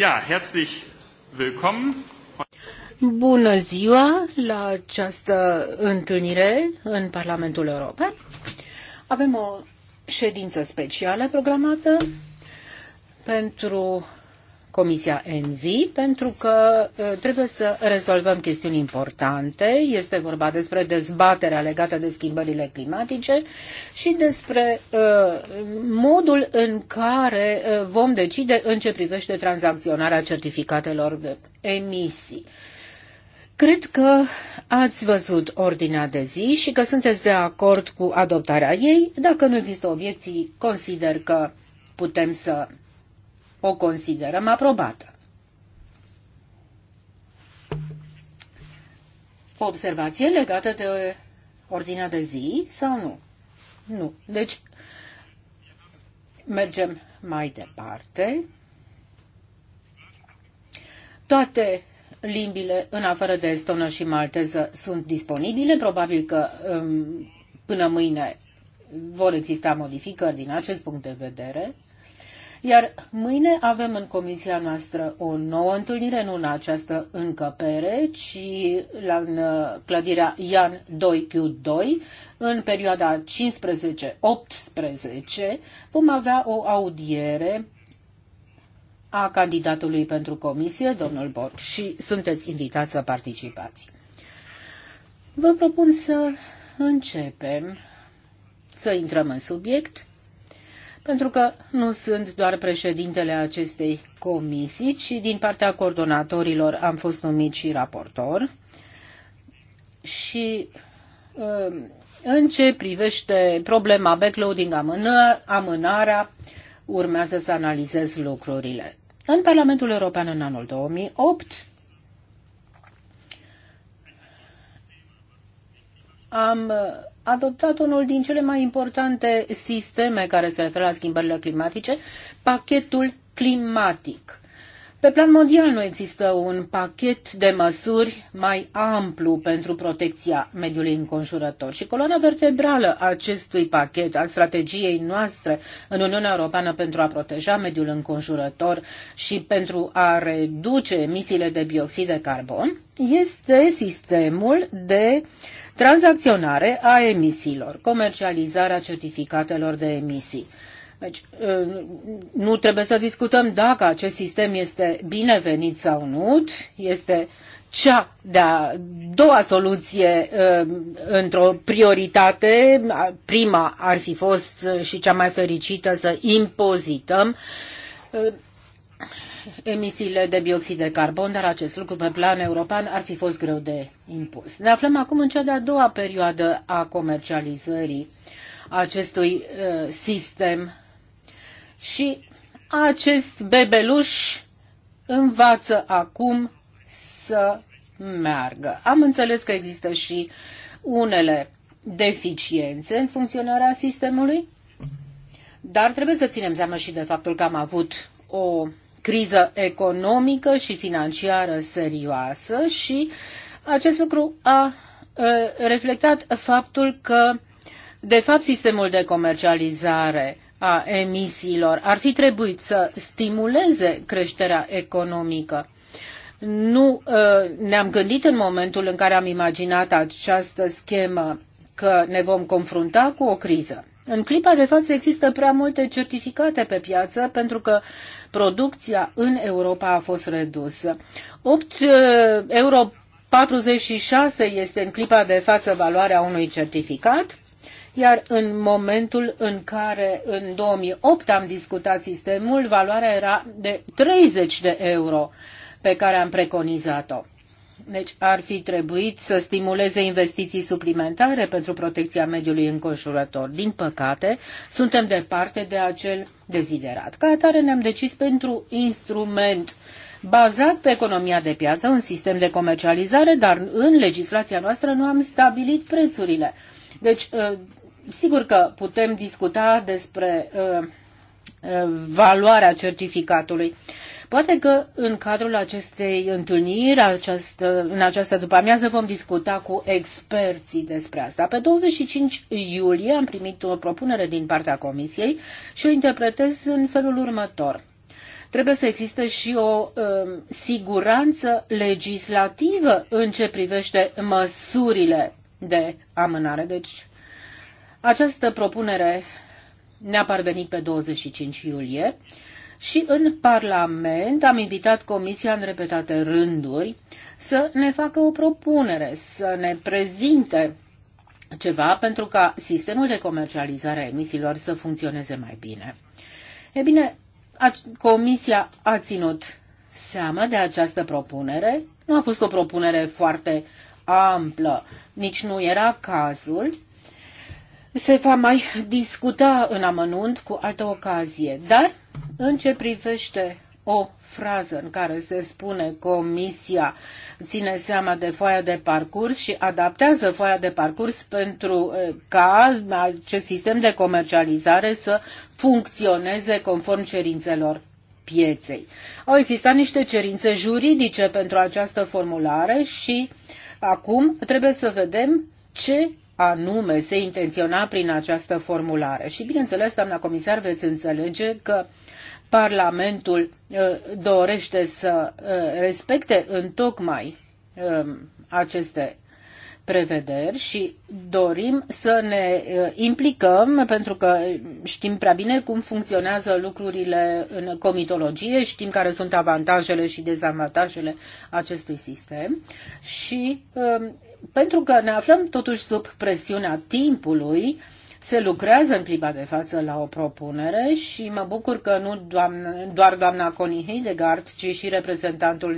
Ja, herzlich willkommen. Bună ziua la această întâlnire în Parlamentul European. Avem o ședință specială programată pentru Comisia ENVI pentru că uh, trebuie să rezolvăm chestiuni importante. Este vorba despre dezbaterea legată de schimbările climatice și despre uh, modul în care uh, vom decide în ce privește tranzacționarea certificatelor de emisii. Cred că ați văzut ordinea de zi și că sunteți de acord cu adoptarea ei. Dacă nu există obiecții, consider că putem să o considerăm aprobată. O observație legată de ordinea de zi sau nu? Nu. Deci, mergem mai departe. Toate limbile, în afară de estonă și malteză, sunt disponibile. Probabil că um, până mâine vor exista modificări din acest punct de vedere. Iar mâine avem în comisia noastră o nouă întâlnire, nu în această încăpere, ci la în uh, clădirea Ian 2Q2, în perioada 15-18, vom avea o audiere a candidatului pentru comisie, domnul Borg, și sunteți invitați să participați. Vă propun să începem să intrăm în subiect pentru că nu sunt doar președintele acestei comisii, ci din partea coordonatorilor am fost numit și raportor. Și um, în ce privește problema backloading, amână, amânarea, urmează să analizez lucrurile. În Parlamentul European în anul 2008 am adoptat unul din cele mai importante sisteme care se referă la schimbările climatice, pachetul climatic. Pe plan mondial nu există un pachet de măsuri mai amplu pentru protecția mediului înconjurător și coloana vertebrală a acestui pachet, al strategiei noastre în Uniunea Europeană pentru a proteja mediul înconjurător și pentru a reduce emisiile de bioxid de carbon, este sistemul de tranzacționare a emisiilor, comercializarea certificatelor de emisii. Deci, ă, nu trebuie să discutăm dacă acest sistem este binevenit sau nu, este cea de-a doua soluție ă, într-o prioritate. Prima ar fi fost ă, și cea mai fericită să impozităm emisiile de bioxid de carbon, dar acest lucru pe plan european ar fi fost greu de impus. Ne aflăm acum în cea de-a doua perioadă a comercializării acestui uh, sistem și acest bebeluș învață acum să meargă. Am înțeles că există și unele deficiențe în funcționarea sistemului, dar trebuie să ținem seama și de faptul că am avut o criză economică și financiară serioasă și acest lucru a reflectat faptul că, de fapt, sistemul de comercializare a emisiilor ar fi trebuit să stimuleze creșterea economică. Nu ne-am gândit în momentul în care am imaginat această schemă că ne vom confrunta cu o criză. În clipa de față există prea multe certificate pe piață pentru că producția în Europa a fost redusă. 8 uh, euro 46 este în clipa de față valoarea unui certificat, iar în momentul în care în 2008 am discutat sistemul, valoarea era de 30 de euro pe care am preconizat-o. Deci ar fi trebuit să stimuleze investiții suplimentare pentru protecția mediului înconjurător. Din păcate, suntem departe de acel deziderat. Ca atare ne-am decis pentru instrument bazat pe economia de piață, un sistem de comercializare, dar în legislația noastră nu am stabilit prețurile. Deci, ă, sigur că putem discuta despre ă, ă, valoarea certificatului. Poate că în cadrul acestei întâlniri, această, în această după-amiază, vom discuta cu experții despre asta. Pe 25 iulie am primit o propunere din partea Comisiei și o interpretez în felul următor trebuie să existe și o um, siguranță legislativă în ce privește măsurile de amânare. Deci, această propunere ne-a parvenit pe 25 iulie și în Parlament am invitat Comisia în repetate rânduri să ne facă o propunere, să ne prezinte ceva pentru ca sistemul de comercializare a emisiilor să funcționeze mai bine. E bine, Comisia a ținut seama de această propunere. Nu a fost o propunere foarte amplă, nici nu era cazul. Se va mai discuta în amănunt cu altă ocazie, dar în ce privește o frază în care se spune Comisia ține seama de foaia de parcurs și adaptează foaia de parcurs pentru eh, ca acest sistem de comercializare să funcționeze conform cerințelor pieței. Au existat niște cerințe juridice pentru această formulare și acum trebuie să vedem ce anume se intenționa prin această formulare. Și bineînțeles, doamna comisar, veți înțelege că Parlamentul uh, dorește să uh, respecte tocmai um, aceste prevederi și dorim să ne uh, implicăm pentru că știm prea bine cum funcționează lucrurile în comitologie, știm care sunt avantajele și dezavantajele acestui sistem și um, pentru că ne aflăm totuși sub presiunea timpului, se lucrează în clipa de față la o propunere și mă bucur că nu doamna, doar doamna Connie Heidegard, ci și reprezentantul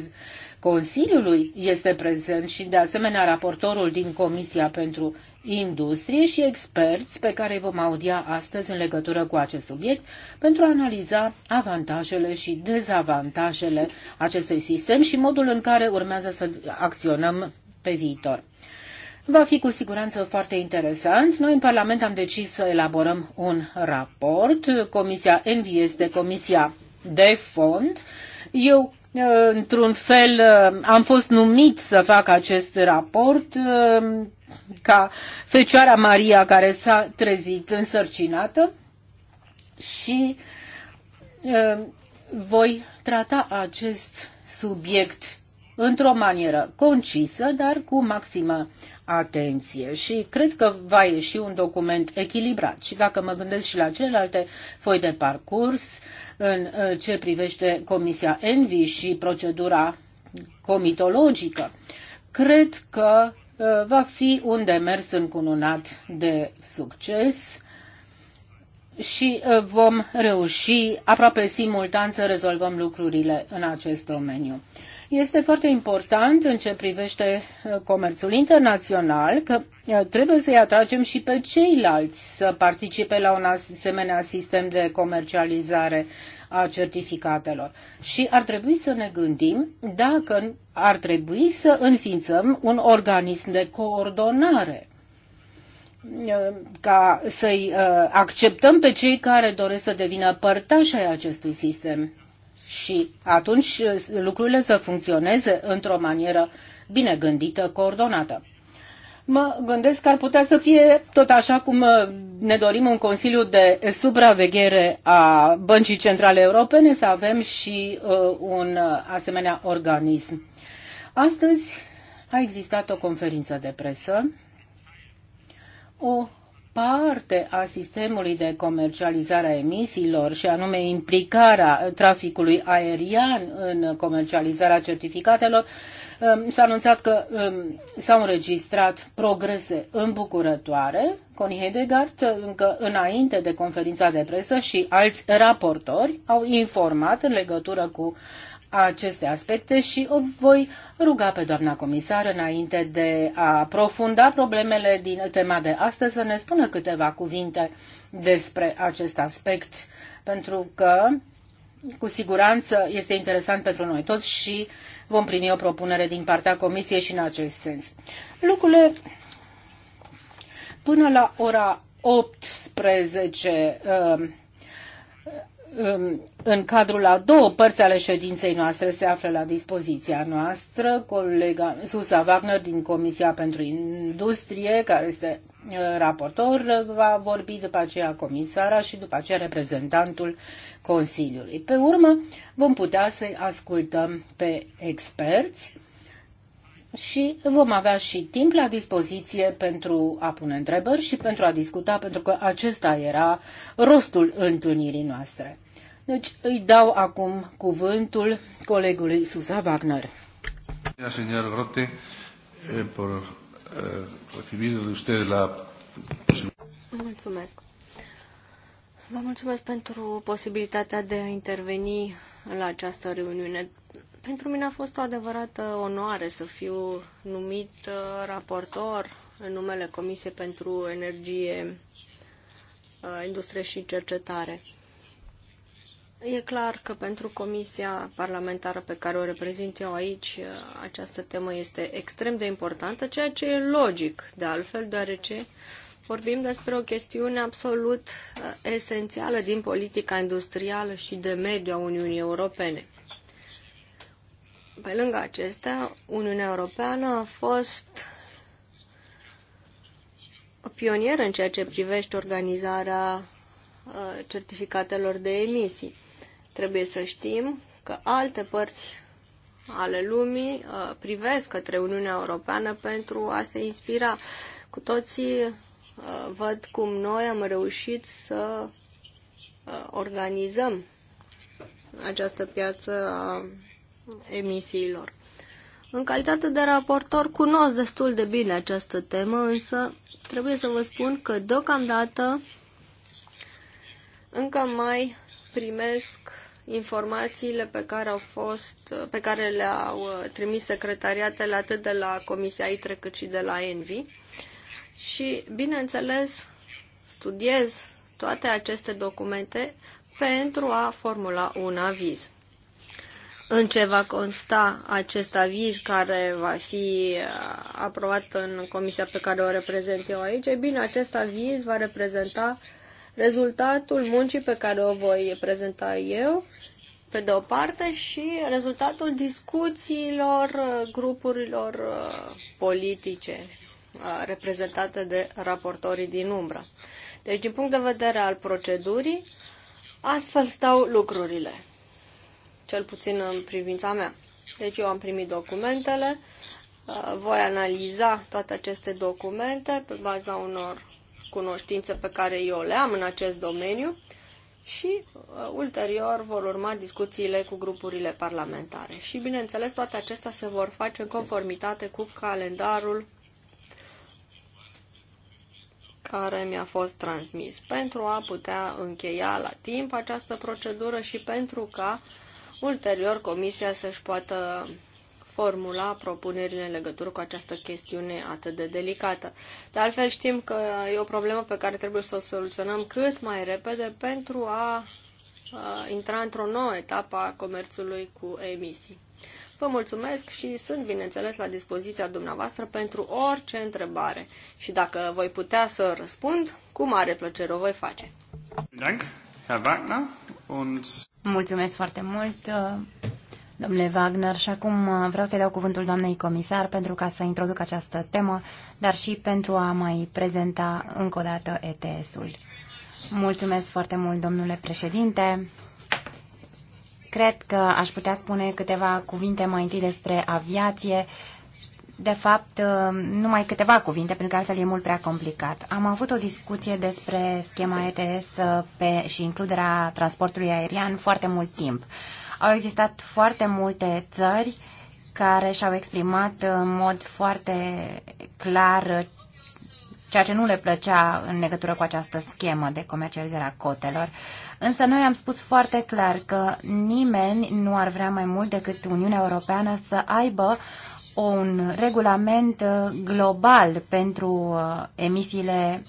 Consiliului este prezent și de asemenea raportorul din Comisia pentru Industrie și experți pe care îi vom audia astăzi în legătură cu acest subiect pentru a analiza avantajele și dezavantajele acestui sistem și modul în care urmează să acționăm pe viitor. Va fi cu siguranță foarte interesant. Noi în Parlament am decis să elaborăm un raport. Comisia Envi este comisia de fond. Eu, uh, într-un fel, uh, am fost numit să fac acest raport uh, ca Fecioara Maria care s-a trezit însărcinată și voi trata acest subiect într-o manieră concisă, dar cu maximă atenție. Și cred că va ieși un document echilibrat. Și dacă mă gândesc și la celelalte foi de parcurs, în ce privește Comisia Envi și procedura comitologică, cred că uh, va fi un demers încununat de succes și uh, vom reuși aproape simultan să rezolvăm lucrurile în acest domeniu. Este foarte important în ce privește uh, comerțul internațional că uh, trebuie să-i atragem și pe ceilalți să participe la un asemenea sistem de comercializare a certificatelor. Și ar trebui să ne gândim dacă ar trebui să înființăm un organism de coordonare uh, ca să-i acceptăm pe cei care doresc să devină părtași ai acestui sistem și atunci uh, lucrurile să funcționeze într-o manieră bine gândită, coordonată. Mă gândesc că ar putea să fie tot așa cum uh, ne dorim un Consiliu de supraveghere a Băncii Centrale Europene, să avem și uh, un uh, asemenea organism. Astăzi a existat o conferință de presă, o parte a sistemului de comercializare a emisiilor și anume implicarea traficului aerian în comercializarea certificatelor, um, s-a anunțat că um, s-au înregistrat progrese îmbucurătoare. Connie Hedegaard, încă înainte de conferința de presă și alți raportori au informat în legătură cu aceste aspecte și o voi ruga pe doamna comisar înainte de a profunda problemele din tema de astăzi să ne spună câteva cuvinte despre acest aspect, pentru că cu siguranță este interesant pentru noi toți și vom primi o propunere din partea comisiei și în acest sens. Lucrurile până la ora 18 în cadrul a două părți ale ședinței noastre se află la dispoziția noastră colega Susa Wagner din Comisia pentru Industrie, care este uh, raportor, va vorbi după aceea comisara și după aceea reprezentantul Consiliului. Pe urmă vom putea să-i ascultăm pe experți și vom avea și timp la dispoziție pentru a pune întrebări și pentru a discuta, pentru că acesta era rostul întâlnirii noastre. Deci îi dau acum cuvântul colegului Susa Wagner. Señor Grote, eh, por eh, recibir de usted la Mulțumesc. Vă mulțumesc pentru posibilitatea de a interveni la această reuniune. Pentru mine a fost o adevărată onoare să fiu numit uh, raportor în numele Comisiei pentru Energie, uh, Industrie și Cercetare. E clar că pentru Comisia Parlamentară pe care o reprezint eu aici, uh, această temă este extrem de importantă, ceea ce e logic, de altfel, deoarece vorbim despre o chestiune absolut esențială din politica industrială și de mediu a Uniunii Europene. Pe lângă acestea, Uniunea Europeană a fost o pionieră în ceea ce privește organizarea uh, certificatelor de emisii. Trebuie să știm că alte părți ale lumii uh, privesc către Uniunea Europeană pentru a se inspira. Cu toții uh, văd cum noi am reușit să organizăm această piață a emisiilor. În calitate de raportor cunosc destul de bine această temă, însă trebuie să vă spun că deocamdată încă mai primesc informațiile pe care au fost, pe care le-au uh, trimis secretariatele atât de la Comisia ITRE cât și de la ENVI. Și, bineînțeles, studiez toate aceste documente pentru a formula un aviz în ce va consta acest aviz care va fi uh, aprobat în comisia pe care o reprezent eu aici. E bine, acest aviz va reprezenta rezultatul muncii pe care o voi prezenta eu, pe de o parte, și rezultatul discuțiilor uh, grupurilor uh, politice reprezentate de raportorii din umbră. Deci, din punct de vedere al procedurii, astfel stau lucrurile cel puțin în privința mea. Deci eu am primit documentele, uh, voi analiza toate aceste documente pe baza unor cunoștințe pe care eu le am în acest domeniu și uh, ulterior vor urma discuțiile cu grupurile parlamentare. Și bineînțeles, toate acestea se vor face în conformitate cu calendarul care mi-a fost transmis pentru a putea încheia la timp această procedură și pentru ca uh, ulterior Comisia să-și poată formula propunerile în legătură cu această chestiune atât de delicată. De altfel știm că e o problemă pe care trebuie să o soluționăm cât mai repede pentru a, intra într-o nouă etapă a comerțului cu emisii. Vă mulțumesc și sunt, bineînțeles, la dispoziția dumneavoastră pentru orice întrebare. Și dacă voi putea să răspund, cu mare plăcere o voi face. Herr Wagner. Und... Mulțumesc foarte mult, domnule Wagner. Și acum vreau să-i dau cuvântul doamnei comisar pentru ca să introduc această temă, dar și pentru a mai prezenta încă o dată ETS-ul. Mulțumesc foarte mult, domnule președinte. Cred că aș putea spune câteva cuvinte mai întâi despre aviație de fapt, numai câteva cuvinte, pentru că altfel e mult prea complicat. Am avut o discuție despre schema ETS pe, și includerea transportului aerian foarte mult timp. Au existat foarte multe țări care și-au exprimat în mod foarte clar ceea ce nu le plăcea în legătură cu această schemă de comercializare a cotelor. Însă noi am spus foarte clar că nimeni nu ar vrea mai mult decât Uniunea Europeană să aibă un regulament uh, global pentru uh, emisiile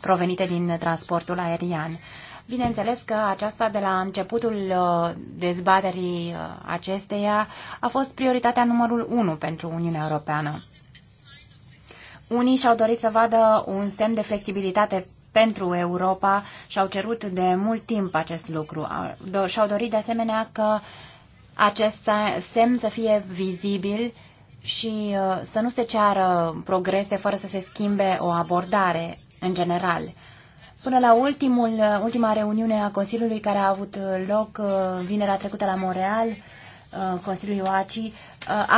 provenite din transportul aerian. Bineînțeles că aceasta de la începutul uh, dezbaterii acesteia a fost prioritatea numărul 1 pentru Uniunea Europeană. Unii și-au dorit să vadă un semn de flexibilitate pentru Europa și au cerut de mult timp acest lucru. Și-au dorit de asemenea că acest semn să fie vizibil și uh, să nu se ceară progrese fără să se schimbe o abordare în general. Până la ultimul, uh, ultima reuniune a Consiliului care a avut uh, loc vinerea trecută la Montreal, Consiliul IOACI,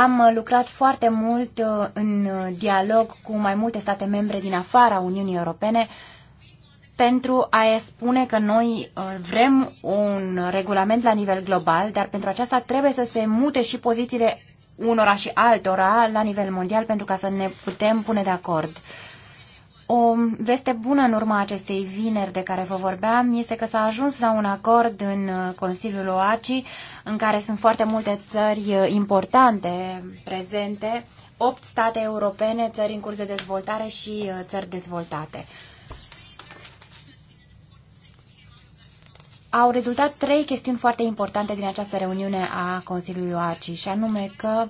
am lucrat foarte mult în dialog cu mai multe state membre din afara Uniunii Europene pentru a spune că noi vrem un regulament la nivel global, dar pentru aceasta trebuie să se mute și pozițiile unora și altora la nivel mondial pentru ca să ne putem pune de acord. O veste bună în urma acestei vineri de care vă vorbeam este că s-a ajuns la un acord în uh, Consiliul OACI în care sunt foarte multe țări uh, importante prezente, opt state europene, țări în curs de dezvoltare și uh, țări dezvoltate. au rezultat trei chestiuni foarte importante din această reuniune a Consiliului OACI, și anume că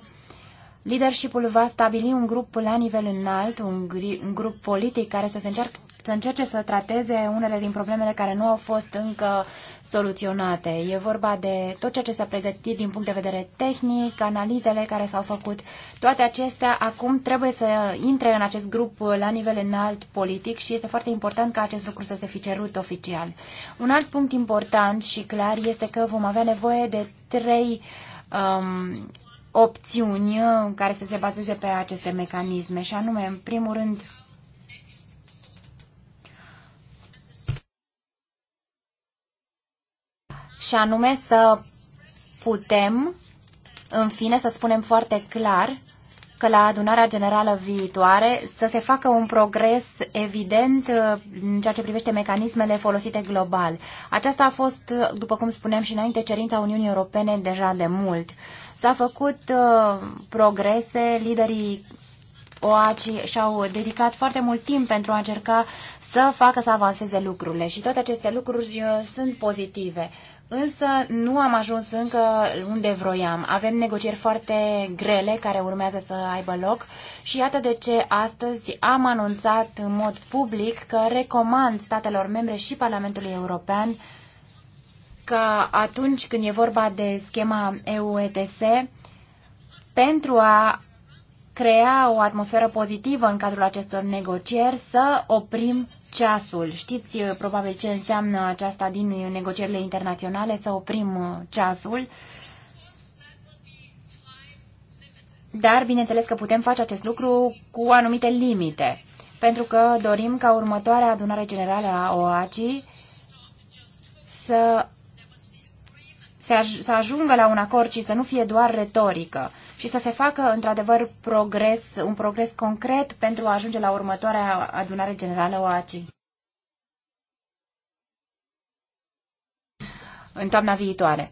leadership-ul va stabili un grup la nivel înalt, un, un grup politic care să se încearcă să încerce să trateze unele din problemele care nu au fost încă soluționate. E vorba de tot ceea ce s-a pregătit din punct de vedere tehnic, analizele care s-au făcut. Toate acestea acum trebuie să intre în acest grup la nivel înalt politic și este foarte important ca acest lucru să se fi cerut oficial. Un alt punct important și clar este că vom avea nevoie de trei um, opțiuni uh, care să se bazeze pe aceste mecanisme și anume, în primul rând, și anume să putem, în fine, să spunem foarte clar că la adunarea generală viitoare să se facă un progres evident uh, în ceea ce privește mecanismele folosite global. Aceasta a fost, uh, după cum spuneam și înainte, cerința Uniunii Europene deja de mult. S-a făcut uh, progrese, liderii OACI și-au dedicat foarte mult timp pentru a încerca să facă să avanseze lucrurile și toate aceste lucruri uh, sunt pozitive. Însă nu am ajuns încă unde vroiam. Avem negocieri foarte grele care urmează să aibă loc și iată de ce astăzi am anunțat în mod public că recomand statelor membre și Parlamentului European că atunci când e vorba de schema EUETS, pentru a crea o atmosferă pozitivă în cadrul acestor negocieri, să oprim ceasul. Știți uh, probabil ce înseamnă aceasta din negocierile internaționale, să oprim uh, ceasul. Dar, bineînțeles că putem face acest lucru cu anumite limite, pentru că dorim ca următoarea adunare generală a OACI să, să ajungă la un acord și să nu fie doar retorică și să se facă într-adevăr progres, un progres concret pentru a ajunge la următoarea adunare generală OACI. în toamna viitoare.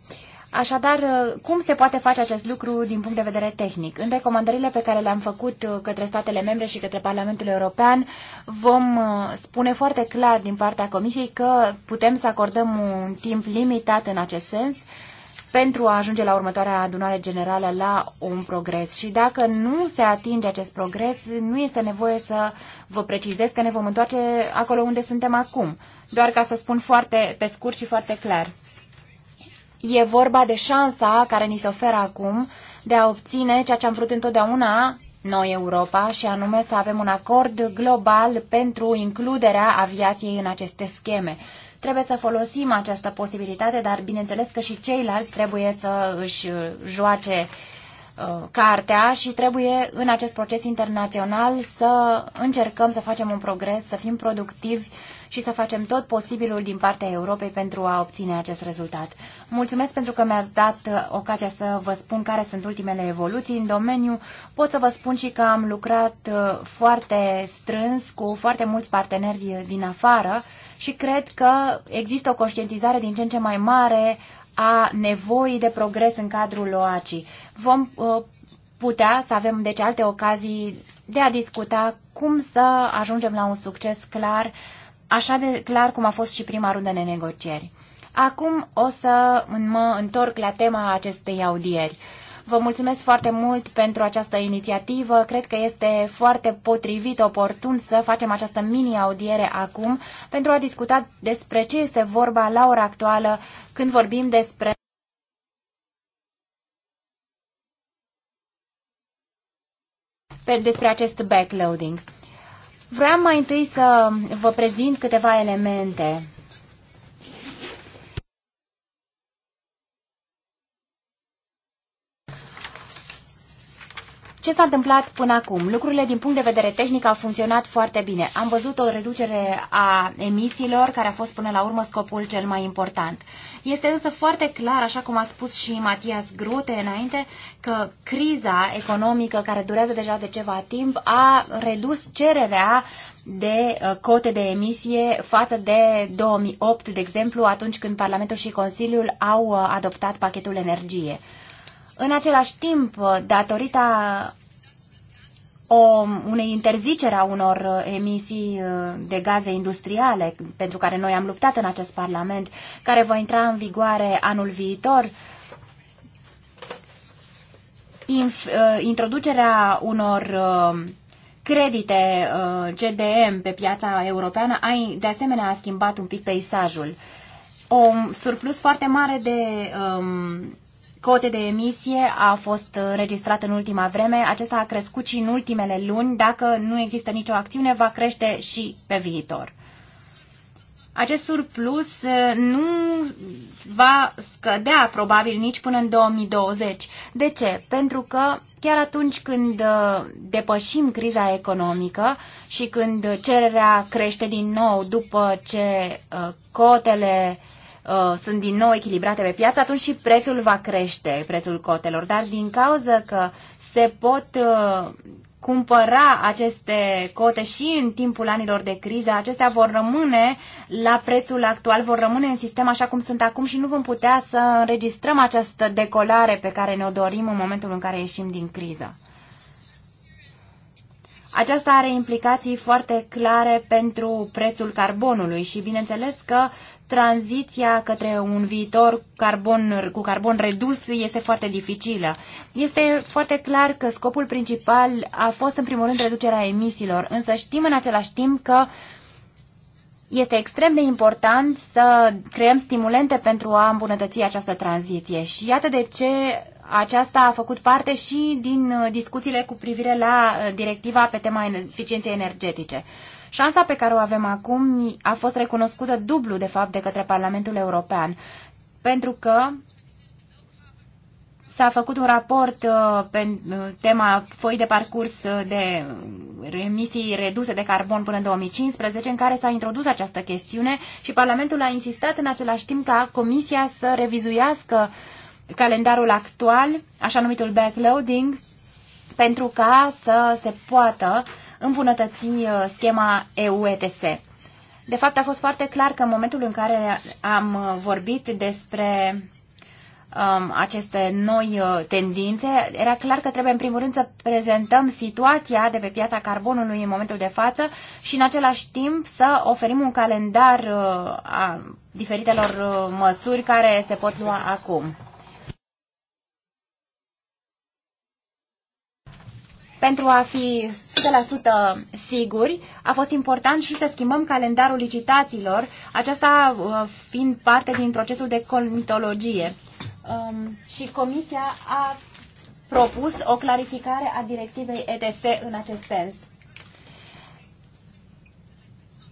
Așadar, cum se poate face acest lucru din punct de vedere tehnic? În recomandările pe care le-am făcut uh, către statele membre și către Parlamentul European, vom uh, spune foarte clar din partea Comisiei că putem să acordăm un timp limitat în acest sens pentru a ajunge la următoarea adunare generală la un progres. Și dacă nu se atinge acest progres, nu este nevoie să vă precizez că ne vom întoarce acolo unde suntem acum. Doar ca să spun foarte pe scurt și foarte clar. E vorba de șansa care ni se oferă acum de a obține ceea ce am vrut întotdeauna noi Europa și anume să avem un acord global pentru includerea aviației în aceste scheme. Trebuie să folosim această posibilitate, dar bineînțeles că și ceilalți trebuie să își uh, joace uh, cartea și trebuie în acest proces internațional să încercăm să facem un progres, să fim productivi și să facem tot posibilul din partea Europei pentru a obține acest rezultat. Mulțumesc pentru că mi-ați dat uh, ocazia să vă spun care sunt ultimele evoluții în domeniu. Pot să vă spun și că am lucrat foarte strâns cu foarte mulți parteneri din afară și cred că există o conștientizare din ce în ce mai mare a nevoii de progres în cadrul OACI. Vom uh, putea să avem deci alte ocazii de a discuta cum să ajungem la un succes clar, așa de clar cum a fost și prima rundă de negocieri. Acum o să mă întorc la tema acestei audieri. Vă mulțumesc foarte mult pentru această inițiativă. Cred că este foarte potrivit, oportun să facem această mini-audiere acum pentru a discuta despre ce este vorba la ora actuală când vorbim despre despre acest backloading. Vreau mai întâi să vă prezint câteva elemente ce s-a întâmplat până acum? Lucrurile din punct de vedere tehnic au funcționat foarte bine. Am văzut o reducere a emisiilor, care a fost până la urmă scopul cel mai important. Este însă foarte clar, așa cum a spus și Matias Grote înainte, că criza economică care durează deja de ceva timp a redus cererea de uh, cote de emisie față de 2008, de exemplu, atunci când Parlamentul și Consiliul au uh, adoptat pachetul energie. În același timp, uh, datorită o, unei interzicere a unor uh, emisii uh, de gaze industriale, pentru care noi am luptat în acest Parlament, care va intra în vigoare anul viitor, inf, uh, introducerea unor credite GDM pe piața europeană a, de asemenea a schimbat un pic peisajul. O surplus foarte mare de um, cote de emisie a fost registrat în ultima vreme. Acesta a crescut și în ultimele luni. Dacă nu există nicio acțiune, va crește și pe viitor. Acest surplus uh, nu va scădea probabil nici până în 2020. De ce? Pentru că chiar atunci când uh, depășim criza economică și când cererea crește din nou după ce uh, cotele Uh, sunt din nou echilibrate pe piață, atunci și prețul va crește, prețul cotelor. Dar din cauza că se pot uh, cumpăra aceste cote și în timpul anilor de criză, acestea vor rămâne la prețul actual, vor rămâne în sistem așa cum sunt acum și nu vom putea să înregistrăm această decolare pe care ne-o dorim în momentul în care ieșim din criză. Aceasta are implicații foarte clare pentru prețul carbonului și bineînțeles că tranziția către un viitor carbon, cu carbon redus este foarte dificilă. Este foarte clar că scopul principal a fost în primul rând reducerea emisiilor, însă știm în același timp că este extrem de important să creăm stimulente pentru a îmbunătăți această tranziție și iată de ce aceasta a făcut parte și din uh, discuțiile cu privire la uh, directiva pe tema eficienței energetice. Șansa pe care o avem acum a fost recunoscută dublu, de fapt, de către Parlamentul European, pentru că s-a făcut un raport uh, pe uh, tema foi de parcurs uh, de emisii reduse de carbon până în 2015, în care s-a introdus această chestiune și Parlamentul a insistat în același timp ca Comisia să revizuiască calendarul actual, așa numitul backloading, pentru ca să se poată uh, îmbunătăți uh, schema EUETS. De fapt, a fost foarte clar că în momentul în care am uh, vorbit despre um, aceste noi uh, tendințe, era clar că trebuie în primul rând să prezentăm situația de pe piața carbonului în momentul de față și în același timp să oferim un calendar uh, a diferitelor uh, măsuri care se pot lua acum. pentru a fi 100% siguri, a fost important și să schimbăm calendarul licitațiilor, aceasta uh, fiind parte din procesul de comitologie. Um, și Comisia a propus o clarificare a directivei ETS în acest sens.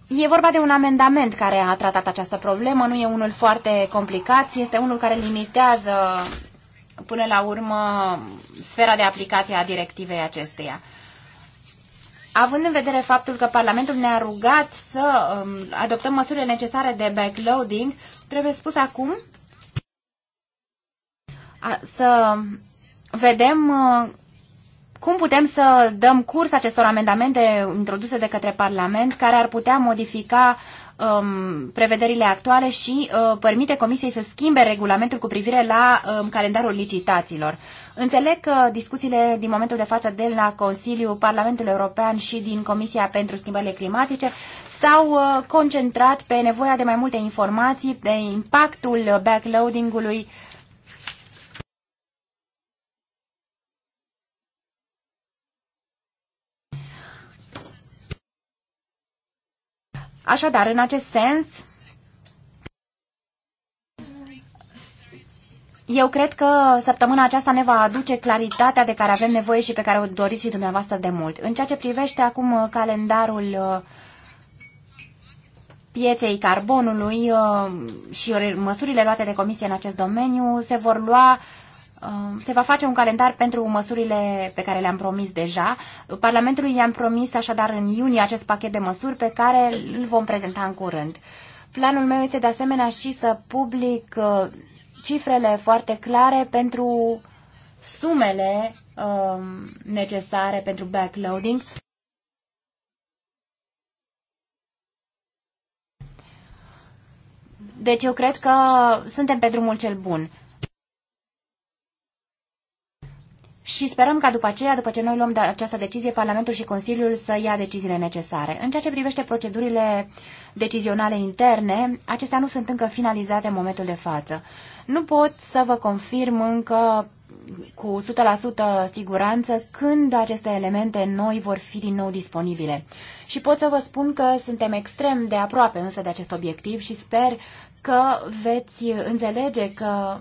E vorba de un amendament care a tratat această problemă, nu e unul foarte complicat, este unul care limitează până la urmă sfera de aplicație a directivei acesteia. Având în vedere faptul că Parlamentul ne-a rugat să um, adoptăm măsurile necesare de backloading, trebuie spus acum a, să vedem uh, cum putem să dăm curs acestor amendamente introduse de către Parlament care ar putea modifica um, prevederile actuale și uh, permite Comisiei să schimbe regulamentul cu privire la um, calendarul licitațiilor. Înțeleg că discuțiile din momentul de față de la Consiliul Parlamentului European și din Comisia pentru Schimbările Climatice s-au uh, concentrat pe nevoia de mai multe informații, de impactul backloading-ului uh, Așadar, în acest sens, eu cred că săptămâna aceasta ne va aduce claritatea de care avem nevoie și pe care o doriți și dumneavoastră de mult. În ceea ce privește acum uh, calendarul uh, pieței carbonului uh, și măsurile luate de comisie în acest domeniu, se vor lua Um, se va face un calendar pentru măsurile pe care le-am promis deja. Parlamentului i-am promis așadar în iunie acest pachet de măsuri pe care îl vom prezenta în curând. Planul meu este de asemenea și să public uh, cifrele foarte clare pentru sumele um, necesare pentru backloading. Deci eu cred că suntem pe drumul cel bun. și sperăm ca după aceea, după ce noi luăm această decizie, Parlamentul și Consiliul să ia deciziile necesare. În ceea ce privește procedurile decizionale interne, acestea nu sunt încă finalizate în momentul de față. Nu pot să vă confirm încă cu 100% siguranță când aceste elemente noi vor fi din nou disponibile. Și pot să vă spun că suntem extrem de aproape însă de acest obiectiv și sper că veți înțelege că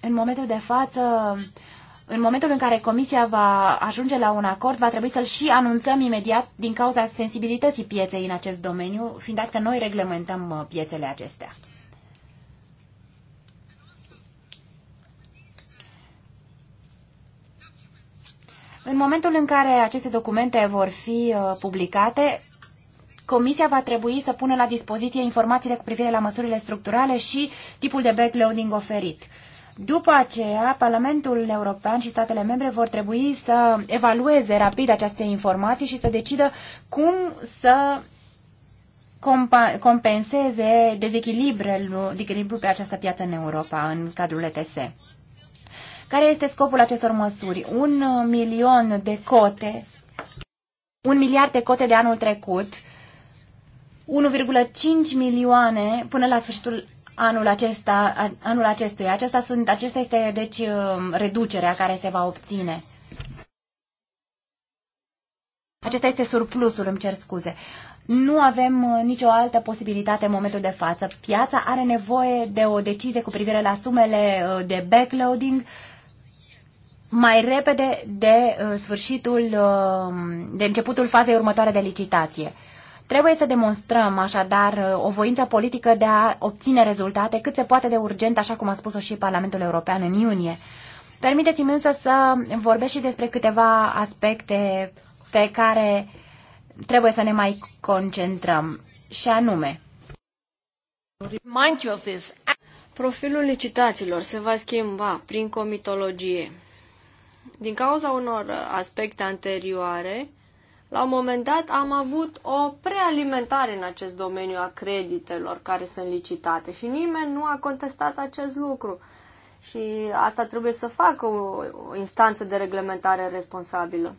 în momentul de față în momentul în care Comisia va ajunge la un acord, va trebui să-l și anunțăm imediat din cauza sensibilității pieței în acest domeniu, fiind dat că noi reglementăm uh, piețele acestea. În momentul în care aceste documente vor fi uh, publicate, Comisia va trebui să pună la dispoziție informațiile cu privire la măsurile structurale și tipul de backloading oferit. După aceea, Parlamentul European și statele membre vor trebui să evalueze rapid aceste informații și să decidă cum să compenseze dezechilibrul pe această piață în Europa, în cadrul ETS. Care este scopul acestor măsuri? Un milion de cote, un miliard de cote de anul trecut, 1,5 milioane până la sfârșitul anul, acesta, anul acestuia. Acesta, sunt, acesta este, deci, um, reducerea care se va obține. Acesta este surplusul, îmi cer scuze. Nu avem uh, nicio altă posibilitate în momentul de față. Piața are nevoie de o decizie cu privire la sumele uh, de backloading mai repede de uh, sfârșitul, um, de începutul fazei următoare de licitație. Trebuie să demonstrăm așadar o voință politică de a obține rezultate cât se poate de urgent, așa cum a spus-o și Parlamentul European în iunie. Permiteți-mi însă să vorbesc și despre câteva aspecte pe care trebuie să ne mai concentrăm, și anume. Profilul licitațiilor se va schimba prin comitologie. Din cauza unor aspecte anterioare, la un moment dat am avut o prealimentare în acest domeniu a creditelor care sunt licitate și nimeni nu a contestat acest lucru. Și asta trebuie să facă o, o instanță de reglementare responsabilă.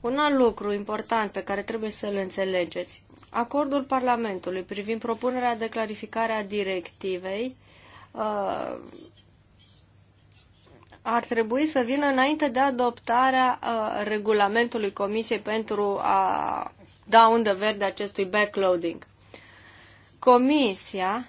Un alt lucru important pe care trebuie să-l înțelegeți. Acordul Parlamentului privind propunerea de clarificare a directivei uh, ar trebui să vină înainte de adoptarea uh, regulamentului Comisiei pentru a da undă verde acestui backloading. Comisia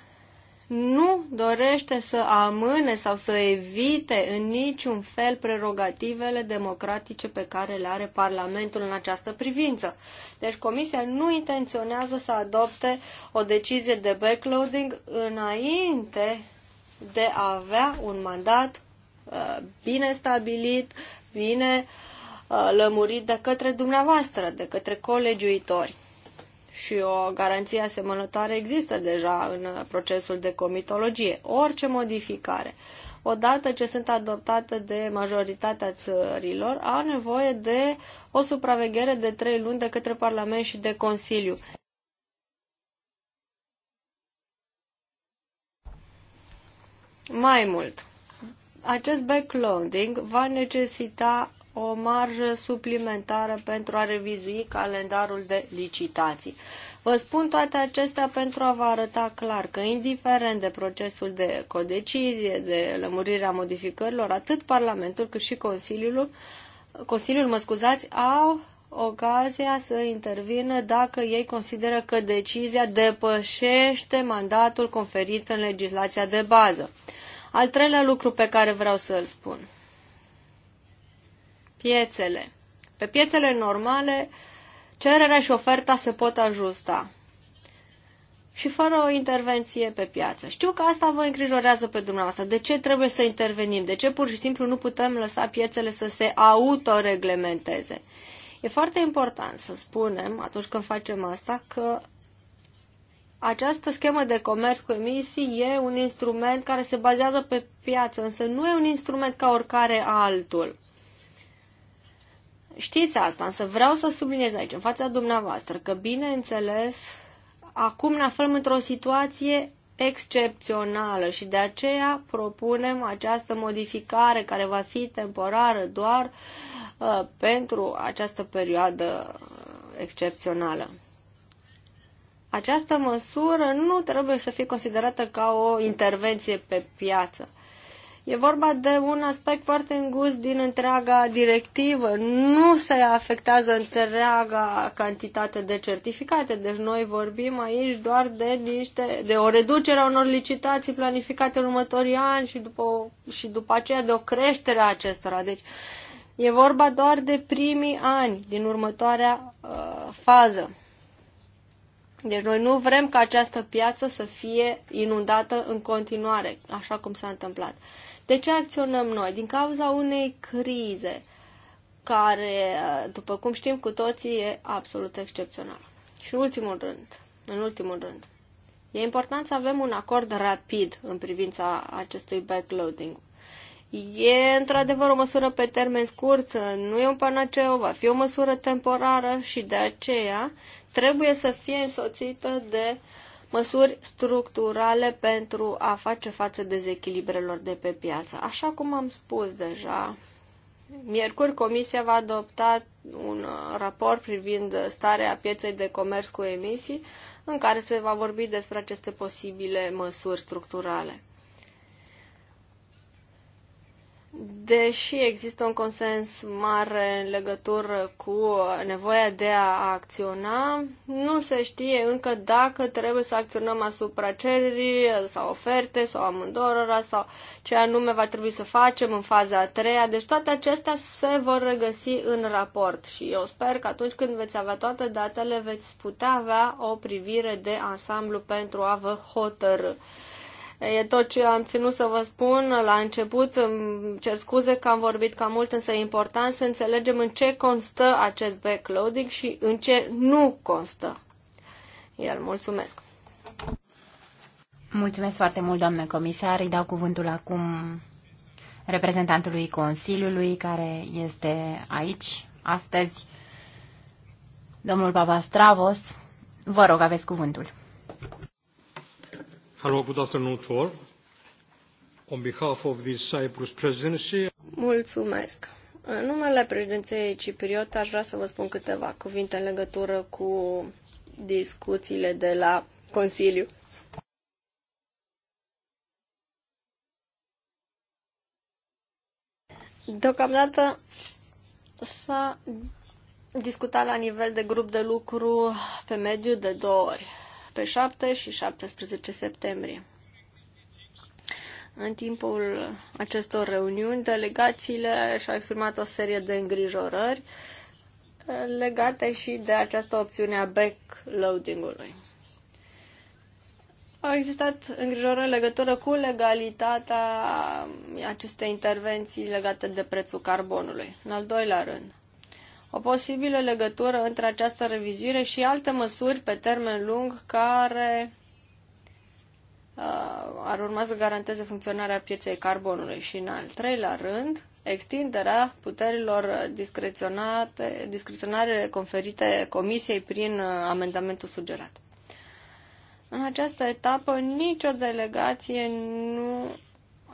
nu dorește să amâne sau să evite în niciun fel prerogativele democratice pe care le are Parlamentul în această privință. Deci Comisia nu intenționează să adopte o decizie de backloading înainte de a avea un mandat Uh, bine stabilit, bine uh, lămurit de către dumneavoastră, de către colegiuitori. Și o garanție asemănătoare există deja în procesul de comitologie. Orice modificare, odată ce sunt adoptate de majoritatea țărilor, au nevoie de o supraveghere de trei luni de către Parlament și de Consiliu. Mai mult, acest backloading va necesita o marjă suplimentară pentru a revizui calendarul de licitații. Vă spun toate acestea pentru a vă arăta clar că, indiferent de procesul de codecizie, de lămurirea modificărilor, atât Parlamentul cât și Consiliul, Consiliul mă scuzați, au ocazia să intervină dacă ei consideră că decizia depășește mandatul conferit în legislația de bază. Al treilea lucru pe care vreau să-l spun. Piețele. Pe piețele normale, cererea și oferta se pot ajusta. Și fără o intervenție pe piață. Știu că asta vă îngrijorează pe dumneavoastră. De ce trebuie să intervenim? De ce pur și simplu nu putem lăsa piețele să se autoreglementeze? E foarte important să spunem, atunci când facem asta, că această schemă de comerț cu emisii e un instrument care se bazează pe piață, însă nu e un instrument ca oricare altul. Știți asta, însă vreau să subliniez aici, în fața dumneavoastră, că, bineînțeles, acum ne aflăm într-o situație excepțională și de aceea propunem această modificare care va fi temporară doar uh, pentru această perioadă uh, excepțională această măsură nu trebuie să fie considerată ca o intervenție pe piață. E vorba de un aspect foarte îngust din întreaga directivă. Nu se afectează întreaga cantitate de certificate. Deci noi vorbim aici doar de niște, de o reducere a unor licitații planificate în următorii ani și după, și după aceea de o creștere a acestora. Deci e vorba doar de primii ani din următoarea uh, fază. Deci noi nu vrem ca această piață să fie inundată în continuare, așa cum s-a întâmplat. De ce acționăm noi? Din cauza unei crize care, după cum știm cu toții, e absolut excepțională. Și în ultimul rând, în ultimul rând, e important să avem un acord rapid în privința acestui backloading. E într-adevăr o măsură pe termen scurt, nu e un panaceu, va fi o măsură temporară și de aceea trebuie să fie însoțită de măsuri structurale pentru a face față dezechilibrelor de pe piață. Așa cum am spus deja, miercuri Comisia va adopta un raport privind starea pieței de comerț cu emisii, în care se va vorbi despre aceste posibile măsuri structurale. deși există un consens mare în legătură cu nevoia de a acționa, nu se știe încă dacă trebuie să acționăm asupra cererii sau oferte sau amândorora sau ce anume va trebui să facem în faza a treia. Deci toate acestea se vor regăsi în raport și eu sper că atunci când veți avea toate datele veți putea avea o privire de ansamblu pentru a vă hotărâ. E tot ce am ținut să vă spun la început. Îmi cer scuze că am vorbit cam mult, însă e important să înțelegem în ce constă acest backloading și în ce nu constă. Iar mulțumesc. Mulțumesc foarte mult, doamnă comisar. Îi dau cuvântul acum reprezentantului Consiliului care este aici astăzi, domnul Papa Stravos. Vă rog, aveți cuvântul. Hello, good afternoon to all. On behalf of the Cyprus presidency... Mulțumesc. În numele președinției cipriot aș vrea să vă spun câteva cuvinte în legătură cu discuțiile de la Consiliu. Deocamdată s-a discutat la nivel de grup de lucru pe mediu de două ori pe 7 și 17 septembrie. În timpul acestor reuniuni, delegațiile și-au exprimat o serie de îngrijorări legate și de această opțiune a backloading-ului. Au existat îngrijorări în legătură cu legalitatea acestei intervenții legate de prețul carbonului. În al doilea rând, o posibilă legătură între această revizuire și alte măsuri pe termen lung care uh, ar urma să garanteze funcționarea pieței carbonului. Și în al treilea rând, extinderea puterilor discreționate, discreționare conferite Comisiei prin uh, amendamentul sugerat. În această etapă, nicio delegație nu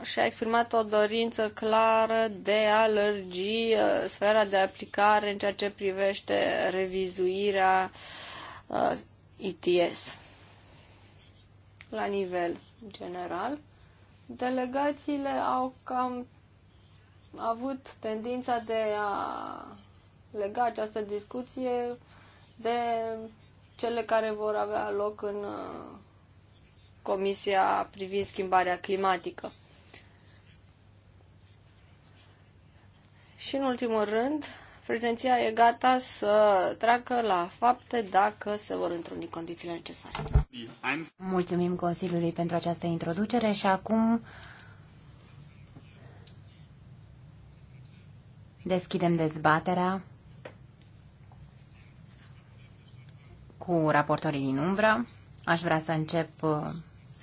și-a exprimat o dorință clară de a lărgi uh, sfera de aplicare în ceea ce privește revizuirea uh, ITS la nivel general. Delegațiile au cam avut tendința de a lega această discuție de cele care vor avea loc în uh, Comisia privind schimbarea climatică. Și în ultimul rând, președinția e gata să treacă la fapte dacă se vor întruni condițiile necesare. Mulțumim Consiliului pentru această introducere și acum deschidem dezbaterea cu raportorii din umbră. Aș vrea să încep uh,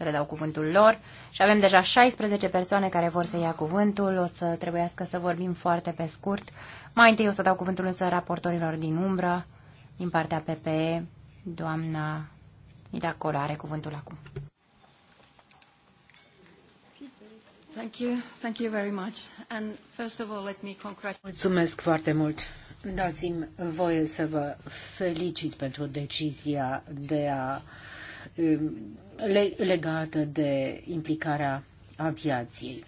să le dau cuvântul lor și avem deja 16 persoane care vor să ia cuvântul, o să trebuiască să vorbim foarte pe scurt. Mai întâi o să dau cuvântul însă raportorilor din umbră, din partea PPE, doamna Ida Cora are cuvântul acum. Thank you. Thank you very much. And first of all, let me congratulate... Mulțumesc foarte mult. Dați-mi voie să vă felicit pentru decizia de a uh, Um, legată de implicarea aviației.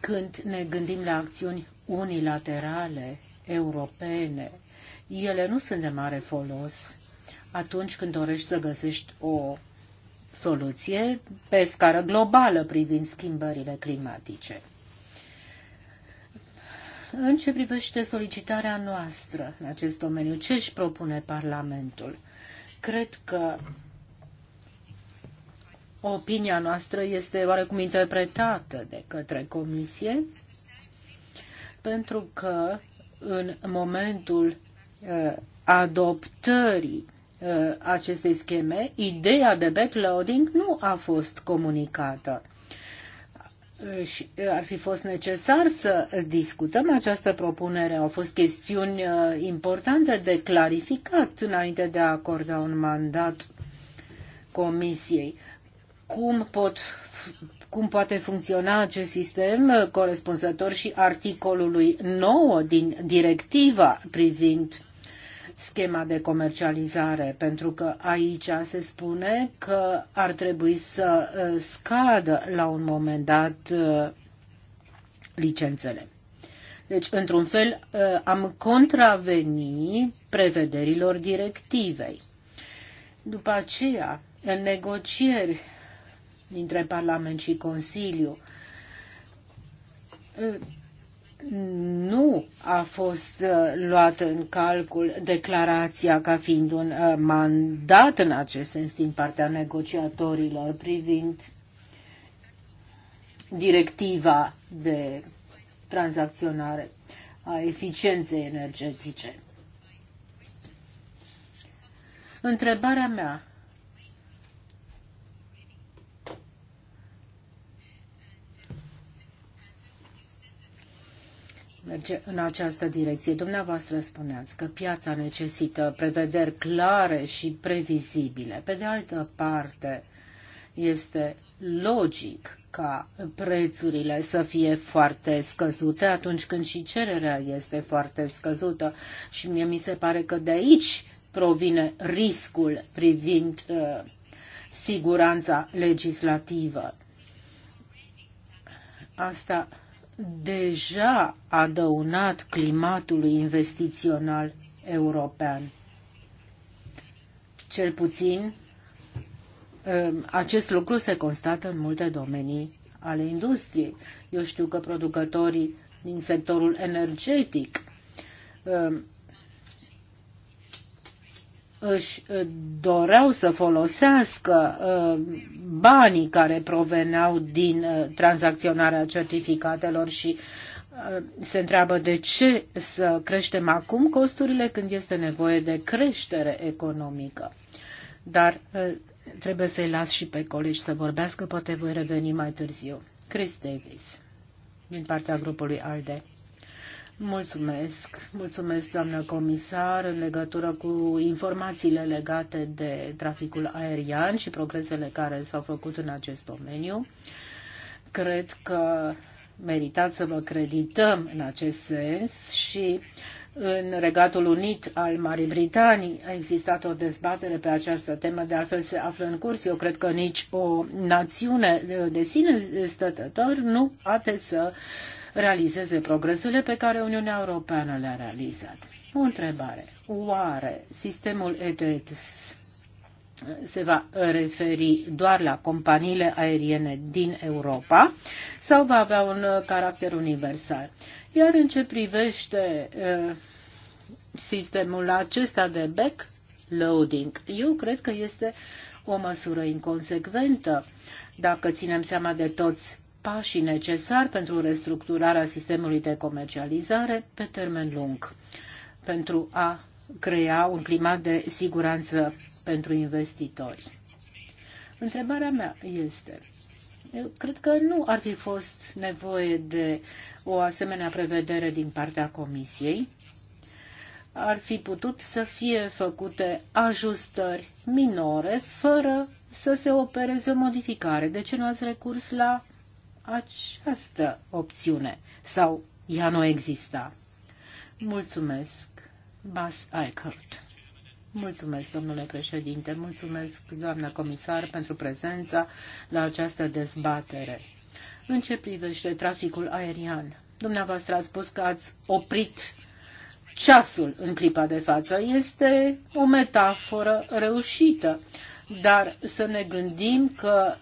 Când ne gândim la acțiuni unilaterale europene, ele nu sunt de mare folos atunci când dorești să găsești o soluție pe scară globală privind schimbările climatice. În ce privește solicitarea noastră în acest domeniu, ce își propune Parlamentul? Cred că opinia noastră este oarecum interpretată de către Comisie, pentru că în momentul uh, adoptării uh, acestei scheme, ideea de backloading nu a fost comunicată și uh, ar fi fost necesar să discutăm această propunere. Au fost chestiuni uh, importante de clarificat înainte de a acorda un mandat comisiei. Cum, pot, cum poate funcționa acest sistem corespunzător și articolului 9 din directiva privind schema de comercializare, pentru că aici se spune că ar trebui să uh, scadă la un moment dat uh, licențele. Deci, într-un fel, uh, am contraveni prevederilor directivei. După aceea, în negocieri dintre Parlament și Consiliu, nu a fost uh, luată în calcul declarația ca fiind un uh, mandat în acest sens din partea negociatorilor privind directiva de tranzacționare a eficienței energetice. Întrebarea mea merge în această direcție. Dumneavoastră spuneați că piața necesită prevederi clare și previzibile. Pe de altă parte, este logic ca prețurile să fie foarte scăzute atunci când și cererea este foarte scăzută și mie mi se pare că de aici provine riscul privind uh, siguranța legislativă. Asta deja adăunat climatului investițional european. Cel puțin um, acest lucru se constată în multe domenii ale industriei. Eu știu că producătorii din sectorul energetic um, își uh, doreau să folosească uh, banii care proveneau din uh, tranzacționarea certificatelor și se întreabă de ce să creștem acum costurile când este nevoie de creștere economică. Dar trebuie să-i las și pe colegi să vorbească, poate voi reveni mai târziu. Chris Davis, din partea grupului ALDE. Mulțumesc, mulțumesc doamnă comisar în legătură cu informațiile legate de traficul aerian și progresele care s-au făcut în acest domeniu. Cred că meritați să vă credităm în acest sens și în Regatul Unit al Marii Britanii a existat o dezbatere pe această temă, de altfel se află în curs. Eu cred că nici o națiune de sine stătător nu poate să uh, realizeze progresele pe care Uniunea Europeană le-a realizat. O întrebare. Oare sistemul ETS se va referi doar la companiile aeriene din Europa sau va avea un caracter universal? Iar în ce privește sistemul acesta de back loading, eu cred că este o măsură inconsecventă dacă ținem seama de toți pașii necesari pentru restructurarea sistemului de comercializare pe termen lung, pentru a crea un climat de siguranță pentru investitori. Întrebarea mea este, eu cred că nu ar fi fost nevoie de o asemenea prevedere din partea Comisiei. Ar fi putut să fie făcute ajustări minore fără să se opereze o modificare. De ce nu ați recurs la această opțiune sau ea nu exista. Mulțumesc, Bas Eichert. Mulțumesc, domnule președinte, mulțumesc, doamnă comisar, pentru prezența la această dezbatere. În ce privește traficul aerian? Dumneavoastră ați spus că ați oprit ceasul în clipa de față. Este o metaforă reușită, dar să ne gândim că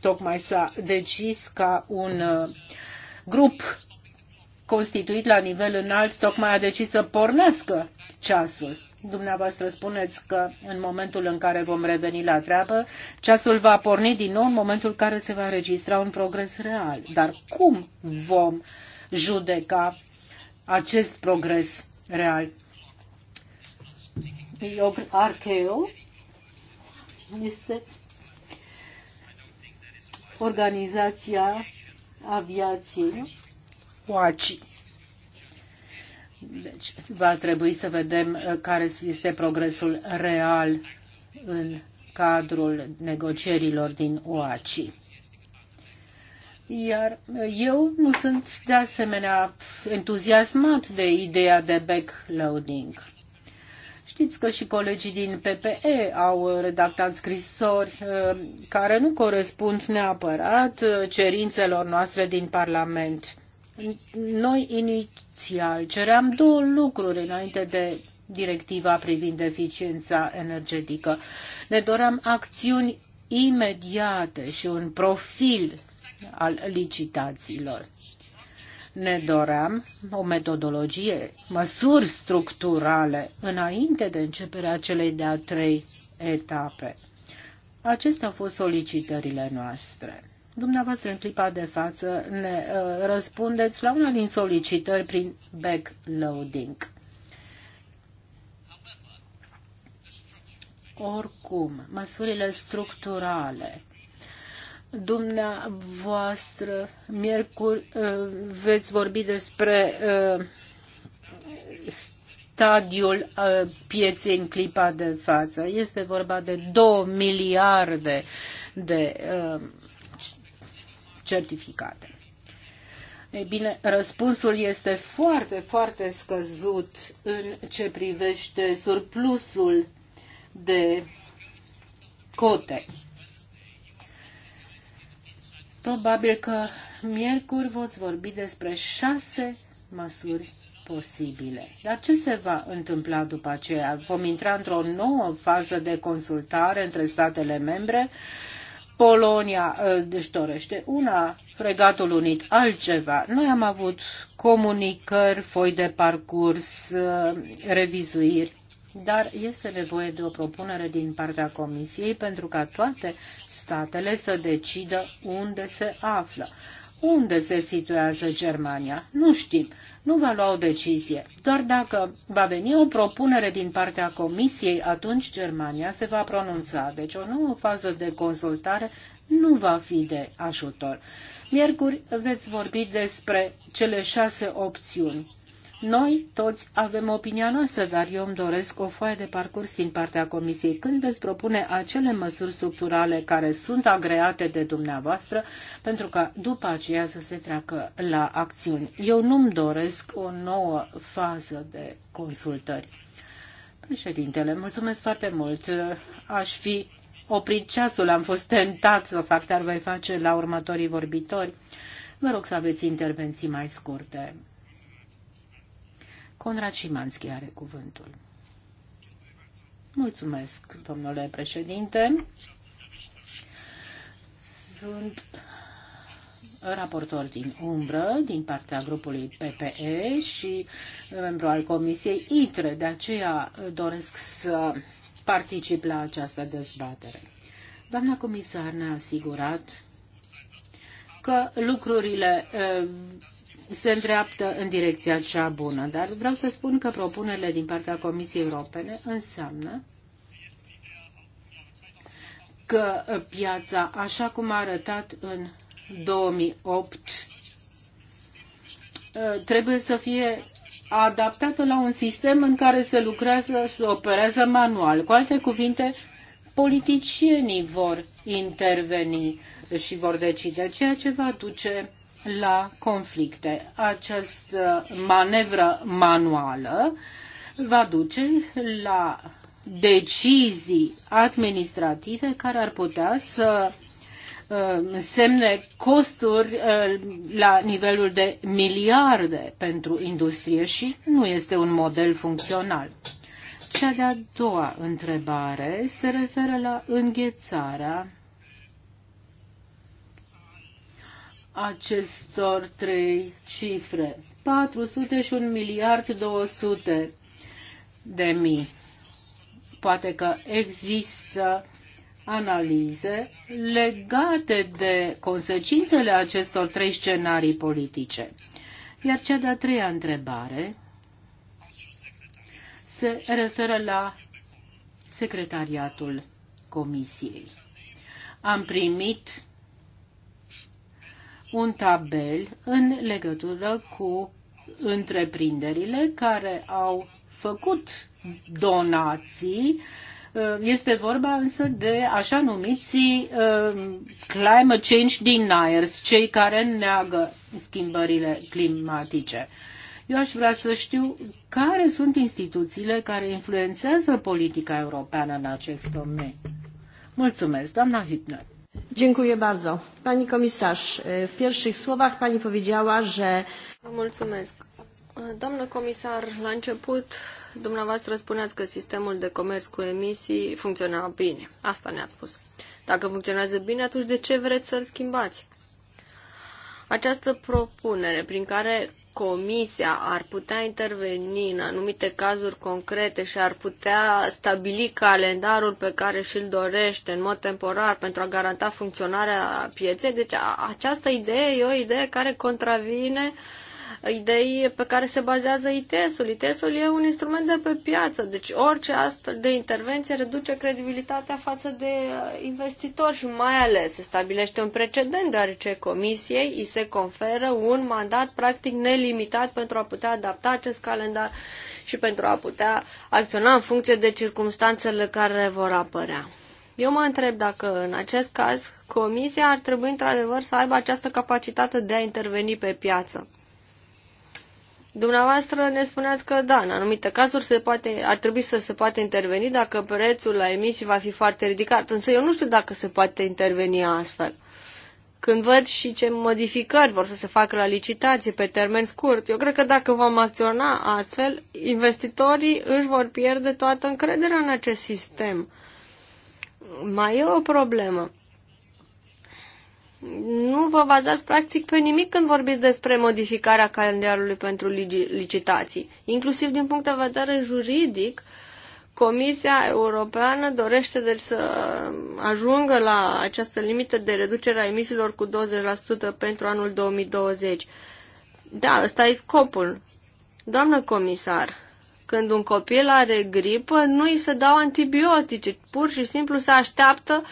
Tocmai s-a decis ca un uh, grup constituit la nivel înalt, tocmai a decis să pornească ceasul. Dumneavoastră spuneți că în momentul în care vom reveni la treabă, ceasul va porni din nou în momentul în care se va înregistra un progres real. Dar cum vom judeca acest progres real? Archeo este Organizația Aviației OACI. Deci va trebui să vedem uh, care este progresul real în cadrul negocierilor din OACI. Iar uh, eu nu sunt de asemenea entuziasmat de ideea de backloading. Știți că și colegii din PPE au redactat scrisori uh, care nu corespund neapărat uh, cerințelor noastre din Parlament. Noi inițial ceream două lucruri înainte de directiva privind eficiența energetică. Ne doream acțiuni imediate și un profil al licitațiilor ne doream o metodologie, măsuri structurale înainte de începerea celei de-a trei etape. Acestea au fost solicitările noastre. Dumneavoastră, în clipa de față, ne uh, răspundeți la una din solicitări prin backloading. Oricum, măsurile structurale dumneavoastră miercuri uh, veți vorbi despre uh, stadiul uh, pieței în clipa de față. Este vorba de 2 miliarde de certificate. Ei bine, răspunsul este foarte, foarte scăzut în ce privește surplusul de cote Probabil că miercuri voți vorbi despre șase măsuri posibile. Dar ce se va întâmpla după aceea? Vom intra într-o nouă fază de consultare între statele membre. Polonia ă, își dorește una, Regatul Unit altceva. Noi am avut comunicări, foi de parcurs, ă, revizuiri dar este nevoie de o propunere din partea Comisiei pentru ca toate statele să decidă unde se află. Unde se situează Germania? Nu știm. Nu va lua o decizie. Doar dacă va veni o propunere din partea Comisiei, atunci Germania se va pronunța. Deci o nouă fază de consultare nu va fi de ajutor. Miercuri veți vorbi despre cele șase opțiuni. Noi toți avem opinia noastră, dar eu îmi doresc o foaie de parcurs din partea Comisiei. Când veți propune acele măsuri structurale care sunt agreate de dumneavoastră, pentru ca după aceea să se treacă la acțiuni. Eu nu-mi doresc o nouă fază de consultări. Președintele, mulțumesc foarte mult. Aș fi oprit ceasul, am fost tentat să fac, dar voi face la următorii vorbitori. Vă rog să aveți intervenții mai scurte. Conrad Șimanski are cuvântul. Mulțumesc, domnule președinte. Sunt raportor din umbră din partea grupului PPE și membru al Comisiei ITRE. De aceea doresc să particip la această dezbatere. Doamna comisar ne-a asigurat că lucrurile se îndreaptă în direcția cea bună, dar vreau să spun că propunerile din partea Comisiei Europene înseamnă că piața, așa cum a arătat în 2008, trebuie să fie adaptată la un sistem în care se lucrează, se operează manual. Cu alte cuvinte, politicienii vor interveni și vor decide, ceea ce va duce la conflicte. Această manevră manuală va duce la decizii administrative care ar putea să uh, semne costuri uh, la nivelul de miliarde pentru industrie și nu este un model funcțional. Cea de-a doua întrebare se referă la înghețarea acestor trei cifre. 400 și un miliard 200 de mii. Poate că există analize legate de consecințele acestor trei scenarii politice. Iar cea de-a treia întrebare se referă la secretariatul Comisiei. Am primit un tabel în legătură cu întreprinderile care au făcut donații. Uh, este vorba însă de așa numiți uh, climate change deniers, cei care neagă schimbările climatice. Eu aș vrea să știu care sunt instituțiile care influențează politica europeană în acest domeniu. Mulțumesc, doamna Hübner. Dziękuję bardzo. Pani komisarz, w pierwszych słowach pani powiedziała, że... Mulțumesc. Doamnă comisar, la început dumneavoastră spuneați că sistemul de comerț cu emisii funcționa bine. Asta ne-ați spus. Dacă funcționează bine, atunci de ce vreți să-l schimbați? Această propunere prin care Comisia ar putea interveni în anumite cazuri concrete și ar putea stabili calendarul pe care și-l dorește în mod temporar pentru a garanta funcționarea pieței. Deci această idee e o idee care contravine uh, idei pe care se bazează ITS-ul. ITS-ul e un instrument de pe piață, deci orice astfel de intervenție reduce credibilitatea față de uh, investitori și mai ales se stabilește un precedent, deoarece comisiei îi se conferă un mandat practic nelimitat pentru a putea adapta acest calendar și pentru a putea acționa în funcție de circumstanțele care vor apărea. Eu mă întreb dacă în acest caz Comisia ar trebui într-adevăr să aibă această capacitate de a interveni pe piață. Dumneavoastră ne spuneați că, da, în anumite cazuri se poate, ar trebui să se poate interveni dacă prețul la emisii va fi foarte ridicat. Însă eu nu știu dacă se poate interveni astfel. Când văd și ce modificări vor să se facă la licitație pe termen scurt, eu cred că dacă vom acționa astfel, investitorii își vor pierde toată încrederea în acest sistem. Mai e o problemă nu vă bazați practic pe nimic când vorbiți despre modificarea calendarului pentru licitații. Inclusiv din punct de vedere juridic, Comisia Europeană dorește deci să ajungă la această limită de reducere a emisiilor cu 20% pentru anul 2020. Da, ăsta e scopul. Doamnă comisar, când un copil are gripă, nu îi se dau antibiotice, pur și simplu se așteaptă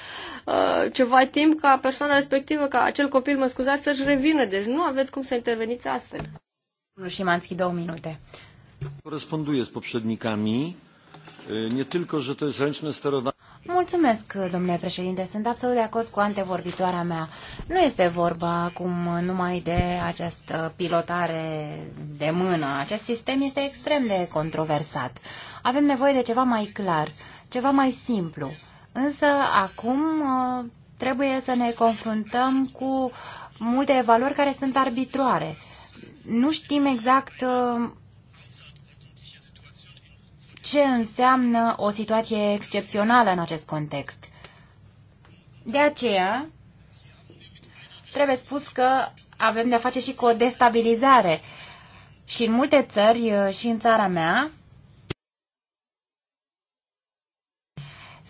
uh, ceva timp ca persoana respectivă, ca acel copil, mă scuzați, să-și revină. Deci nu aveți cum să interveniți astfel. Domnul Șimanski, două minute. Coresponduję z poprzednikami. Nie tylko, că este ręczne sterowanie. Mulțumesc, domnule președinte. Sunt absolut de acord cu antevorbitoarea mea. Nu este vorba acum numai de această pilotare de mână. Acest sistem este extrem de controversat. Avem nevoie de ceva mai clar, ceva mai simplu. Însă acum ă, trebuie să ne confruntăm cu multe valori care sunt arbitroare. Nu știm exact ă, ce înseamnă o situație excepțională în acest context. De aceea, trebuie spus că avem de-a face și cu o destabilizare. Și în multe țări, și în țara mea,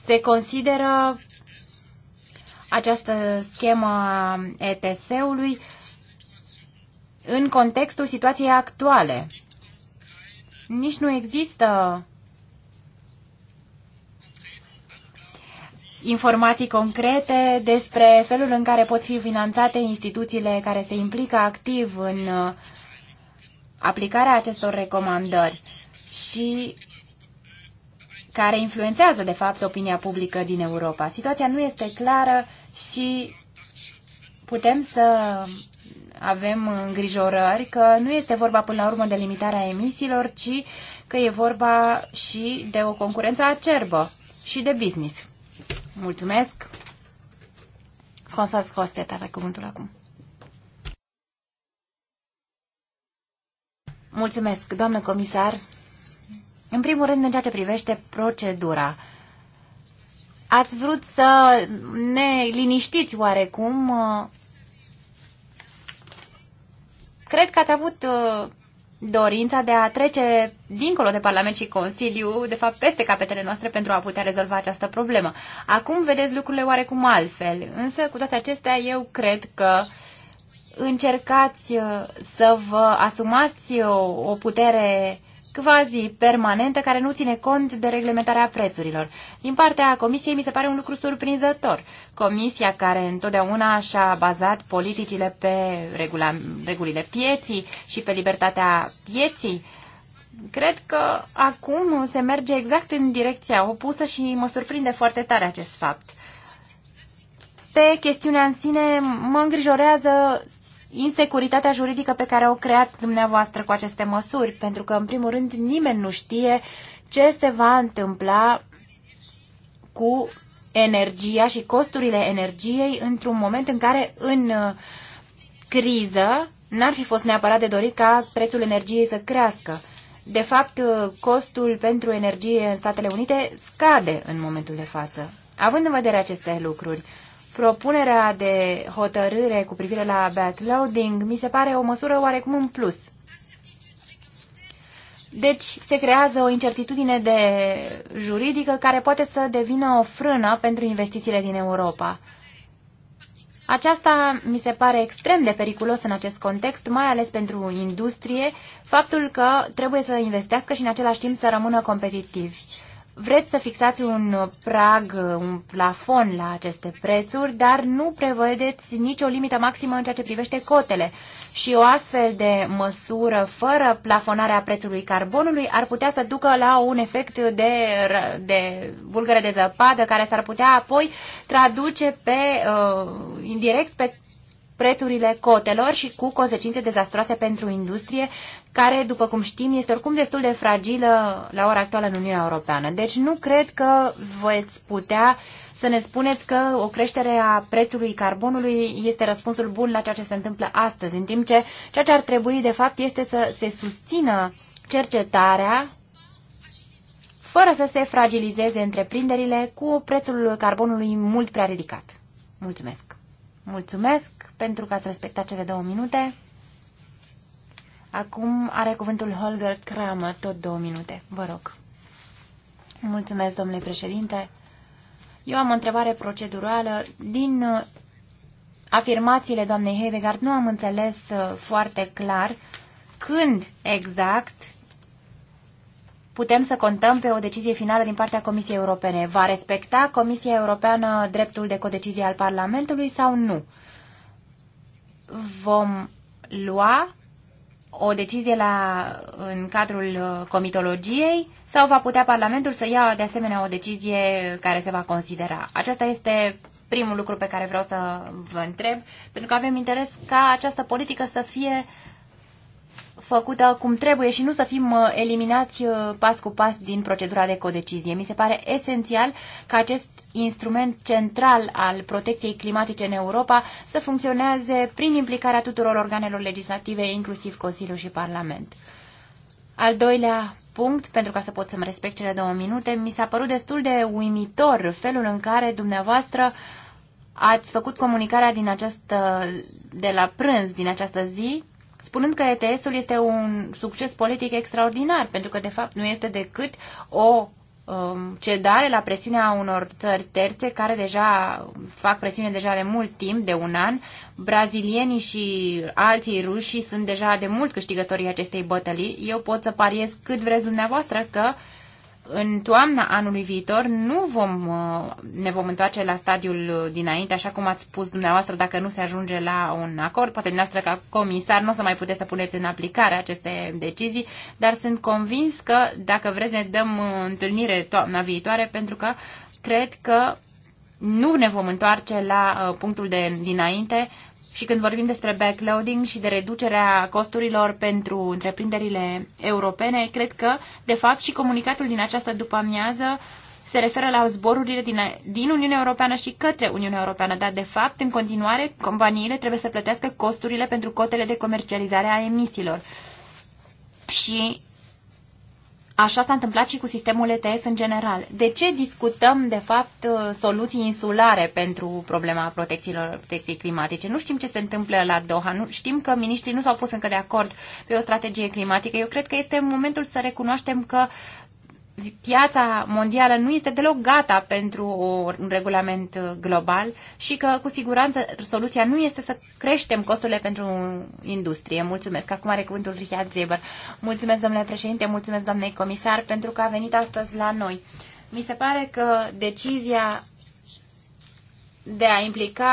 se consideră această schemă a ETS-ului în contextul situației actuale. Nici nu există informații concrete despre felul în care pot fi finanțate instituțiile care se implică activ în uh, aplicarea acestor recomandări și care influențează, de fapt, opinia publică din Europa. Situația nu este clară și putem să avem îngrijorări că nu este vorba până la urmă de limitarea emisiilor, ci că e vorba și de o concurență acerbă și de business. Mulțumesc. François Crostet are cuvântul acum. Mulțumesc, doamnă comisar. În primul rând, în ceea ce privește procedura, ați vrut să ne liniștiți oarecum. Cred că ați avut uh, dorința de a trece dincolo de Parlament și Consiliu, de fapt peste capetele noastre, pentru a putea rezolva această problemă. Acum vedeți lucrurile oarecum altfel, însă cu toate acestea eu cred că încercați uh, să vă asumați o, o putere uh, quasi permanentă care nu ține cont de reglementarea prețurilor. Din partea Comisiei mi se pare un lucru surprinzător. Comisia care întotdeauna și-a bazat politicile pe regula, regulile pieții și pe libertatea pieții, cred că acum se merge exact în direcția opusă și mă surprinde foarte tare acest fapt. Pe chestiunea în sine mă îngrijorează insecuritatea juridică pe care o creați dumneavoastră cu aceste măsuri, pentru că, în primul rând, nimeni nu știe ce se va întâmpla cu energia și costurile energiei într-un moment în care, în uh, criză, n-ar fi fost neapărat de dorit ca prețul energiei să crească. De fapt, uh, costul pentru energie în Statele Unite scade în momentul de față. Având în vedere aceste lucruri, Propunerea de hotărâre cu privire la backloading mi se pare o măsură oarecum în plus. Deci se creează o incertitudine de juridică care poate să devină o frână pentru investițiile din Europa. Aceasta mi se pare extrem de periculos în acest context, mai ales pentru industrie, faptul că trebuie să investească și în același timp să rămână competitivi. Vreți să fixați un prag, un plafon la aceste prețuri, dar nu prevedeți nicio limită maximă în ceea ce privește cotele. Și o astfel de măsură fără plafonarea prețului carbonului ar putea să ducă la un efect de, de bulgăre de zăpadă care s-ar putea apoi traduce pe, uh, indirect pe prețurile cotelor și cu consecințe dezastroase pentru industrie, care, după cum știm, este oricum destul de fragilă la ora actuală în Uniunea Europeană. Deci nu cred că veți putea să ne spuneți că o creștere a prețului carbonului este răspunsul bun la ceea ce se întâmplă astăzi, în timp ce ceea ce ar trebui, de fapt, este să se susțină cercetarea fără să se fragilizeze întreprinderile cu prețul carbonului mult prea ridicat. Mulțumesc! Mulțumesc pentru că ați respectat cele două minute. Acum are cuvântul Holger Kramer, tot două minute. Vă rog. Mulțumesc, domnule președinte. Eu am o întrebare procedurală. Din uh, afirmațiile doamnei Heidegard nu am înțeles uh, foarte clar când exact putem să contăm pe o decizie finală din partea Comisiei Europene. Va respecta Comisia Europeană dreptul de codecizie al Parlamentului sau nu? Vom lua o decizie la, în cadrul uh, comitologiei sau va putea Parlamentul să ia de asemenea o decizie care se va considera? Aceasta este primul lucru pe care vreau să vă întreb, pentru că avem interes ca această politică să fie făcută cum trebuie și nu să fim uh, eliminați uh, pas cu pas din procedura de codecizie. Mi se pare esențial ca acest instrument central al protecției climatice în Europa să funcționeze prin implicarea tuturor organelor legislative, inclusiv Consiliul și Parlament. Al doilea punct, pentru ca să pot să-mi respect cele două minute, mi s-a părut destul de uimitor felul în care dumneavoastră ați făcut comunicarea din această, de la prânz din această zi, spunând că ETS-ul este un succes politic extraordinar, pentru că de fapt nu este decât o Um, cedare la presiunea unor țări terțe care deja fac presiune deja de mult timp, de un an. Brazilienii și alții rușii sunt deja de mult câștigătorii acestei bătălii. Eu pot să pariez cât vreți dumneavoastră că în toamna anului viitor nu vom, uh, ne vom întoarce la stadiul dinainte, așa cum ați spus dumneavoastră, dacă nu se ajunge la un acord. Poate dumneavoastră ca comisar nu o să mai puteți să puneți în aplicare aceste decizii, dar sunt convins că dacă vreți ne dăm uh, întâlnire toamna viitoare, pentru că cred că nu ne vom întoarce la uh, punctul de dinainte și când vorbim despre backloading și de reducerea costurilor pentru întreprinderile europene, cred că, de fapt, și comunicatul din această după-amiază se referă la zborurile din, din Uniunea Europeană și către Uniunea Europeană, dar, de fapt, în continuare, companiile trebuie să plătească costurile pentru cotele de comercializare a emisiilor. Și Așa s-a întâmplat și cu sistemul ETS în general. De ce discutăm, de fapt, uh, soluții insulare pentru problema protecției climatice? Nu știm ce se întâmplă la Doha, nu, știm că ministrii nu s-au pus încă de acord pe o strategie climatică. Eu cred că este momentul să recunoaștem că piața mondială nu este deloc gata pentru un regulament global și că, cu siguranță, soluția nu este să creștem costurile pentru industrie. Mulțumesc. Acum are cuvântul Richard Zeber. Mulțumesc, domnule președinte, mulțumesc, doamnei comisar, pentru că a venit astăzi la noi. Mi se pare că decizia de a implica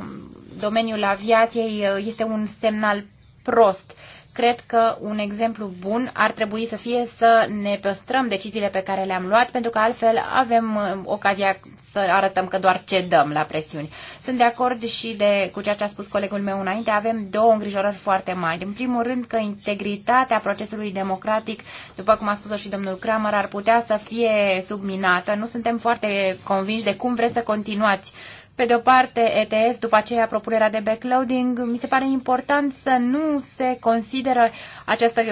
um, domeniul aviației uh, este un semnal prost cred că un exemplu bun ar trebui să fie să ne păstrăm deciziile pe care le-am luat, pentru că altfel avem uh, ocazia să arătăm că doar cedăm la presiuni. Sunt de acord și de, cu ceea ce a spus colegul meu înainte, avem două îngrijorări foarte mari. În primul rând că integritatea procesului democratic, după cum a spus-o și domnul Kramer, ar putea să fie subminată. Nu suntem foarte convinși de cum vreți să continuați pe de o parte, ETS, după aceea propunerea de backloading, mi se pare important să nu se consideră această,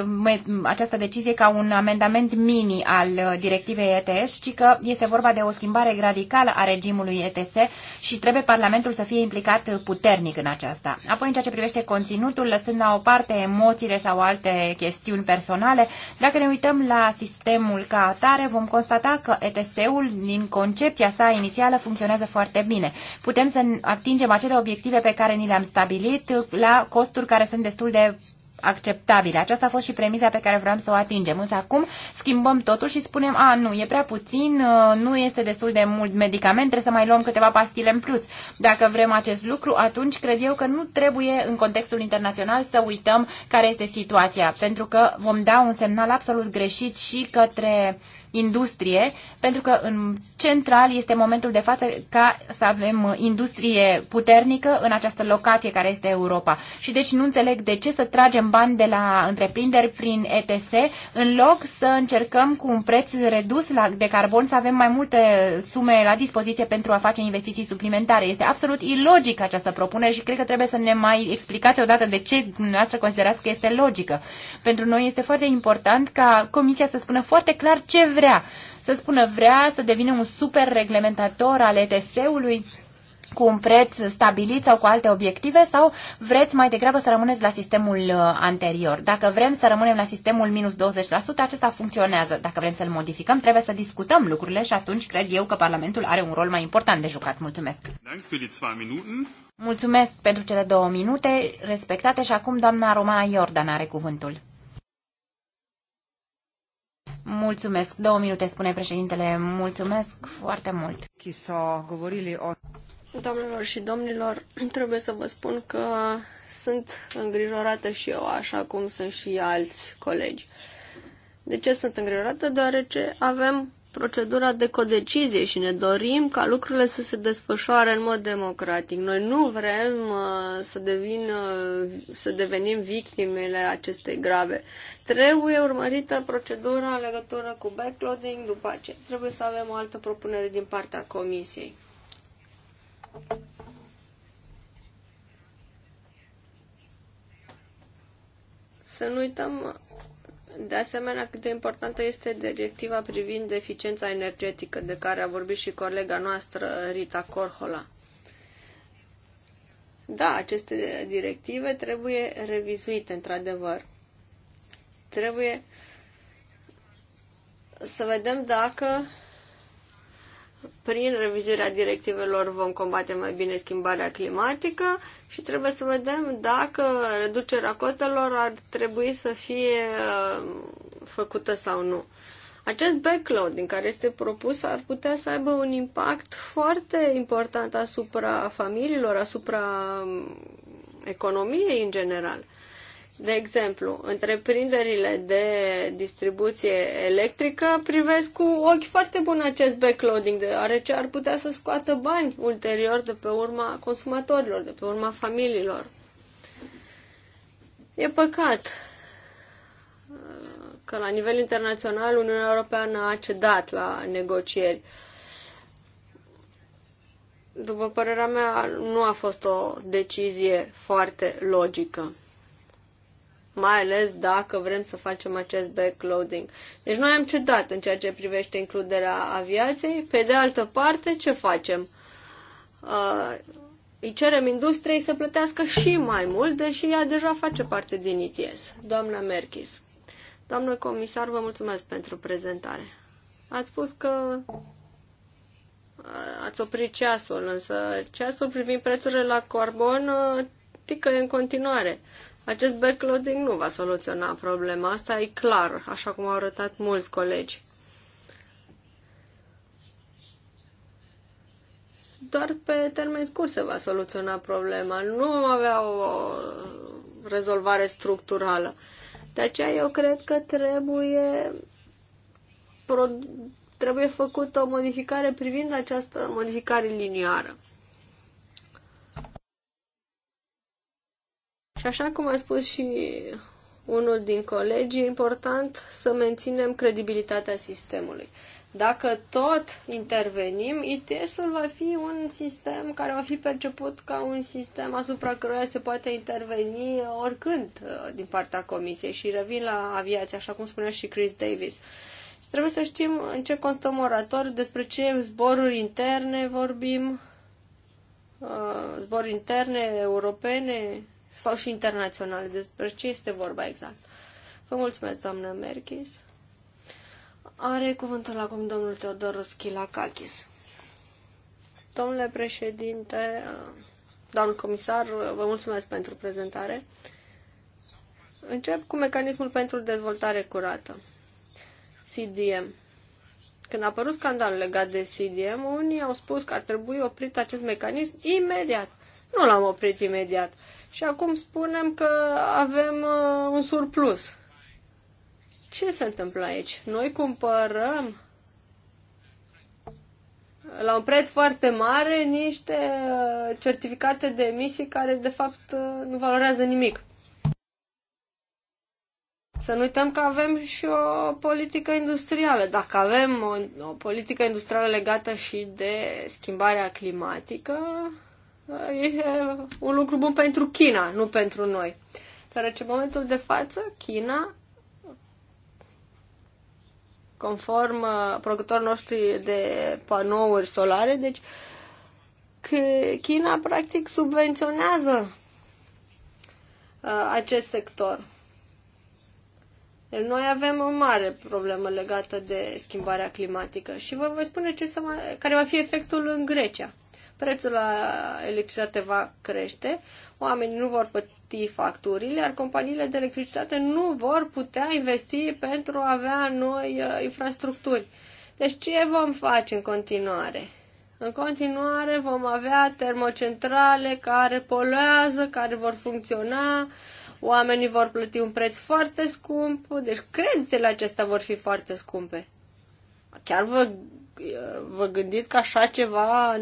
această decizie ca un amendament mini al uh, directivei ETS, ci că este vorba de o schimbare radicală a regimului ETS și trebuie Parlamentul să fie implicat puternic în aceasta. Apoi, în ceea ce privește conținutul, lăsând la o parte emoțiile sau alte chestiuni personale, dacă ne uităm la sistemul ca atare, vom constata că ETS-ul, din concepția sa inițială, funcționează foarte bine putem să atingem acele obiective pe care ni le-am stabilit la costuri care sunt destul de acceptabile. Aceasta a fost și premiza pe care vreau să o atingem. Însă acum schimbăm totul și spunem, a, nu, e prea puțin, uh, nu este destul de mult medicament, trebuie să mai luăm câteva pastile în plus. Dacă vrem acest lucru, atunci cred eu că nu trebuie în contextul internațional să uităm care este situația, pentru că vom da un semnal absolut greșit și către uh, industrie, pentru că în central este momentul de față ca să avem industrie puternică în această locație care este Europa. Și deci nu înțeleg de ce să tragem bani de la întreprinderi prin ETS în loc să încercăm cu un preț redus de carbon să avem mai multe sume la dispoziție pentru a face investiții suplimentare. Este absolut ilogic această propunere și cred că trebuie să ne mai explicați odată de ce dumneavoastră considerați că este logică. Pentru noi este foarte important ca Comisia să spună foarte clar ce vrea vrea. Să spună vrea să devină un super reglementator al ETS-ului cu un preț stabilit sau cu alte obiective sau vreți mai degrabă să rămâneți la sistemul uh, anterior. Dacă vrem să rămânem la sistemul minus 20%, acesta funcționează. Dacă vrem să-l modificăm, trebuie să discutăm lucrurile și atunci cred eu că Parlamentul are un rol mai important de jucat. Mulțumesc! Mulțumesc pentru cele două minute respectate și acum doamna Romana Iordan are cuvântul. Mulțumesc. Două minute, spune președintele. Mulțumesc foarte mult. Doamnelor și domnilor, trebuie să vă spun că sunt îngrijorată și eu, așa cum sunt și alți colegi. De ce sunt îngrijorată? Deoarece avem procedura de codecizie și ne dorim ca lucrurile să se desfășoare în mod democratic. Noi nu vrem uh, să, devin, uh, să devenim victimele acestei grave. Trebuie urmărită procedura în legătură cu backloading, după aceea trebuie să avem o altă propunere din partea comisiei. Să nu uităm de asemenea, cât de importantă este directiva privind eficiența energetică, de care a vorbit și colega noastră, Rita Corhola. Da, aceste directive trebuie revizuite, într-adevăr. Trebuie să vedem dacă prin revizuirea directivelor vom combate mai bine schimbarea climatică și trebuie să vedem dacă reducerea cotelor ar trebui să fie uh, făcută sau nu. Acest backload din care este propus ar putea să aibă un impact foarte important asupra familiilor, asupra um, economiei în general. De exemplu, întreprinderile de distribuție electrică privesc cu ochi foarte bun acest backloading, deoarece ar putea să scoată bani ulterior de pe urma consumatorilor, de pe urma familiilor. E păcat uh, că la nivel internațional Uniunea Europeană a cedat la negocieri. După părerea mea, nu a fost o decizie foarte logică mai ales dacă vrem să facem acest backloading. Deci noi am cedat în ceea ce privește includerea aviației. Pe de altă parte, ce facem? Uh, îi cerem industriei să plătească și mai mult, deși ea deja face parte din ITS. Doamna Merchis. Doamnă comisar, vă mulțumesc pentru prezentare. Ați spus că uh, ați oprit ceasul, însă ceasul privind prețurile la carbon uh, tică în continuare. Acest backloading nu va soluționa problema, asta e clar, așa cum au arătat mulți colegi. Doar pe termen scurt se va soluționa problema, nu avea o rezolvare structurală. De aceea eu cred că trebuie, pro, trebuie făcută o modificare privind această modificare liniară. Și așa cum a spus și unul din colegi, e important să menținem credibilitatea sistemului. Dacă tot intervenim, ITS-ul va fi un sistem care va fi perceput ca un sistem asupra căruia se poate interveni oricând uh, din partea comisiei. Și revin la aviație, așa cum spunea și Chris Davis. Trebuie să știm în ce constă moratoriu, despre ce zboruri interne vorbim, uh, zboruri interne, europene, sau și internaționale. Despre ce este vorba exact? Vă mulțumesc, doamnă Merkis. Are cuvântul acum domnul Teodorus Chilakakis. Domnule președinte, domnul comisar, vă mulțumesc pentru prezentare. Încep cu mecanismul pentru dezvoltare curată, CDM. Când a apărut scandalul legat de CDM, unii au spus că ar trebui oprit acest mecanism imediat. Nu l-am oprit imediat. Și acum spunem că avem uh, un surplus. Ce se întâmplă aici? Noi cumpărăm uh, la un preț foarte mare niște uh, certificate de emisii care de fapt uh, nu valorează nimic. Să nu uităm că avem și o politică industrială. Dacă avem o, o politică industrială legată și de schimbarea climatică, e un lucru bun pentru China, nu pentru noi. Deoarece în momentul de față, China, conform uh, producătorilor noștri de panouri solare, deci că China practic subvenționează uh, acest sector. Deci, noi avem o mare problemă legată de schimbarea climatică și vă voi spune ce să mai, care va fi efectul în Grecia prețul la electricitate va crește, oamenii nu vor plăti facturile, iar companiile de electricitate nu vor putea investi pentru a avea noi uh, infrastructuri. Deci ce vom face în continuare? În continuare vom avea termocentrale care poluează, care vor funcționa, oamenii vor plăti un preț foarte scump, deci creditele acestea vor fi foarte scumpe. Chiar vă vă gândiți că așa ceva,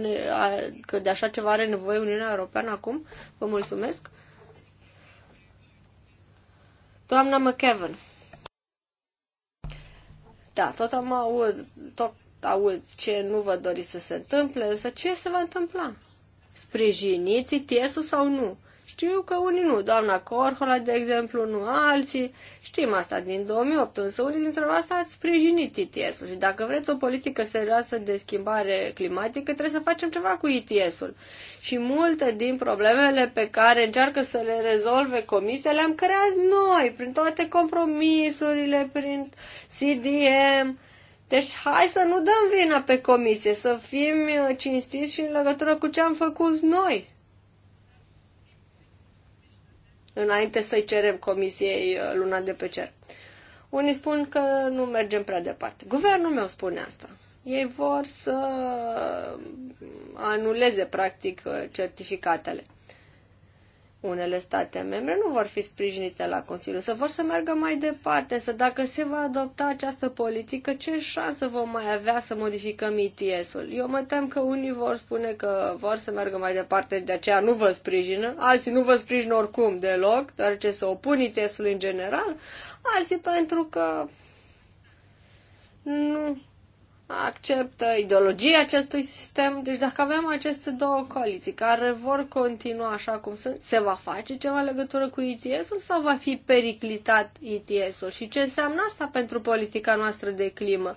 că de așa ceva are nevoie Uniunea Europeană acum? Vă mulțumesc. Doamna McKevin. Da, tot am aud, tot aud ce nu vă doriți să se întâmple, însă ce se va întâmpla? Sprijiniți ITS-ul sau nu? Știu că unii nu, doamna Corhola, de exemplu, nu alții. Știm asta din 2008, însă unii dintre noastre ați sprijinit ETS-ul și dacă vreți o politică serioasă de schimbare climatică, trebuie să facem ceva cu ETS-ul. Și multe din problemele pe care încearcă să le rezolve comisia le-am creat noi, prin toate compromisurile, prin CDM, deci hai să nu dăm vina pe comisie, să fim cinstiți și în legătură cu ce am făcut noi înainte să-i cerem comisiei uh, luna de pe cer. Unii spun că nu mergem prea departe. Guvernul meu spune asta. Ei vor să uh, anuleze, practic, uh, certificatele unele state membre nu vor fi sprijinite la Consiliu, să vor să meargă mai departe, să dacă se va adopta această politică, ce șansă vom mai avea să modificăm ITS-ul? Eu mă tem că unii vor spune că vor să meargă mai departe, de aceea nu vă sprijină, alții nu vă sprijină oricum deloc, doar ce se opun ITS-ului în general, alții pentru că nu acceptă ideologia acestui sistem. Deci dacă avem aceste două coaliții care vor continua așa cum sunt, se va face ceva legătură cu ETS-ul sau va fi periclitat ETS-ul? Și ce înseamnă asta pentru politica noastră de climă?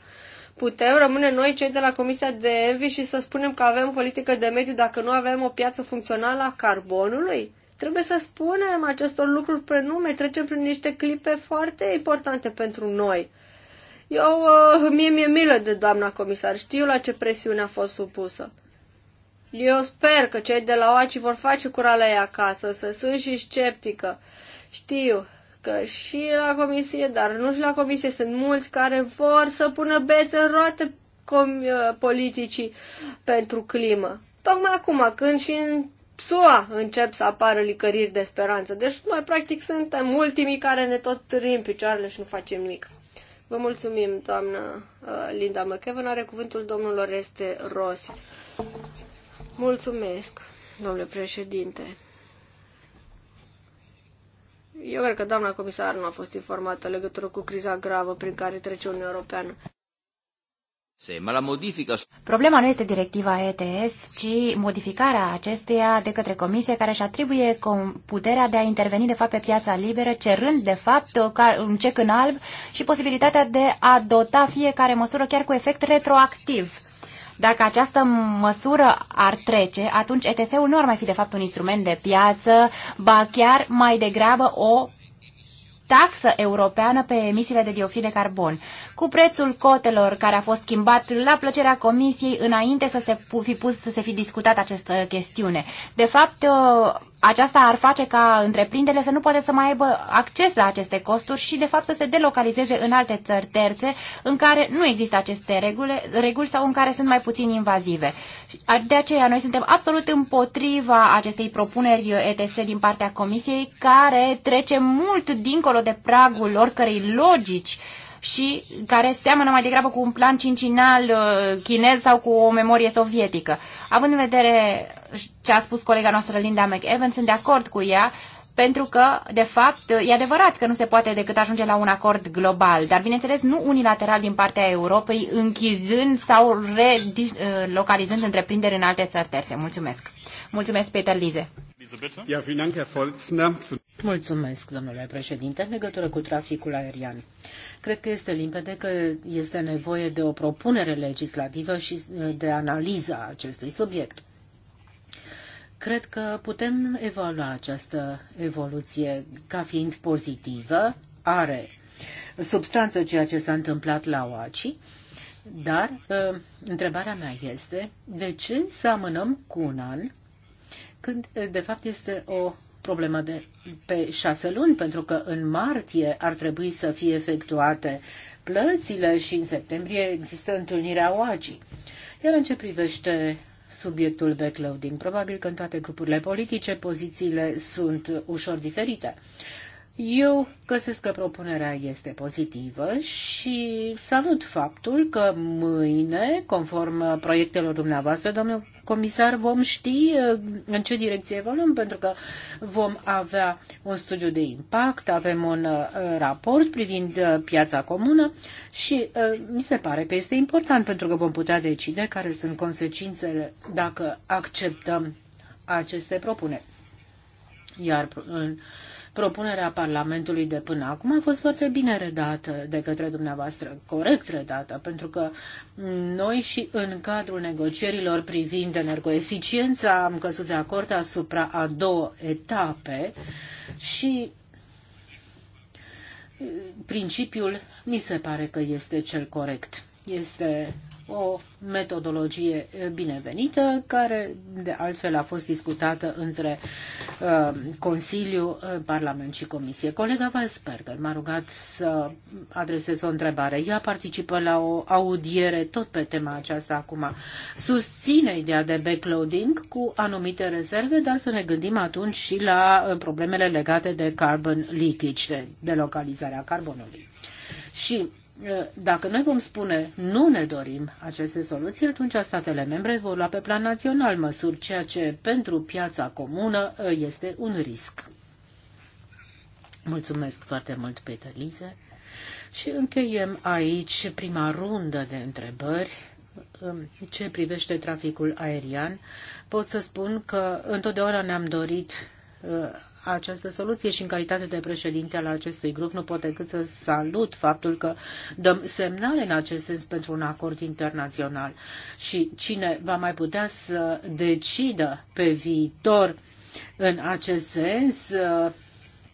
Putem rămâne noi cei de la Comisia de Envi și să spunem că avem politică de mediu dacă nu avem o piață funcțională a carbonului? Trebuie să spunem acestor lucruri nume. trecem prin niște clipe foarte importante pentru noi eu, uh, mie mi-e milă de doamna comisar, știu la ce presiune a fost supusă. Eu sper că cei de la OACI vor face curala ei acasă, să sunt și sceptică. Știu că și la comisie, dar nu și la comisie, sunt mulți care vor să pună bețe în roate uh, politicii pentru climă. Tocmai acum, când și în SUA încep să apară licăriri de speranță. Deci, noi, practic, suntem ultimii care ne tot târim picioarele și nu facem nimic. Vă mulțumim, doamnă uh, Linda McEvan. Are cuvântul domnul Oreste Rossi. Mulțumesc, domnule președinte. Eu cred că doamna comisar nu a fost informată în legătură cu criza gravă prin care trece Uniunea Europeană. Problema nu este directiva ETS, ci modificarea acesteia de către comisie care își atribuie puterea de a interveni de fapt pe piața liberă, cerând de fapt un cec în alb și posibilitatea de a dota fiecare măsură chiar cu efect retroactiv. Dacă această măsură ar trece, atunci ETS-ul nu ar mai fi de fapt un instrument de piață, ba chiar mai degrabă o taxă europeană pe emisiile de dioxid de carbon, cu prețul cotelor care a fost schimbat la plăcerea comisiei înainte să se fi pus să se fi discutat această chestiune. De fapt, aceasta ar face ca întreprinderile să nu poată să mai aibă acces la aceste costuri și, de fapt, să se delocalizeze în alte țări terțe în care nu există aceste regule, reguli sau în care sunt mai puțin invazive. De aceea, noi suntem absolut împotriva acestei propuneri ETS din partea Comisiei, care trece mult dincolo de pragul oricărei logici și care seamănă mai degrabă cu un plan cincinal uh, chinez sau cu o memorie sovietică. Având în vedere ce a spus colega noastră Linda McEvan, sunt de acord cu ea, pentru că, de fapt, e adevărat că nu se poate decât ajunge la un acord global, dar, bineînțeles, nu unilateral din partea Europei, închizând sau relocalizând uh, întreprinderi în alte țări terțe. Mulțumesc. Mulțumesc, Peter Lize. Mulțumesc, domnule președinte, în legătură cu traficul aerian. Cred că este limpede că este nevoie de o propunere legislativă și uh, de analiza acestui subiect. Cred că putem evalua această evoluție ca fiind pozitivă, are substanță ceea ce s-a întâmplat la OACI, dar uh, întrebarea mea este de ce să amânăm cu un an când uh, de fapt este o problemă de pe șase luni, pentru că în martie ar trebui să fie efectuate plățile și în septembrie există întâlnirea OACI. Iar în ce privește subiectul backloading, probabil că în toate grupurile politice pozițiile sunt ușor diferite. Eu găsesc că propunerea este pozitivă și salut faptul că mâine, conform proiectelor dumneavoastră, domnul comisar, vom ști uh, în ce direcție evoluăm, pentru că vom avea un studiu de impact, avem un uh, raport privind uh, piața comună și mi se pare că este important pentru că vom putea decide care sunt consecințele dacă acceptăm aceste propuneri. Iar în propunerea Parlamentului de până acum a fost foarte bine redată de către dumneavoastră, corect redată, pentru că noi și în cadrul negocierilor privind energoeficiența am căzut de acord asupra a două etape și principiul mi se pare că este cel corect. Este o metodologie eh, binevenită, care de altfel a fost discutată între eh, Consiliu, eh, Parlament și Comisie. Colega Weisberger m-a rugat să adresez o întrebare. Ea participă la o audiere tot pe tema aceasta acum. Susține ideea de backloading cu anumite rezerve, dar să ne gândim atunci și la problemele legate de carbon leakage, de localizarea carbonului. Și dacă noi vom spune nu ne dorim aceste soluții, atunci statele membre vor lua pe plan național măsuri, ceea ce pentru piața comună ă, este un risc. Mulțumesc foarte mult, Peter Lise. Și încheiem aici prima rundă de întrebări. Ce privește traficul aerian, pot să spun că întotdeauna ne-am dorit ă, această soluție și în calitate de președinte al acestui grup nu pot decât să salut faptul că dăm semnale în acest sens pentru un acord internațional și cine va mai putea să decidă pe viitor în acest sens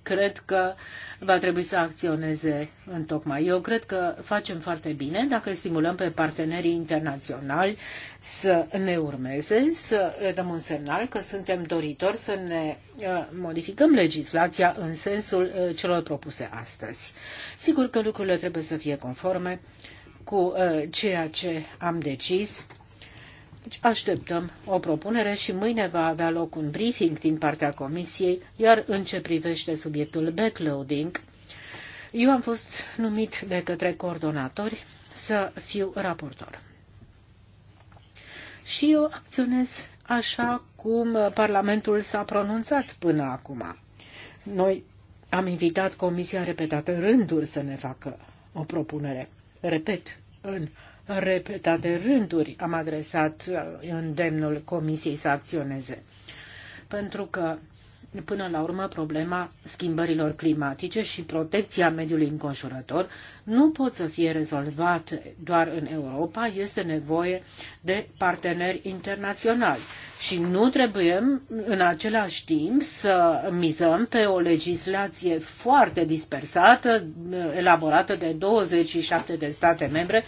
cred că va trebui să acționeze în tocmai. Eu cred că facem foarte bine dacă stimulăm pe partenerii internaționali să ne urmeze, să le dăm un semnal că suntem doritori să ne uh, modificăm legislația în sensul uh, celor propuse astăzi. Sigur că lucrurile trebuie să fie conforme cu uh, ceea ce am decis deci așteptăm o propunere și mâine va avea loc un briefing din partea Comisiei, iar în ce privește subiectul backloading, eu am fost numit de către coordonatori să fiu raportor. Și eu acționez așa cum Parlamentul s-a pronunțat până acum. Noi am invitat Comisia repetată rânduri să ne facă o propunere. Repet, în repetate rânduri am adresat uh, îndemnul Comisiei să acționeze. Pentru că până la urmă problema schimbărilor climatice și protecția mediului înconjurător nu pot să fie rezolvate doar în Europa, este nevoie de parteneri internaționali. Și nu trebuie în același timp să mizăm pe o legislație foarte dispersată, elaborată de 27 de state membre,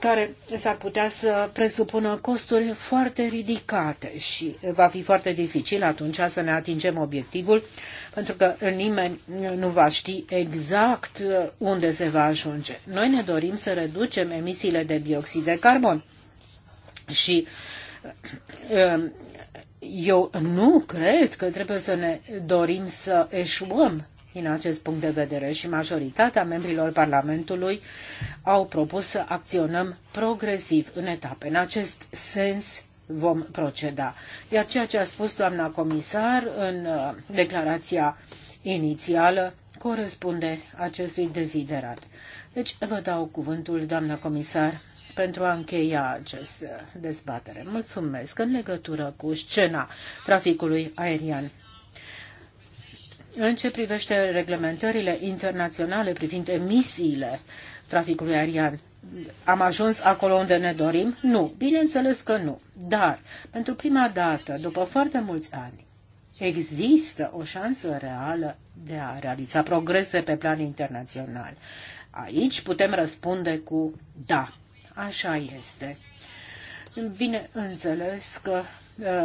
care s-ar putea să presupună costuri foarte ridicate și va fi foarte dificil atunci să ne atingem obiectivele obiectivul, pentru că nimeni nu va ști exact unde se va ajunge. Noi ne dorim să reducem emisiile de dioxid de carbon și um, eu nu cred că trebuie să ne dorim să eșuăm din acest punct de vedere și majoritatea membrilor Parlamentului au propus să acționăm progresiv în etape. În acest sens vom proceda. Iar ceea ce a spus doamna comisar în uh, declarația inițială corespunde acestui deziderat. Deci vă dau cuvântul, doamna comisar, pentru a încheia acest uh, dezbatere. Mulțumesc în legătură cu scena traficului aerian. În ce privește reglementările internaționale privind emisiile traficului aerian, am ajuns acolo unde ne dorim? Nu, bineînțeles că nu. Dar, pentru prima dată, după foarte mulți ani, există o șansă reală de a realiza progrese pe plan internațional. Aici putem răspunde cu da. Așa este. Bine înțeles că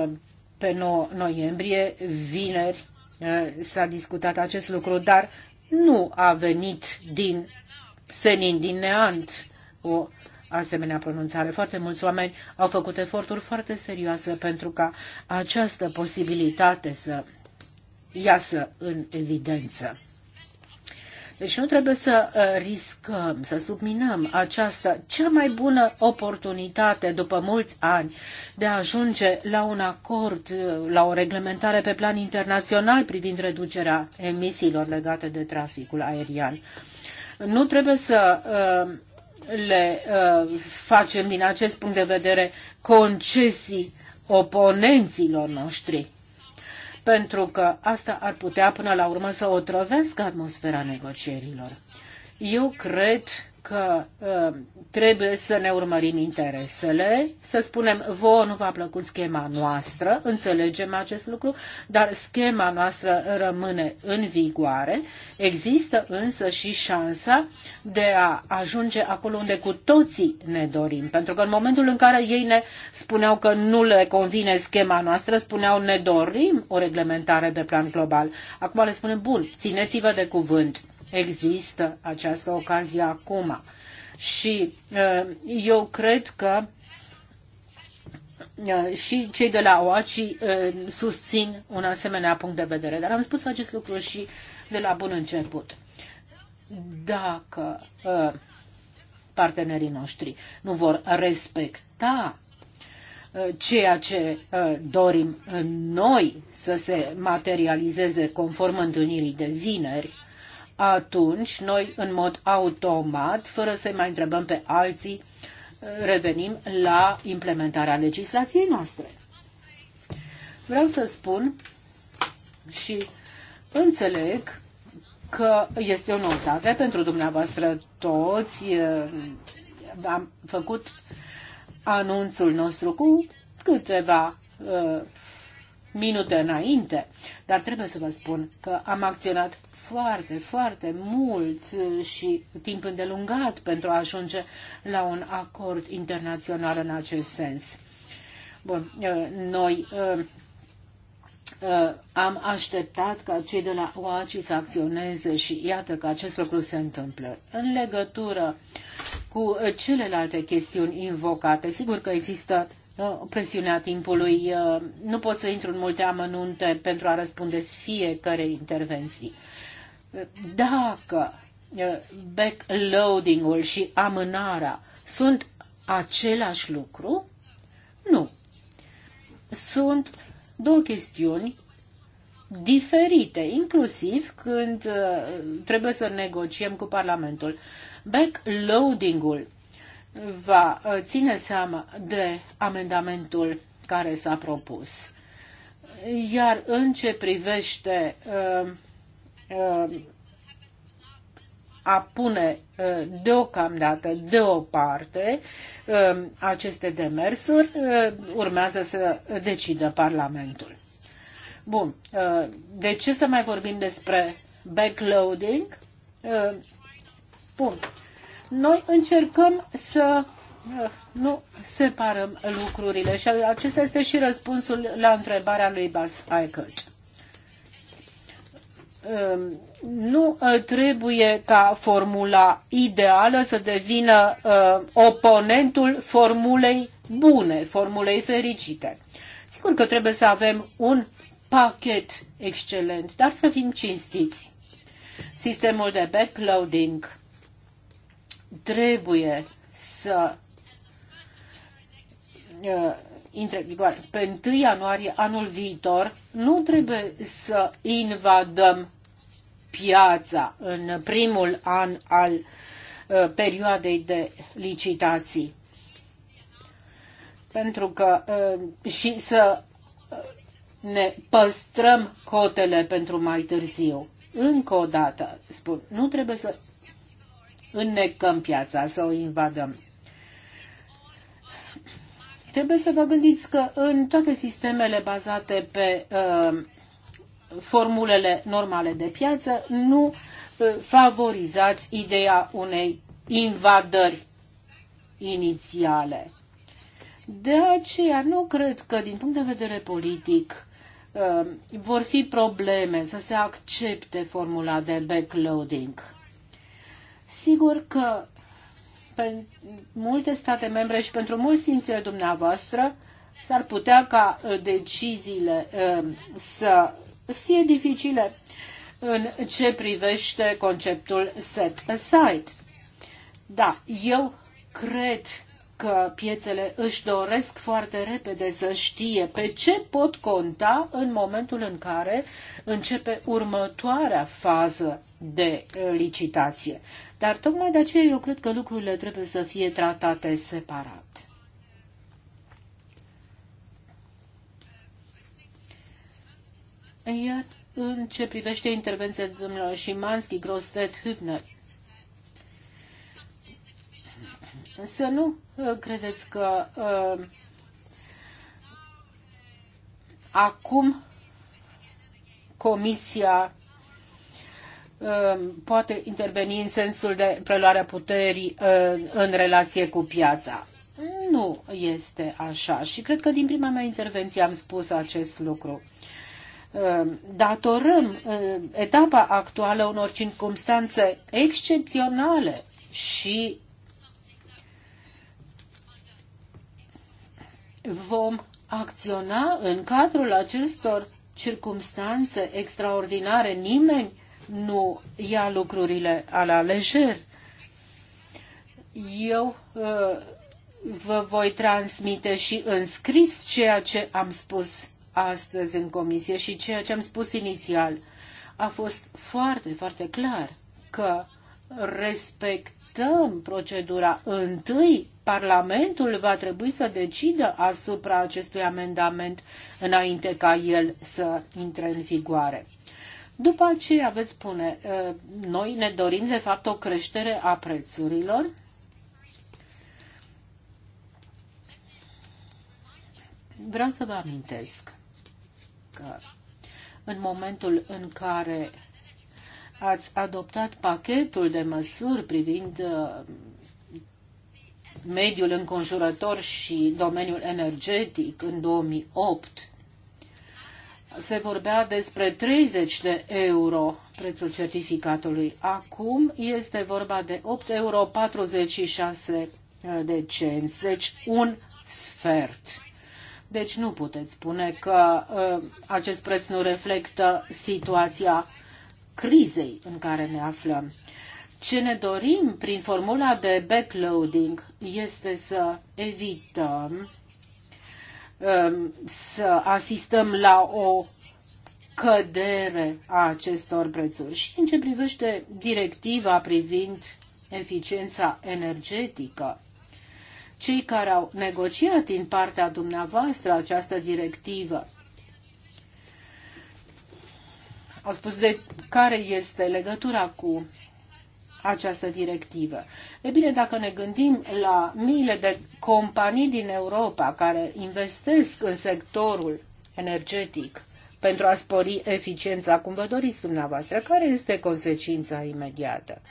uh, pe 9 noiembrie, vineri, uh, s-a discutat acest lucru, dar nu a venit din senin din neant o asemenea pronunțare. Foarte mulți oameni au făcut eforturi foarte serioase pentru ca această posibilitate să iasă în evidență. Deci nu trebuie să uh, riscăm, să subminăm această cea mai bună oportunitate după mulți ani de a ajunge la un acord, uh, la o reglementare pe plan internațional privind reducerea emisiilor legate de traficul aerian. Nu trebuie să uh, le uh, facem din acest punct de vedere concesii oponenților noștri. Pentru că asta ar putea până la urmă să otrăvească atmosfera negocierilor. Eu cred că ă, trebuie să ne urmărim interesele, să spunem, vouă nu v-a plăcut schema noastră, înțelegem acest lucru, dar schema noastră rămâne în vigoare. Există însă și șansa de a ajunge acolo unde cu toții ne dorim, pentru că în momentul în care ei ne spuneau că nu le convine schema noastră, spuneau ne dorim o reglementare pe plan global. Acum le spunem, bun, țineți-vă de cuvânt există această ocazie acum. Și uh, eu cred că uh, și cei de la OACI uh, susțin un asemenea punct de vedere, dar am spus acest lucru și de la bun început. Dacă partenerii noștri nu vor respecta ceea ce dorim noi să se materializeze conform întâlnirii de vineri, atunci noi în mod automat, fără să-i mai întrebăm pe alții, revenim la implementarea legislației noastre. Vreau să spun și înțeleg că este o noutate pentru dumneavoastră toți. Am făcut anunțul nostru cu câteva uh, minute înainte, dar trebuie să vă spun că am acționat foarte, foarte mult uh, și timp îndelungat pentru a ajunge la un acord internațional în acest sens. Bun, uh, noi uh, am așteptat ca cei de la OACI să acționeze și iată că acest lucru se întâmplă. În legătură cu celelalte chestiuni invocate, sigur că există presiunea timpului. Nu pot să intru în multe amănunte pentru a răspunde fiecare intervenții. Dacă backloading-ul și amânarea sunt același lucru? Nu. Sunt două chestiuni diferite, inclusiv când trebuie să negociem cu Parlamentul. Backloading-ul va ține seama de amendamentul care s-a propus. Iar în ce privește uh, a pune uh, deocamdată deoparte um, aceste demersuri, uh, urmează să decidă Parlamentul. Bun, uh, de ce să mai vorbim despre backloading? Bun, noi încercăm să nu separăm lucrurile și acesta este și răspunsul la întrebarea lui Bas Eichert. Um, nu uh, trebuie ca formula ideală să devină uh, oponentul formulei bune, formulei fericite. Sigur că trebuie să avem un pachet excelent, dar să fim cinstiți. Sistemul de backloading trebuie să uh, intre în vigoare pe 1 ianuarie anul viitor, nu trebuie să invadăm piața în primul an al uh, perioadei de licitații. Pentru că uh, și să uh, ne păstrăm cotele pentru mai târziu. Încă o dată spun, nu trebuie să înnecăm piața, să o invadăm. Trebuie să vă gândiți că în toate sistemele bazate pe uh, formulele normale de piață nu uh, favorizați ideea unei invadări inițiale. De aceea nu cred că din punct de vedere politic uh, vor fi probleme să se accepte formula de backloading. Sigur că pentru multe state membre și pentru mulți dintre dumneavoastră s-ar putea ca uh, deciziile uh, să fie dificile în ce privește conceptul set aside. Da, eu cred că piețele își doresc foarte repede să știe pe ce pot conta în momentul în care începe următoarea fază de licitație. Dar tocmai de aceea eu cred că lucrurile trebuie să fie tratate separat. Iar în ce privește intervenția domnului Șimanski, Grostet, Hübner, Să nu uh, credeți că uh, acum Comisia uh, poate interveni în sensul de preluarea puterii uh, în relație cu piața. Nu este așa și cred că din prima mea intervenție am spus acest lucru uh, datorăm uh, etapa actuală unor circumstanțe excepționale și vom acționa în cadrul acestor circumstanțe extraordinare. Nimeni nu ia lucrurile a la lejer. Eu uh, vă voi transmite și în scris ceea ce am spus astăzi în comisie și ceea ce am spus inițial. A fost foarte, foarte clar că respectăm procedura întâi Parlamentul va trebui să decidă asupra acestui amendament înainte ca el să intre în vigoare. După aceea veți spune, ă, noi ne dorim de fapt o creștere a prețurilor. Vreau să vă amintesc că în momentul în care ați adoptat pachetul de măsuri privind ă, mediul înconjurător și domeniul energetic în 2008, se vorbea despre 30 de euro prețul certificatului. Acum este vorba de 8,46 euro uh, de cenți, deci un sfert. Deci nu puteți spune că uh, acest preț nu reflectă situația crizei în care ne aflăm. Uh, ce ne dorim prin formula de backloading este să evităm um, să asistăm la o cădere a acestor prețuri. Și în ce privește directiva privind eficiența energetică, cei care au negociat din partea dumneavoastră această directivă au spus de care este legătura cu această directivă. E bine, dacă ne gândim la miile de companii din Europa care investesc în sectorul energetic pentru a spori eficiența, cum vă doriți dumneavoastră, care este consecința imediată?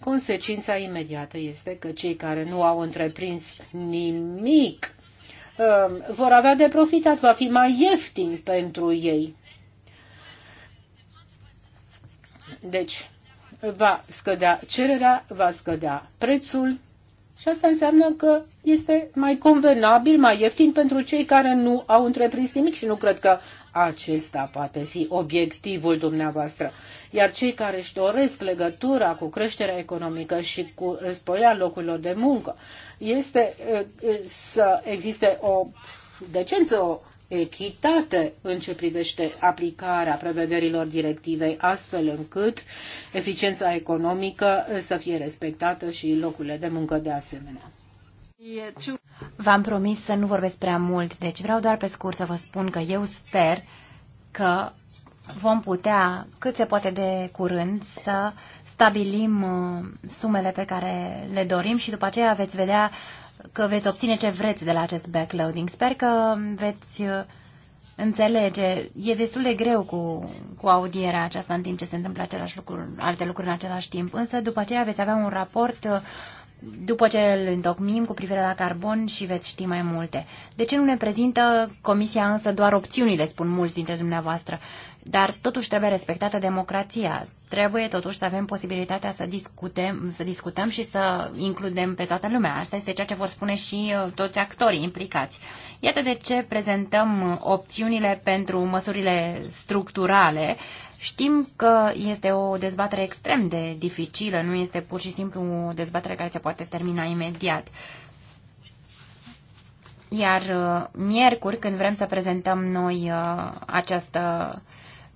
Consecința imediată este că cei care nu au întreprins nimic um, vor avea de profitat, va fi mai ieftin pentru ei. Deci, va scădea cererea, va scădea prețul și asta înseamnă că este mai convenabil, mai ieftin pentru cei care nu au întreprins nimic și nu cred că acesta poate fi obiectivul dumneavoastră. Iar cei care își doresc legătura cu creșterea economică și cu sporirea locurilor de muncă este eh, să existe o decență, o echitate în ce privește aplicarea prevederilor directivei, astfel încât eficiența economică să fie respectată și locurile de muncă de asemenea. V-am promis să nu vorbesc prea mult, deci vreau doar pe scurt să vă spun că eu sper că vom putea, cât se poate de curând, să stabilim uh, sumele pe care le dorim și după aceea veți vedea că veți obține ce vreți de la acest backloading. Sper că veți uh, înțelege. E destul de greu cu, cu audierea aceasta în timp ce se întâmplă același lucru, alte lucruri în același timp. Însă după aceea veți avea un raport uh, după ce îl întocmim cu privire la carbon și veți ști mai multe. De ce nu ne prezintă Comisia însă doar opțiunile, spun mulți dintre dumneavoastră? Dar totuși trebuie respectată democrația. Trebuie totuși să avem posibilitatea să, discutem, să discutăm și să includem pe toată lumea. Asta este ceea ce vor spune și uh, toți actorii implicați. Iată de ce prezentăm uh, opțiunile pentru măsurile structurale Știm că este o dezbatere extrem de dificilă, nu este pur și simplu o dezbatere care se poate termina imediat. Iar uh, miercuri, când vrem să prezentăm noi uh, această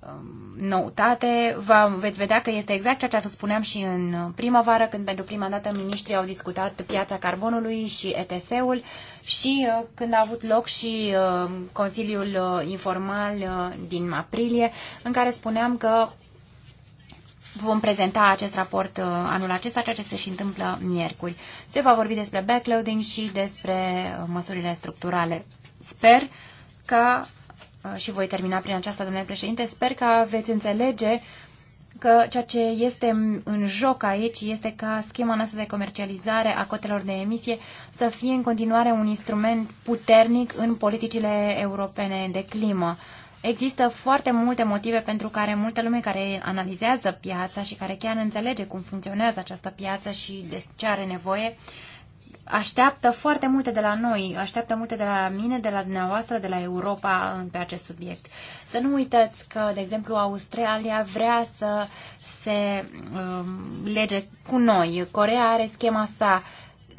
Um, noutate, va, veți vedea că este exact ceea ce vă spuneam și în primăvară, când pentru prima dată ministrii au discutat piața carbonului și ETS-ul și uh, când a avut loc și uh, Consiliul uh, Informal uh, din aprilie, în care spuneam că vom prezenta acest raport uh, anul acesta, ceea ce se și întâmplă miercuri. Se va vorbi despre backloading și despre uh, măsurile structurale. Sper ca Uh, și voi termina prin aceasta, domnule președinte, sper că veți înțelege că ceea ce este în joc aici este ca schema noastră de comercializare a cotelor de emisie să fie în continuare un instrument puternic în politicile europene de climă. Există foarte multe motive pentru care multă lume care analizează piața și care chiar înțelege cum funcționează această piață și de ce are nevoie, uh, așteaptă foarte multe de la noi, așteaptă multe de la mine, de la dumneavoastră, de la Europa pe acest subiect. Să nu uitați că, de exemplu, Australia vrea să se um, lege cu noi. Corea are schema sa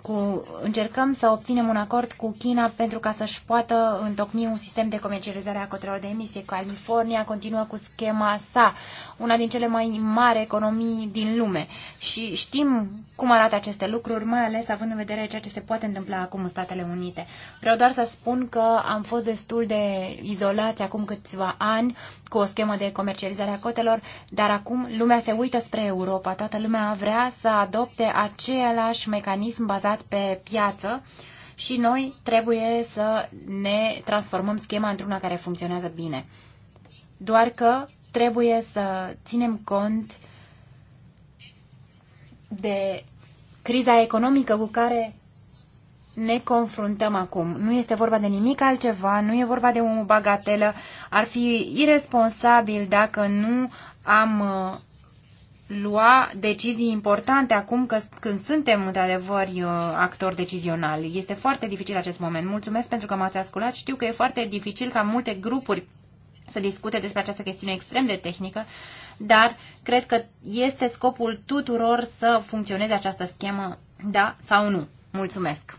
cu, încercăm să obținem un acord cu China pentru ca să-și poată întocmi un sistem de comercializare a cotelor de emisie. California continuă cu schema sa, una din cele mai mari economii din lume. Și știm cum arată aceste lucruri, mai ales având în vedere ceea ce se poate întâmpla acum în Statele Unite. Vreau doar să spun că am fost destul de izolați acum câțiva ani cu o schemă de comercializare a cotelor, dar acum lumea se uită spre Europa. Toată lumea vrea să adopte același mecanism bazat adevărat pe piață și noi trebuie să ne transformăm schema într-una care funcționează bine. Doar că trebuie să ținem cont de criza economică cu care ne confruntăm acum. Nu este vorba de nimic altceva, nu e vorba de o bagatelă. Ar fi irresponsabil dacă nu am uh, lua decizii importante acum că, când suntem într-adevăr uh, actori decizionali. Este foarte dificil acest moment. Mulțumesc pentru că m-ați ascultat. Știu că e foarte dificil ca multe grupuri să discute despre această chestiune extrem de tehnică, dar cred că este scopul tuturor să funcționeze această schemă, da sau nu. Mulțumesc!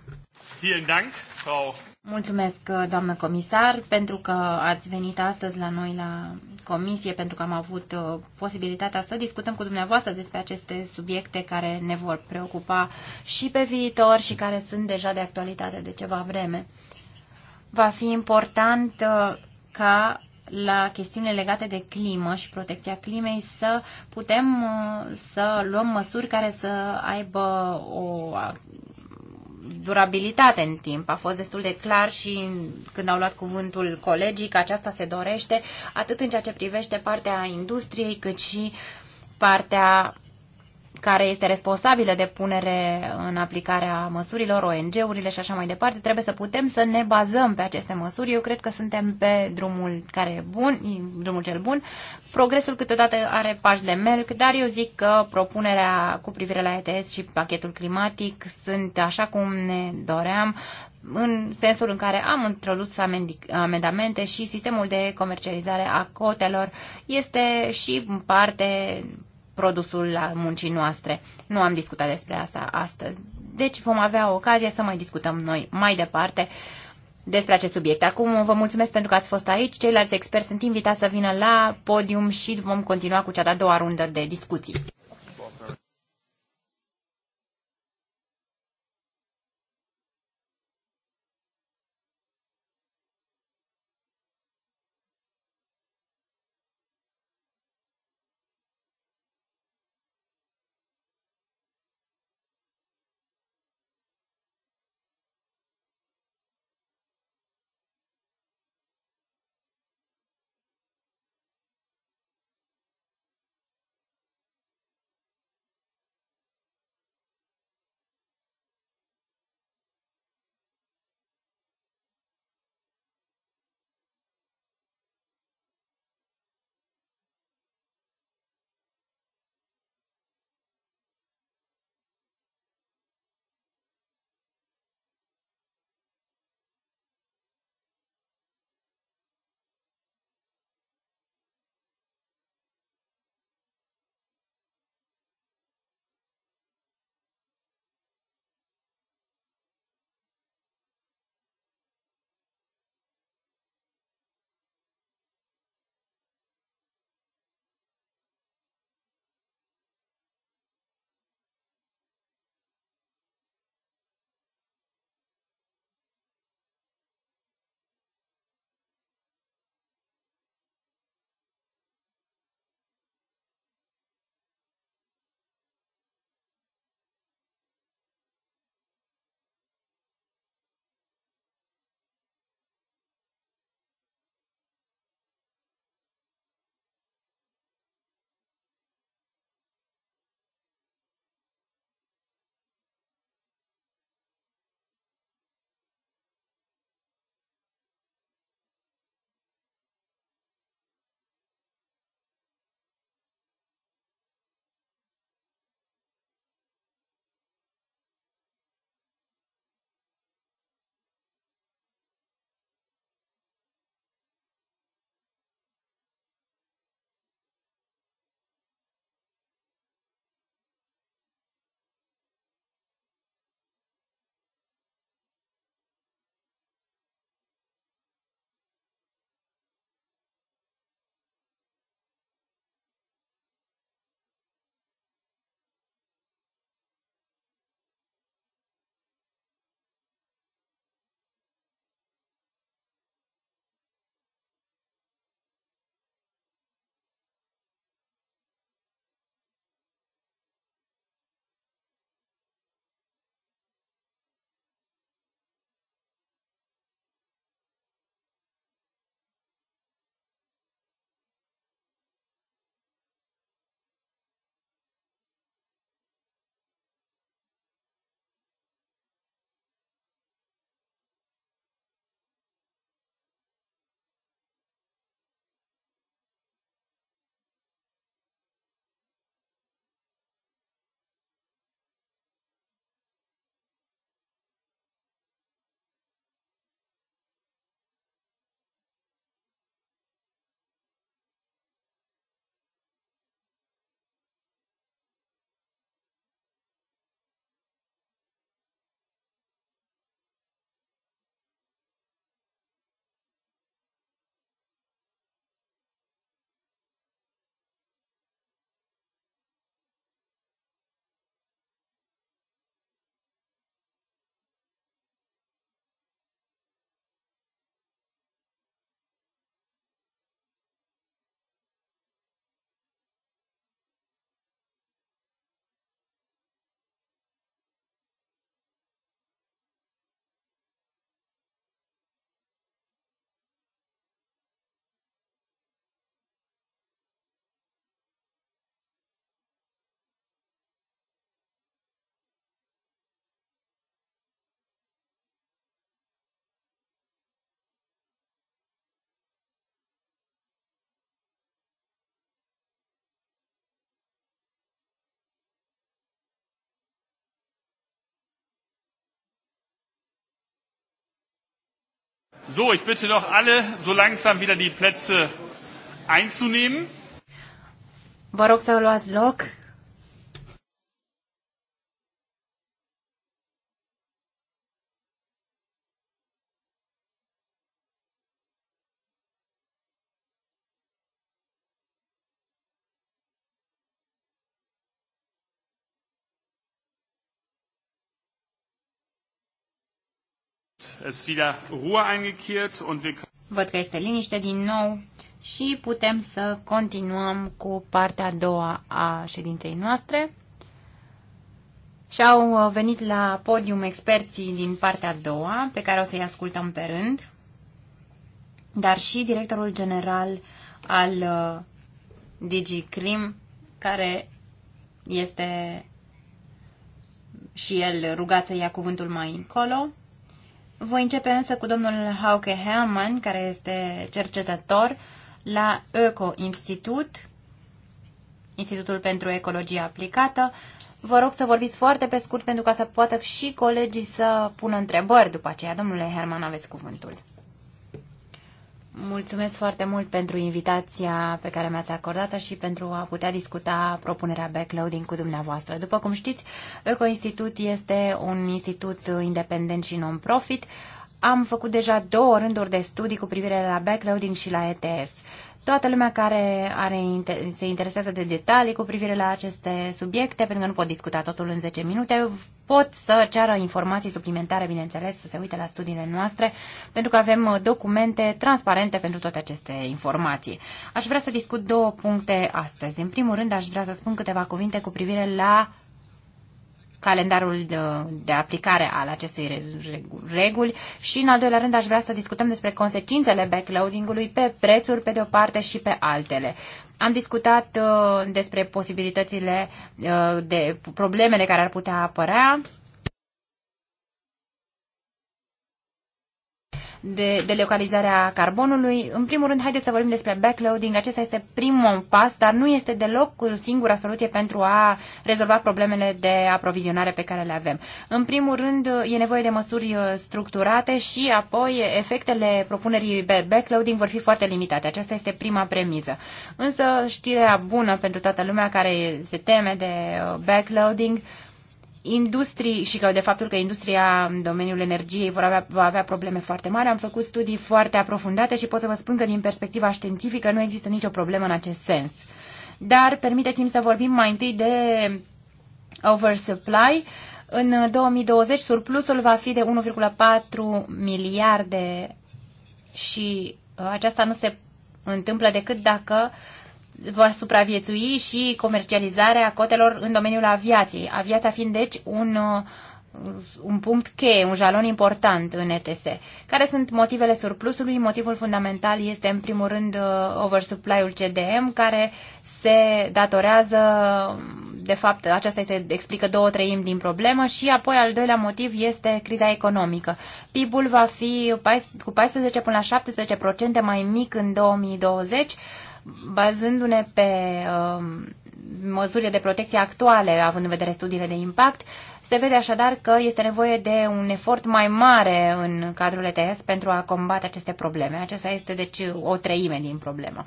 Vielen Dank, Frau Mulțumesc, doamnă comisar, pentru că ați venit astăzi la noi la comisie, pentru că am avut uh, posibilitatea să discutăm cu dumneavoastră despre aceste subiecte care ne vor preocupa și pe viitor și care sunt deja de actualitate de ceva vreme. Va fi important uh, ca la chestiunile legate de climă și protecția climei să putem uh, să luăm măsuri care să aibă o durabilitate în timp. A fost destul de clar și când au luat cuvântul colegii că aceasta se dorește, atât în ceea ce privește partea industriei, cât și partea care este responsabilă de punere în aplicarea măsurilor, ONG-urile și așa mai departe, trebuie să putem să ne bazăm pe aceste măsuri. Eu cred că suntem pe drumul care e bun, drumul cel bun. Progresul câteodată are pași de melc, dar eu zic că propunerea cu privire la ETS și pachetul climatic sunt așa cum ne doream, în sensul în care am introdus amendamente și sistemul de comercializare a cotelor este și în parte produsul la muncii noastre. Nu am discutat despre asta astăzi. Deci vom avea o ocazie să mai discutăm noi mai departe despre acest subiect. Acum vă mulțumesc pentru că ați fost aici. Ceilalți experți sunt invitați să vină la podium și vom continua cu cea de-a doua rundă de discuții. So, ich bitte doch alle, so langsam wieder die Plätze einzunehmen. Vă rog să luați loc. Văd că este liniște din nou și putem să continuăm cu partea a doua a ședinței noastre. Și au venit la podium experții din partea a doua, pe care o să-i ascultăm pe rând, dar și directorul general al uh, DigiCrim, care este și el rugat să ia cuvântul mai încolo. Voi începe însă cu domnul Hauke Hermann, care este cercetător la Eco-Institut, Institutul pentru Ecologie Aplicată. Vă rog să vorbiți foarte pe scurt pentru ca să poată și colegii să pună întrebări după aceea. Domnule Herman, aveți cuvântul. Mulțumesc foarte mult pentru invitația pe care mi-ați acordat-o și pentru a putea discuta propunerea backloading cu dumneavoastră. După cum știți, Ecoinstitut este un institut independent și non-profit. Am făcut deja două rânduri de studii cu privire la backloading și la ETS. Toată lumea care are, se interesează de detalii cu privire la aceste subiecte, pentru că nu pot discuta totul în 10 minute, pot să ceară informații suplimentare, bineînțeles, să se uite la studiile noastre, pentru că avem uh, documente transparente pentru toate aceste informații. Aș vrea să discut două puncte astăzi. În primul rând, aș vrea să spun câteva cuvinte cu privire la calendarul de, de aplicare al acestei reguli și, în al doilea rând, aș vrea să discutăm despre consecințele backloading-ului pe prețuri, pe de o parte, și pe altele. Am discutat uh, despre posibilitățile uh, de problemele care ar putea apărea de, de localizarea carbonului. În primul rând, haideți să vorbim despre backloading. Acesta este primul pas, dar nu este deloc singura soluție pentru a rezolva problemele de aprovizionare pe care le avem. În primul rând, e nevoie de măsuri uh, structurate și apoi efectele propunerii backloading vor fi foarte limitate. Aceasta este prima premiză. Însă știrea bună pentru toată lumea care se teme de uh, backloading industrii și că de faptul că industria în domeniul energiei vor avea, va avea probleme foarte mari. Am făcut studii foarte aprofundate și pot să vă spun că din perspectiva științifică nu există nicio problemă în acest sens. Dar permiteți-mi să vorbim mai întâi de oversupply. În 2020 surplusul va fi de 1,4 miliarde și uh, aceasta nu se întâmplă decât dacă vor supraviețui și comercializarea cotelor în domeniul aviației. Aviația fiind deci un, uh, un punct cheie, un jalon important în ETS. Care sunt motivele surplusului? Motivul fundamental este în primul rând uh, oversupply-ul CDM care se datorează, de fapt, aceasta este, explică două treimi din problemă și apoi al doilea motiv este criza economică. PIB-ul va fi cu 14 până la 17% mai mic în 2020 bazându-ne pe um, măsurile de protecție actuale, având în vedere studiile de impact, se vede așadar că este nevoie de un efort mai mare în cadrul ETS pentru a combate aceste probleme. Aceasta este, deci, o treime din problemă.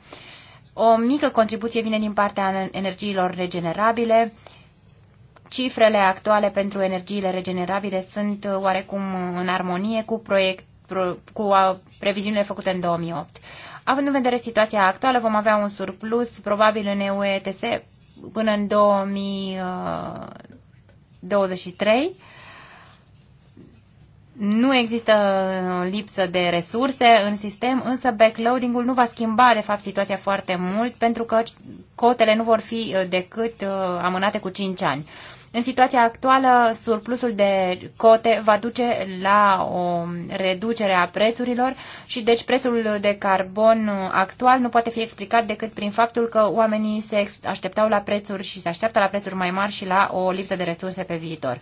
O mică contribuție vine din partea energiilor regenerabile. Cifrele actuale pentru energiile regenerabile sunt oarecum în armonie cu, proiect, cu uh, previziunile făcute în 2008. Având în vedere situația actuală, vom avea un surplus probabil în EUETS până în 2023. Nu există lipsă de resurse în sistem, însă backloading-ul nu va schimba, de fapt, situația foarte mult, pentru că cotele nu vor fi uh, decât uh, amânate cu 5 ani. În situația actuală, surplusul de cote va duce la o reducere a prețurilor și deci prețul de carbon actual nu poate fi explicat decât prin faptul că oamenii se așteptau la prețuri și se așteaptă la prețuri mai mari și la o lipsă de resurse pe viitor.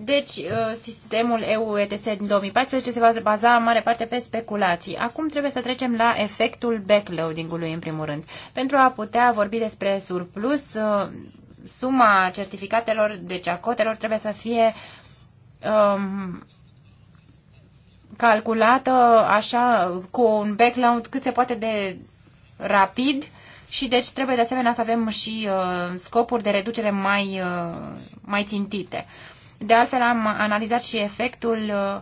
Deci, uh, sistemul EU ETS din 2014 se va baza în mare parte pe speculații. Acum trebuie să trecem la efectul backloading-ului, în primul rând. Pentru a putea vorbi despre surplus, uh, suma certificatelor, deci a cotelor, trebuie să fie um, calculată așa cu un background cât se poate de rapid și deci trebuie de asemenea să avem și uh, scopuri de reducere mai, uh, mai țintite. De altfel am analizat și efectul uh,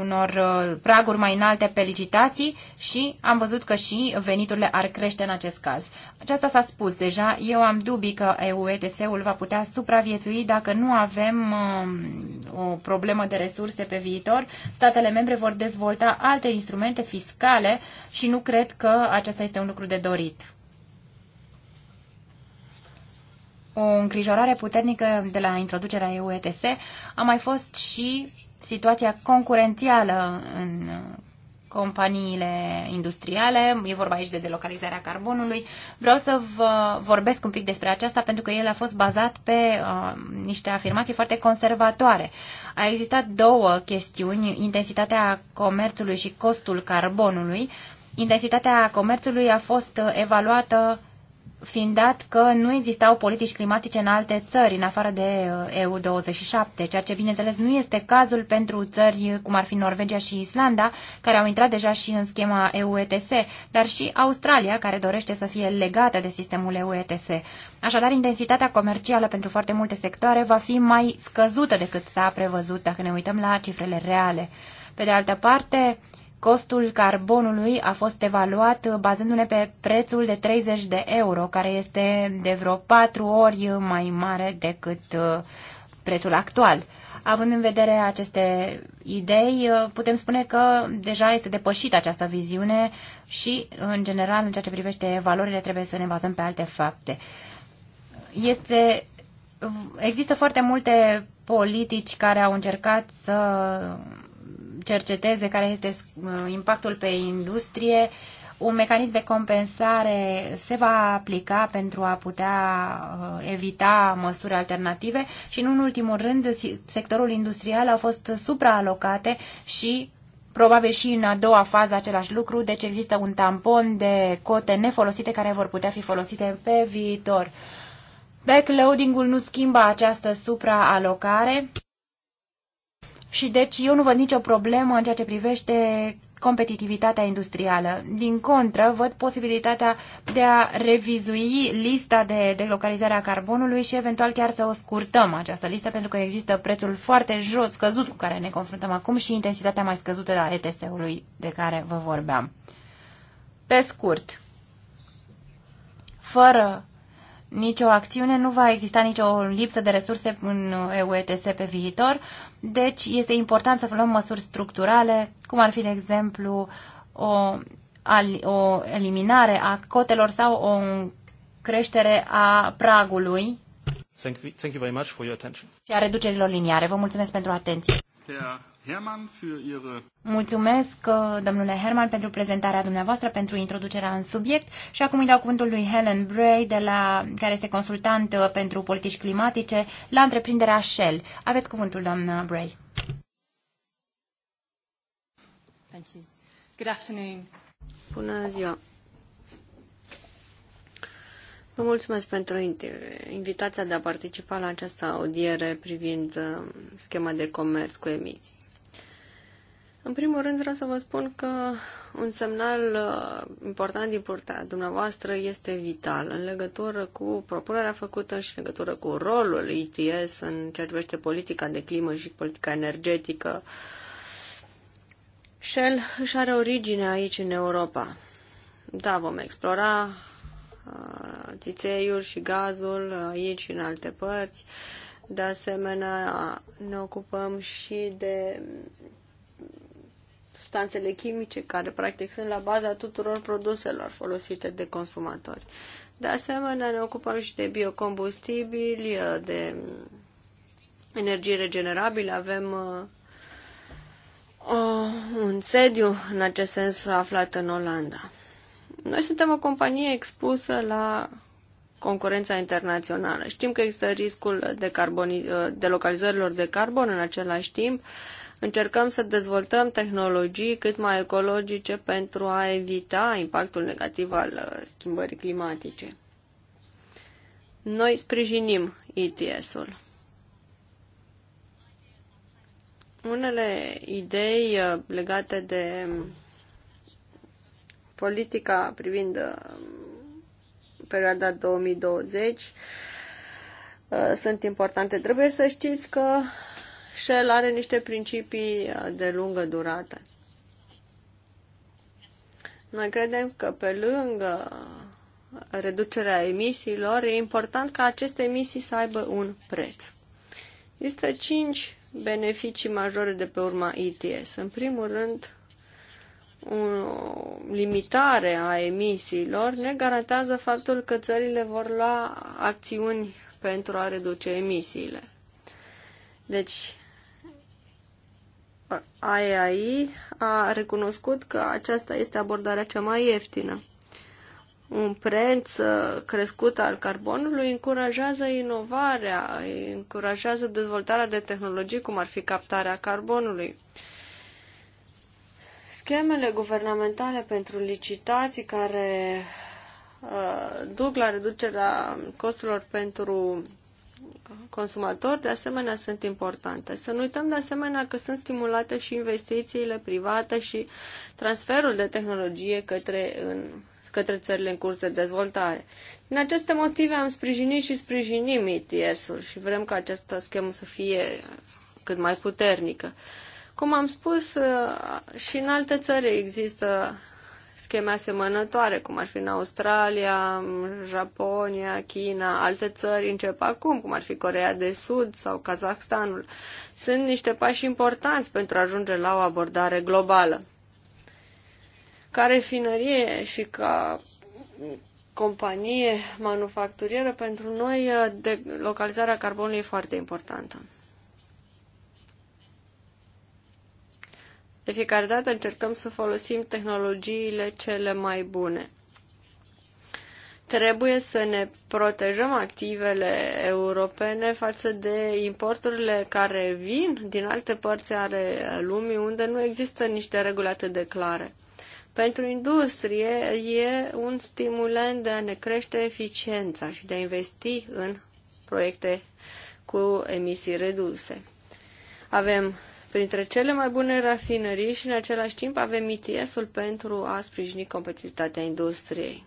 unor uh, praguri mai înalte pe licitații și am văzut că și veniturile ar crește în acest caz. Aceasta s-a spus deja, eu am dubii că EUETS-ul va putea supraviețui dacă nu avem uh, o problemă de resurse pe viitor. Statele membre vor dezvolta alte instrumente fiscale și nu cred că acesta este un lucru de dorit. O îngrijorare puternică de la introducerea EUETS a mai fost și situația concurențială în companiile industriale, e vorba aici de delocalizarea carbonului. Vreau să vă vorbesc un pic despre aceasta pentru că el a fost bazat pe uh, niște afirmații foarte conservatoare. A existat două chestiuni, intensitatea comerțului și costul carbonului. Intensitatea comerțului a fost evaluată fiind dat că nu existau politici climatice în alte țări, în afară de uh, EU27, ceea ce, bineînțeles, nu este cazul pentru țări cum ar fi Norvegia și Islanda, care au intrat deja și în schema EU ETS, dar și Australia, care dorește să fie legată de sistemul EU ETS. Așadar, intensitatea comercială pentru foarte multe sectoare va fi mai scăzută decât s-a prevăzut dacă ne uităm la cifrele reale. Pe de altă parte, Costul carbonului a fost evaluat uh, bazându-ne pe prețul de 30 de euro, care este de vreo 4 ori mai mare decât uh, prețul actual. Având în vedere aceste idei, uh, putem spune că deja este depășită această viziune și, în general, în ceea ce privește valorile, trebuie să ne bazăm pe alte fapte. Este, există foarte multe politici care au încercat să cerceteze care este uh, impactul pe industrie, un mecanism de compensare se va aplica pentru a putea uh, evita măsuri alternative și, în ultimul rând, sectorul industrial a fost supraalocate și probabil și în a doua fază același lucru, deci există un tampon de cote nefolosite care vor putea fi folosite pe viitor. Backloading-ul nu schimbă această supraalocare și deci eu nu văd nicio problemă în ceea ce privește competitivitatea industrială. Din contră, văd posibilitatea de a revizui lista de delocalizare a carbonului și eventual chiar să o scurtăm această listă, pentru că există prețul foarte jos, scăzut cu care ne confruntăm acum și intensitatea mai scăzută a ETS-ului de care vă vorbeam. Pe scurt, fără nicio acțiune, nu va exista nicio lipsă de resurse în EUETS pe viitor, deci este important să luăm măsuri structurale, cum ar fi, de exemplu, o, o eliminare a cotelor sau o creștere a pragului Thank you, thank you very much for your attention. și a reducerilor liniare. Vă mulțumesc pentru atenție. Mulțumesc, uh, domnule Herman, pentru prezentarea dumneavoastră, pentru introducerea în subiect și acum îi dau cuvântul lui Helen Bray, de la, care este consultant uh, pentru politici climatice la întreprinderea Shell. Aveți cuvântul, doamna Bray. Thank you. Good afternoon. Bună ziua. Vă mulțumesc pentru invitația de a participa la această audiere privind uh, schema de comerț cu emisii. În primul rând vreau să vă spun că un semnal uh, important din partea dumneavoastră este vital în legătură cu propunerea făcută și în legătură cu rolul ITS în ceea ce privește politica de climă și politica energetică. Shell își are origine aici în Europa. Da, vom explora Uh, țițeiul și gazul uh, aici și în alte părți. De asemenea, uh, ne ocupăm și de substanțele chimice care practic sunt la baza tuturor produselor folosite de consumatori. De asemenea, ne ocupăm și de biocombustibili, de energie regenerabile. Avem uh, un sediu în acest sens aflat în Olanda. Noi suntem o companie expusă la concurența internațională. Știm că există riscul de carboni, uh, localizărilor de carbon în același timp. Încercăm să dezvoltăm tehnologii cât mai ecologice pentru a evita impactul negativ al uh, schimbării climatice. Noi sprijinim ETS-ul. Unele idei uh, legate de politica privind uh, perioada 2020 uh, sunt importante. Trebuie să știți că Shell are niște principii uh, de lungă durată. Noi credem că pe lângă reducerea emisiilor, e important ca aceste emisii să aibă un preț. Există cinci beneficii majore de pe urma ETS. În primul rând, o limitare a emisiilor ne garantează faptul că țările vor lua acțiuni pentru a reduce emisiile. Deci, AEAI a recunoscut că aceasta este abordarea cea mai ieftină. Un preț uh, crescut al carbonului încurajează inovarea, încurajează dezvoltarea de tehnologii, cum ar fi captarea carbonului. Schemele guvernamentale pentru licitații care uh, duc la reducerea costurilor pentru consumatori, de asemenea, sunt importante. Să nu uităm, de asemenea, că sunt stimulate și investițiile private și transferul de tehnologie către, în, către țările în curs de dezvoltare. Din aceste motive am sprijinit și sprijinim ETS-ul și vrem ca această schemă să fie cât mai puternică. Uh, cum am spus, uh, și în alte țări există scheme asemănătoare, cum ar fi în Australia, Japonia, China, alte țări încep acum, cum ar fi Corea de Sud sau Kazahstanul. Sunt niște pași importanți pentru a ajunge la o abordare globală. Ca refinărie și ca companie manufacturieră, pentru noi uh, de localizarea carbonului e foarte importantă. De fiecare dată încercăm să folosim tehnologiile cele mai bune. Trebuie să ne protejăm activele europene față de importurile care vin din alte părți ale lumii unde nu există niște reguli atât de clare. Pentru industrie e un stimulant de a ne crește eficiența și de a investi în proiecte cu emisii reduse. Avem printre cele mai bune rafinării și în același timp avem ITS-ul pentru a sprijini competitivitatea industriei.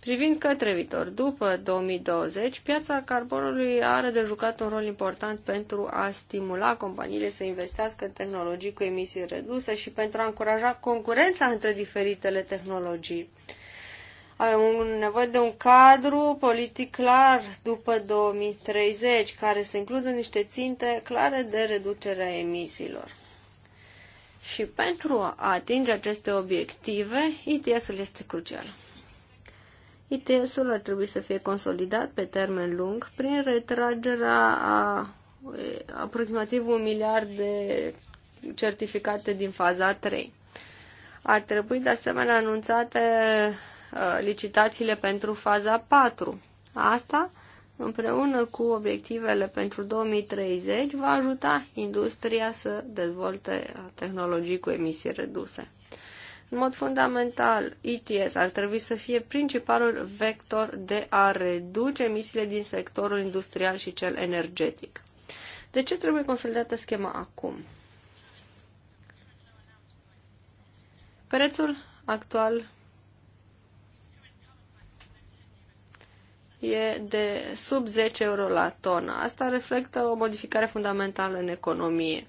Privind către viitor, după 2020, piața carbonului are de jucat un rol important pentru a stimula companiile să investească în tehnologii cu emisii reduse și pentru a încuraja concurența între diferitele tehnologii avem nevoie de un cadru politic clar după 2030, care să includă niște ținte clare de reducere a emisiilor. Și pentru a atinge aceste obiective, ITS-ul este crucial. ITS-ul ar trebui să fie consolidat pe termen lung prin retragerea a aproximativ un miliard de certificate din faza 3. Ar trebui de asemenea anunțate Uh, licitațiile pentru faza 4. Asta, împreună cu obiectivele pentru 2030, va ajuta industria să dezvolte uh, tehnologii cu emisii reduse. În mod fundamental, ETS ar trebui să fie principalul vector de a reduce emisiile din sectorul industrial și cel energetic. De ce trebuie consolidată schema acum? Prețul actual e de sub 10 euro la tonă. Asta reflectă o modificare fundamentală în economie.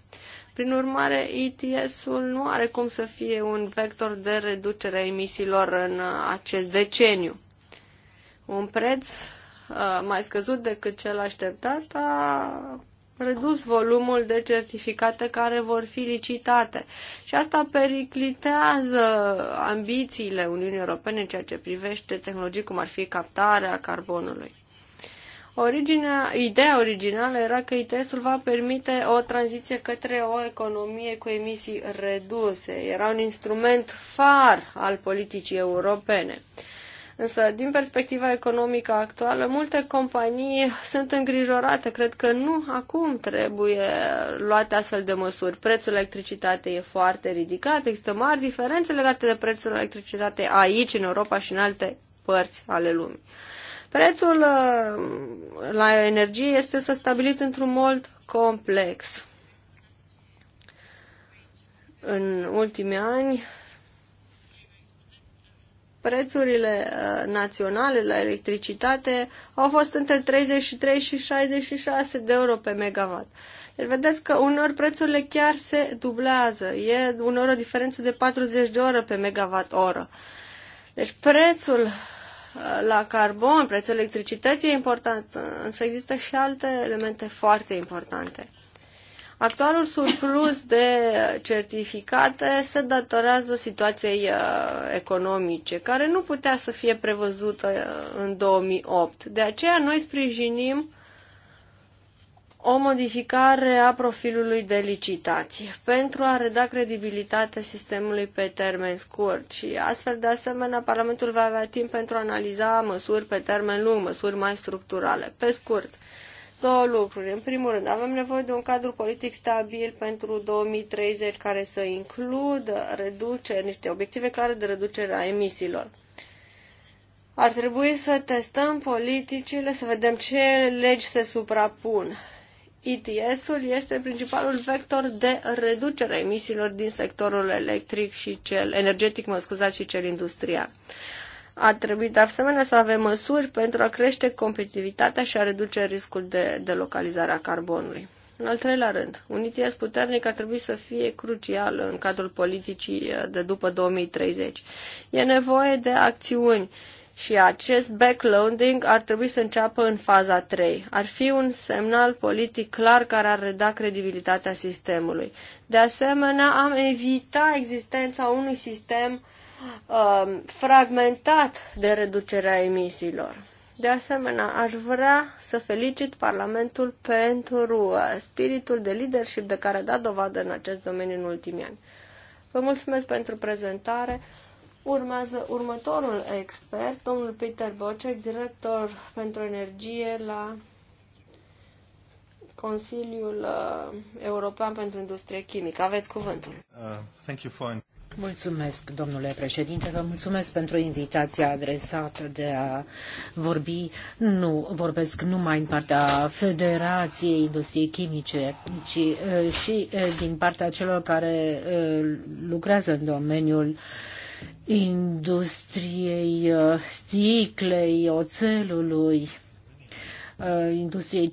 Prin urmare, ETS-ul nu are cum să fie un vector de reducere a emisiilor în acest deceniu. Un preț uh, mai scăzut decât cel așteptat a redus volumul de certificate care vor fi licitate. Și asta periclitează ambițiile Uniunii Europene în ceea ce privește tehnologii cum ar fi captarea carbonului. Originea, ideea originală era că ITS-ul va permite o tranziție către o economie cu emisii reduse. Era un instrument far al politicii europene. Uh, Însă, din perspectiva economică actuală, multe companii sunt îngrijorate. Cred că nu acum trebuie luate astfel de măsuri. Prețul electricitatei e foarte ridicat, există mari diferențe legate de prețul electricitatei aici, în Europa și în alte părți ale lumii. Prețul uh, la energie este să stabilit într-un mod complex. În ultimii ani, prețurile uh, naționale la electricitate au fost între 33 și 66 de euro pe megawatt. Deci vedeți că unor prețurile chiar se dublează. E unor o diferență de 40 de euro pe megawatt oră. Deci prețul uh, la carbon, prețul electricității e important, însă există și alte elemente foarte importante. Actualul surplus de certificate se datorează situației uh, economice, care nu putea să fie prevăzută uh, în 2008. De aceea noi sprijinim o modificare a profilului de licitație pentru a reda credibilitatea sistemului pe termen scurt și astfel de asemenea Parlamentul va avea timp pentru a analiza măsuri pe termen lung, măsuri mai structurale. Pe scurt, două lucruri. În primul rând, avem nevoie de un cadru politic stabil pentru 2030 care să includă reduceri, niște obiective clare de reducere a emisiilor. Ar trebui să testăm politicile, să vedem ce legi se suprapun. ETS-ul este principalul vector de reducere a emisiilor din sectorul electric și cel energetic, mă scuzați, și cel industrial. Ar trebui de asemenea să avem măsuri pentru a crește competitivitatea și a reduce riscul de localizare a carbonului. În al treilea rând, un ITS puternic ar trebui să fie crucial în cadrul politicii uh, de după 2030. E nevoie de acțiuni și acest backloading ar trebui să înceapă în faza 3. Ar fi un semnal politic clar care ar reda credibilitatea sistemului. De asemenea, am evita existența unui sistem uh, Um, fragmentat de reducerea emisiilor. De asemenea, aș vrea să felicit Parlamentul pentru uh, spiritul de leadership de care a dat dovadă în acest domeniu în ultimii ani. Vă mulțumesc pentru prezentare. Urmează următorul expert, domnul Peter Bocek, director pentru energie la Consiliul uh, European pentru Industrie Chimică. Aveți cuvântul. Uh, thank you for... Mulțumesc, domnule președinte, vă mulțumesc pentru invitația adresată de a vorbi. Nu vorbesc numai în partea Federației Industriei Chimice, ci și din partea celor care lucrează în domeniul industriei sticlei, oțelului Uh, industriei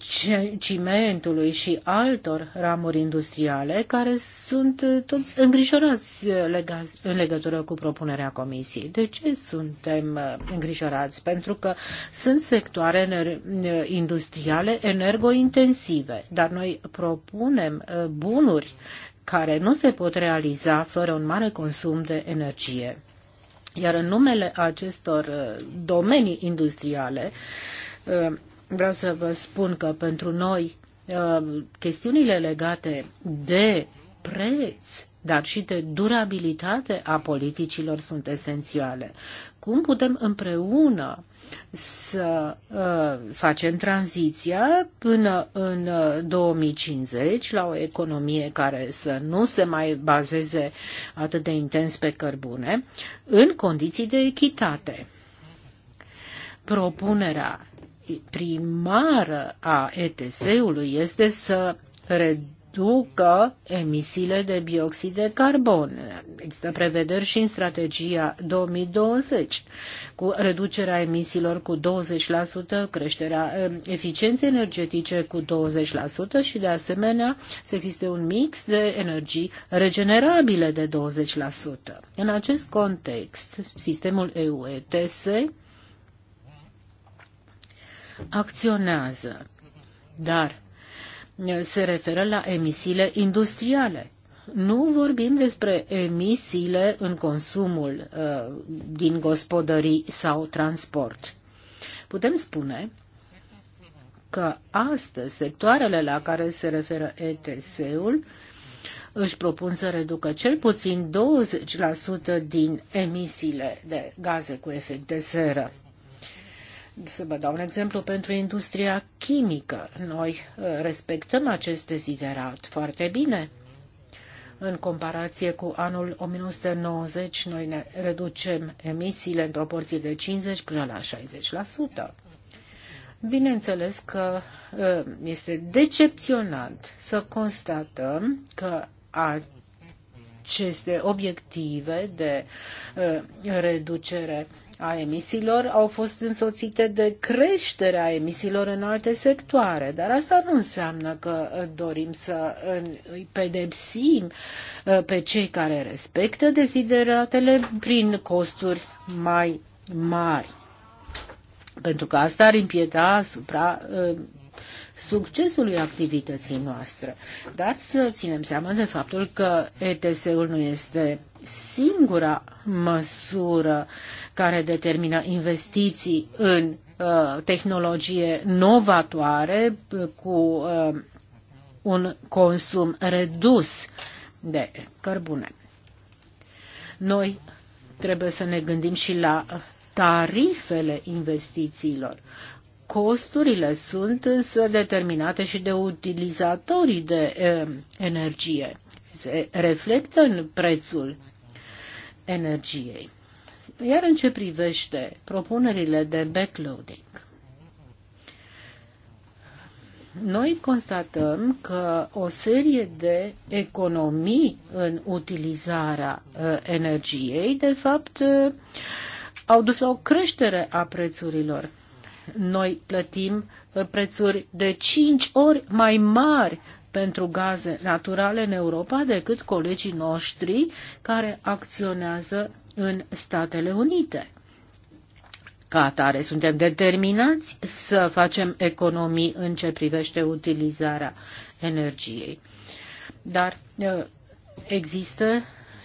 cimentului și altor ramuri industriale care sunt uh, toți îngrijorați uh, în legătură cu propunerea Comisiei. De ce suntem îngrijorați? Pentru că sunt sectoare industriale energointensive, dar noi propunem bunuri care nu se pot realiza fără un mare consum de energie. Iar în numele acestor domenii industriale, vreau să vă spun că pentru noi uh, chestiunile legate de preț, dar și de durabilitate a politicilor sunt esențiale. Cum putem împreună să uh, facem tranziția până în 2050 uh, la o economie care să nu se mai bazeze atât de intens pe cărbune, în condiții de echitate. Propunerea primară a ETS-ului este să reducă emisiile de bioxid de carbon. Există prevederi și în strategia 2020 cu reducerea emisiilor cu 20%, creșterea eh, eficienței energetice cu 20% și de asemenea să existe un mix de energii regenerabile de 20%. În acest context, sistemul EU ETS acționează, dar se referă la emisiile industriale. Nu vorbim despre emisiile în consumul uh, din gospodării sau transport. Putem spune că astăzi sectoarele la care se referă ETS-ul își propun să reducă cel puțin 20% din emisiile de gaze cu efect de seră. Să vă dau un exemplu pentru industria chimică. Noi uh, respectăm acest deziderat foarte bine. În comparație cu anul 1990, noi ne reducem emisiile în proporție de 50 până la 60%. Bineînțeles că uh, este decepționant să constatăm că aceste obiective de uh, reducere a emisiilor au fost însoțite de creșterea emisiilor în alte sectoare, dar asta nu înseamnă că dorim să îi pedepsim uh, pe cei care respectă dezideratele prin costuri mai mari. Pentru că asta ar impieta asupra uh, succesului activității noastre. Dar să ținem seama de faptul că ETS-ul nu este singura măsură care determină investiții în uh, tehnologie novatoare uh, cu uh, un consum redus de cărbune. Noi trebuie să ne gândim și la tarifele investițiilor. Costurile sunt însă determinate și de utilizatorii de e, uh, energie. Se reflectă în prețul energiei. Iar în ce privește propunerile de backloading, noi constatăm că o serie de economii în utilizarea uh, energiei, de fapt, uh, au dus la o creștere a prețurilor. Noi plătim uh, prețuri de 5 ori mai mari pentru gaze naturale în Europa decât colegii noștri care acționează în Statele Unite. Ca atare, suntem determinați să facem economii în ce privește utilizarea energiei. Dar eh, există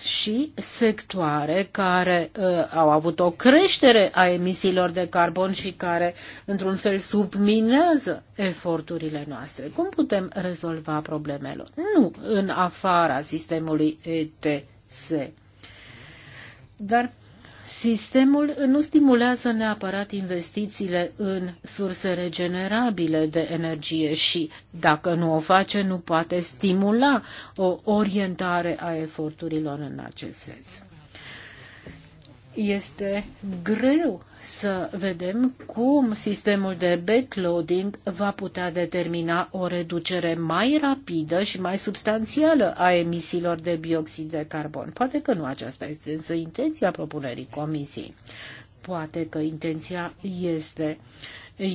și sectoare care uh, au avut o creștere a emisiilor de carbon și care, într-un fel, subminează eforturile noastre. Cum putem rezolva problemele? Nu în afara sistemului ETS. Dar Sistemul nu stimulează neapărat investițiile în surse regenerabile de energie și, dacă nu o face, nu poate stimula o orientare a eforturilor în acest sens este greu să vedem cum sistemul de backloading va putea determina o reducere mai rapidă și mai substanțială a emisiilor de bioxid de carbon. Poate că nu aceasta este însă intenția propunerii comisiei. Poate că intenția este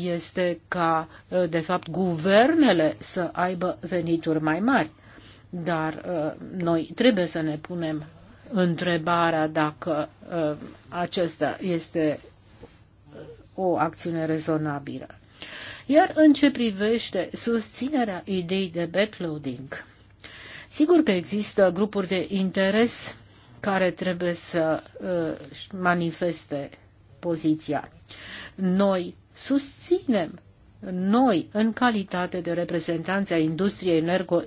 este ca, ă, de fapt, guvernele să aibă venituri mai mari. Dar ă, noi trebuie să ne punem întrebarea dacă uh, acesta este o acțiune rezonabilă. Iar în ce privește susținerea ideii de backloading, sigur că există grupuri de interes care trebuie să uh, manifeste poziția. Noi susținem, noi, în calitate de reprezentanți a industriei energo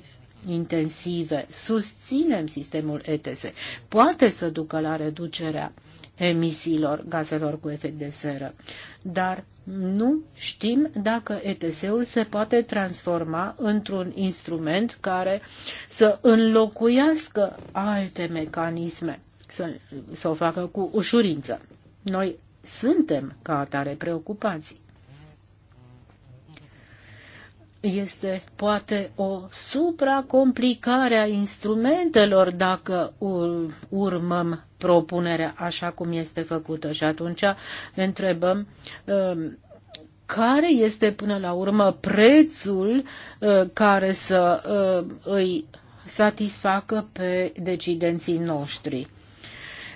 intensive, susținem sistemul ETS, poate să ducă la reducerea emisiilor gazelor cu efect de seră, dar nu știm dacă ETS-ul se poate transforma într-un instrument care să înlocuiască alte mecanisme, să, să o facă cu ușurință. Noi suntem ca atare preocupați este poate o supracomplicare a instrumentelor dacă urmăm propunerea așa cum este făcută. Și atunci ne întrebăm um, care este până la urmă prețul uh, care să uh, îi satisfacă pe decidenții noștri.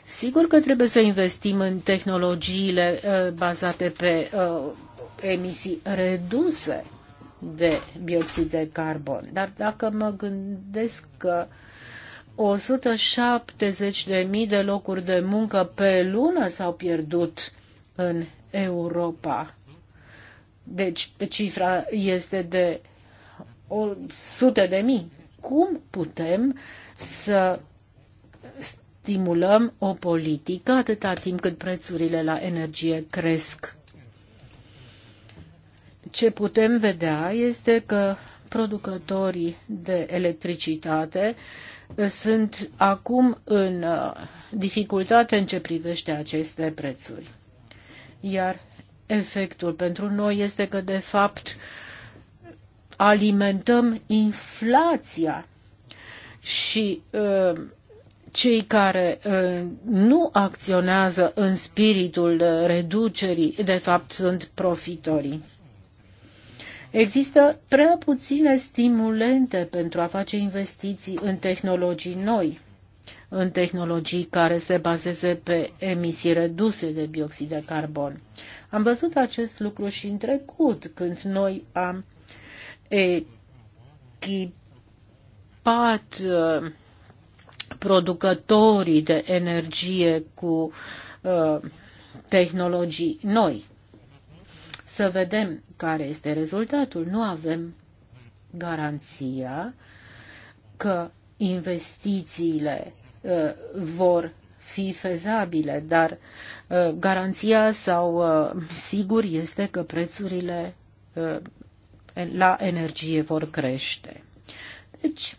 Sigur că trebuie să investim în tehnologiile uh, bazate pe emisii reduse, de bioxid de carbon. Dar dacă mă gândesc că 170.000 de locuri de muncă pe lună s-au pierdut în Europa. Deci cifra este de 100 de mii. Cum putem să stimulăm o politică atâta timp cât prețurile la energie cresc? ce putem vedea este că producătorii de electricitate uh, sunt acum în uh, dificultate în ce privește aceste prețuri. Iar efectul pentru noi este că, de fapt, alimentăm inflația și uh, cei care nu acționează în spiritul reducerii, de fapt, sunt profitorii. Există prea puține stimulente pentru a face investiții în tehnologii noi, în tehnologii care se bazeze pe emisii reduse de bioxid de carbon. Am văzut acest lucru și în trecut, când noi am echipat uh, producătorii de energie cu uh, tehnologii noi. Să vedem care este rezultatul. Nu avem garanția că investițiile uh, vor fi fezabile, dar uh, garanția sau uh, sigur este că prețurile la energie vor crește. Deci,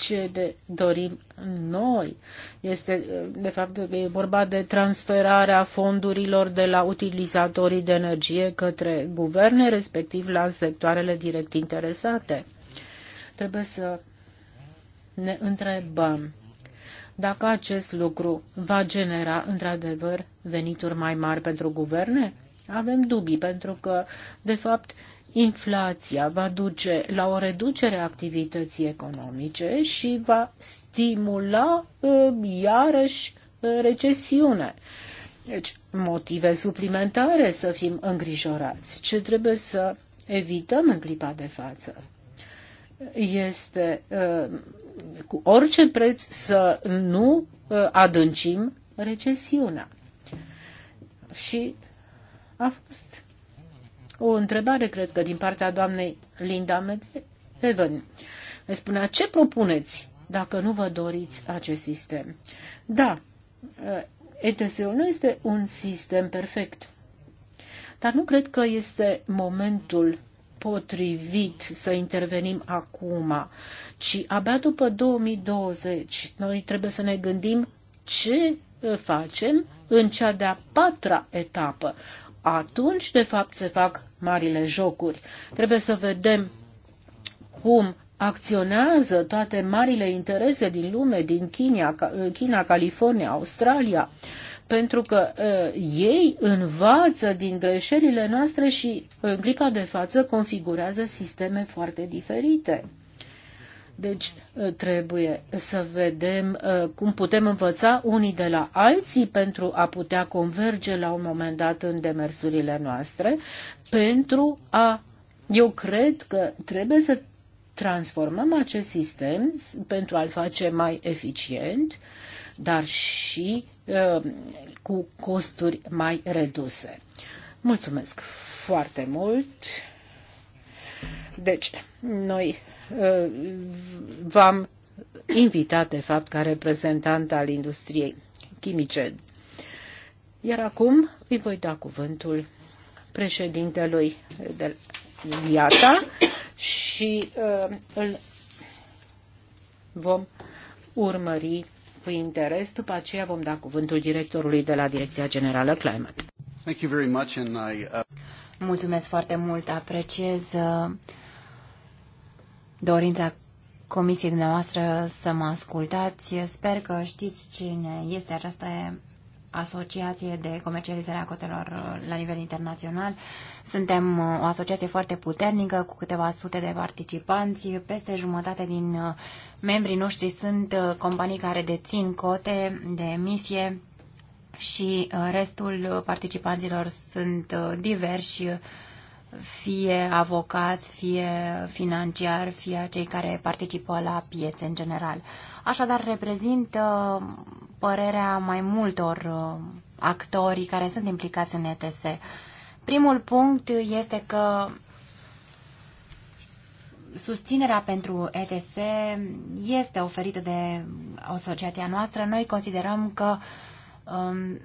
ce ne dorim noi. Este, de fapt, e vorba de transferarea fondurilor de la utilizatorii de energie către guverne, respectiv la sectoarele direct interesate. Trebuie să ne întrebăm dacă acest lucru va genera într-adevăr venituri mai mari pentru guverne? Avem dubii pentru că, de fapt, inflația va duce la o reducere a activității economice și va stimula um, iarăși uh, recesiune. Deci, motive suplimentare să fim îngrijorați. Ce trebuie să evităm în clipa de față este um, cu orice preț să nu uh, adâncim recesiunea. Și a fost o întrebare, cred că, din partea doamnei Linda Medveven. Ne spunea, ce propuneți dacă nu vă doriți acest sistem? Da, ETS-ul eh, nu este un sistem perfect, dar nu cred că este momentul potrivit să intervenim acum, ci abia după 2020 noi trebuie să ne gândim ce eh, facem în cea de-a patra etapă atunci, de fapt, se fac marile jocuri. Trebuie să vedem cum acționează toate marile interese din lume, din China, China California, Australia, pentru că uh, ei învață din greșelile noastre și în clipa de față configurează sisteme foarte diferite. Deci ă, trebuie să vedem ă, cum putem învăța unii de la alții pentru a putea converge la un moment dat în demersurile noastre, pentru a. Eu cred că trebuie să transformăm acest sistem pentru a-l face mai eficient, dar și ă, cu costuri mai reduse. Mulțumesc foarte mult! Deci, noi Uh, v-am invitat, de fapt, ca reprezentant al industriei chimice. Iar acum îi voi da cuvântul președintelui de IATA și uh, îl vom urmări cu interes. După aceea vom da cuvântul directorului de la Direcția Generală Climate. Thank you very much and I, uh... Mulțumesc foarte mult, apreciez uh, dorința comisiei dumneavoastră să mă ascultați. Sper că știți cine este această asociație de comercializare a cotelor uh, la nivel internațional. Suntem uh, o asociație foarte puternică cu câteva sute de participanți. Peste jumătate din uh, membrii noștri sunt companii care dețin cote de emisie și restul participanților sunt diversi fie avocați, fie financiari, fie cei care participă la piețe în general. Așadar, reprezintă părerea mai multor uh, actorii care sunt implicați în ETS. Primul punct este că susținerea pentru ETS este oferită de asociația noastră. Noi considerăm că um,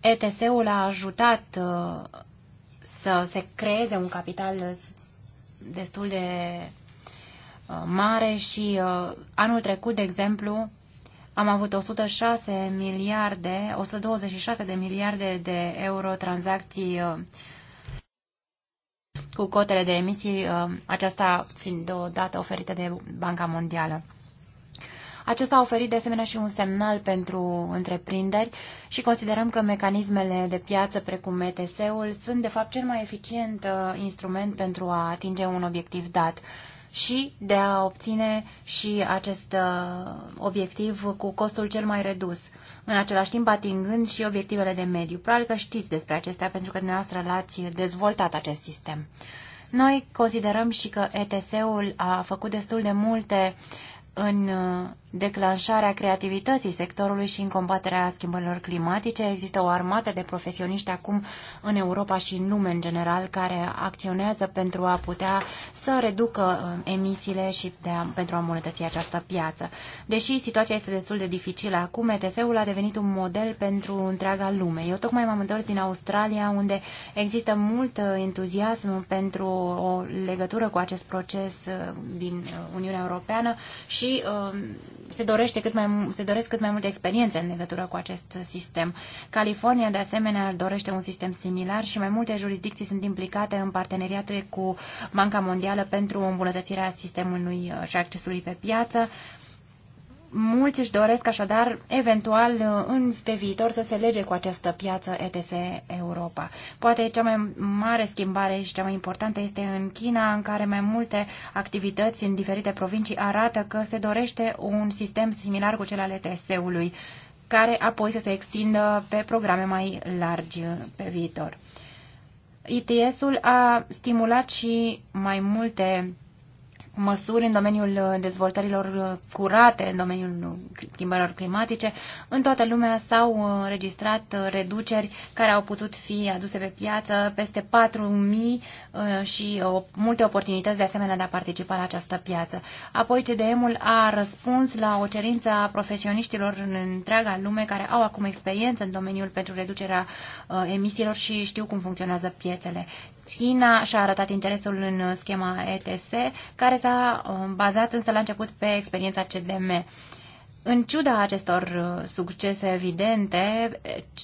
ETS-ul a ajutat uh, să se creeze un capital destul de uh, mare și uh, anul trecut, de exemplu, am avut 106 miliarde, 126 de miliarde de euro tranzacții uh, cu cotele de emisii, aceasta fiind o dată oferită de Banca Mondială. Acesta a oferit de asemenea și un semnal pentru întreprinderi și considerăm că mecanismele de piață precum ETS-ul sunt de fapt cel mai eficient uh, instrument pentru a atinge un obiectiv dat și de a obține și acest uh, obiectiv cu costul cel mai redus în același timp atingând și obiectivele de mediu. Probabil că știți despre acestea pentru că dumneavoastră l-ați dezvoltat acest sistem. Noi considerăm și că ETS-ul a făcut destul de multe în uh, declanșarea creativității sectorului și în combaterea schimbărilor climatice. Există o armată de profesioniști acum în Europa și în lume în general care acționează pentru a putea să reducă uh, emisiile și de a, pentru a îmbunătăți această piață. Deși situația este destul de dificilă acum, ets ul a devenit un model pentru întreaga lume. Eu tocmai m-am întors din Australia unde există mult uh, entuziasm pentru o legătură cu acest proces uh, din Uniunea Europeană și se, dorește cât mai, se doresc cât mai multe experiențe în legătură cu acest sistem. California, de asemenea, dorește un sistem similar și mai multe jurisdicții sunt implicate în parteneriate cu Banca Mondială pentru îmbunătățirea sistemului uh, și accesului pe piață. Mulți își doresc așadar, eventual, uh, în, pe viitor, să se lege cu această piață ETS Europa. Poate cea mai mare schimbare și cea mai importantă este în China, în care mai multe activități în diferite provincii arată că se dorește un sistem similar cu cel al ETS-ului, care apoi să se extindă pe programe mai largi uh, pe viitor. ETS-ul a stimulat și mai multe măsuri în domeniul uh, dezvoltărilor uh, curate, în domeniul uh, schimbărilor climatice, în toată lumea s-au registrat reduceri care au putut fi aduse pe piață, peste 4.000 și multe oportunități de asemenea de a participa la această piață. Apoi CDM-ul a răspuns la o cerință a profesioniștilor în întreaga lume care au acum experiență în domeniul pentru reducerea emisiilor și știu cum funcționează piețele. China și-a arătat interesul în uh, schema ETS, care s-a uh, bazat însă la început pe experiența CDM. În ciuda acestor uh, succese evidente,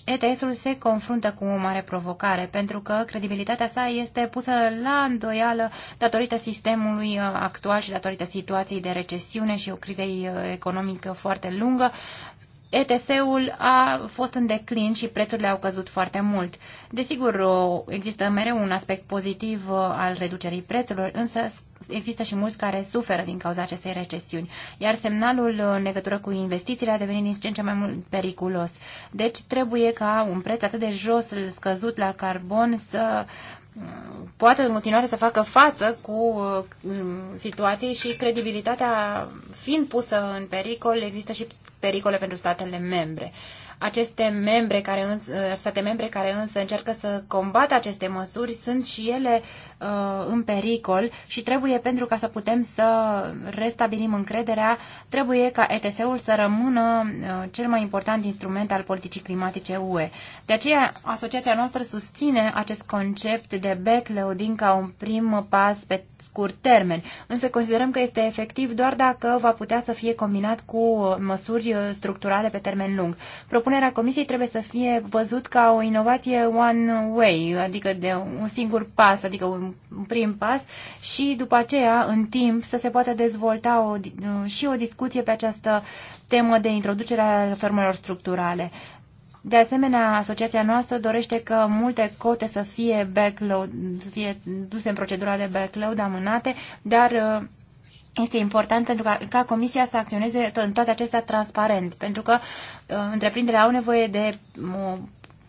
ETS-ul se confruntă cu o mare provocare, pentru că credibilitatea sa este pusă la îndoială datorită sistemului actual și datorită situației de recesiune și o crizei economică foarte lungă, ETS-ul a fost în declin și prețurile au căzut foarte mult. Desigur, există mereu un aspect pozitiv uh, al reducerii prețurilor, însă există și mulți care suferă din cauza acestei recesiuni, iar semnalul în legătură cu investițiile a devenit din ce în ce mai mult periculos. Deci trebuie ca un preț atât de jos scăzut la carbon să uh, poate în continuare să facă față cu uh, situații și credibilitatea fiind pusă în pericol, există și pericole pentru statele membre. Aceste membre care însă, state membre care însă încearcă să combată aceste măsuri sunt și ele uh, în pericol și trebuie, pentru ca să putem să restabilim încrederea, trebuie ca ETS-ul să rămână uh, cel mai important instrument al politicii climatice UE. De aceea, asociația noastră susține acest concept de backloading ca un prim pas pe scurt termen, însă considerăm că este efectiv doar dacă va putea să fie combinat cu măsuri structurale pe termen lung. Propunem propunerea Comisiei trebuie să fie văzut ca o inovație one way, adică de un singur pas, adică un prim pas și după aceea, în timp, să se poată dezvolta o, și o discuție pe această temă de introducere a reformelor structurale. De asemenea, asociația noastră dorește că multe cote să fie backload, să fie duse în procedura de backload, amânate, dar uh, este important pentru ca, ca Comisia să acționeze în toate acestea transparent, pentru că uh, întreprinderea au nevoie de o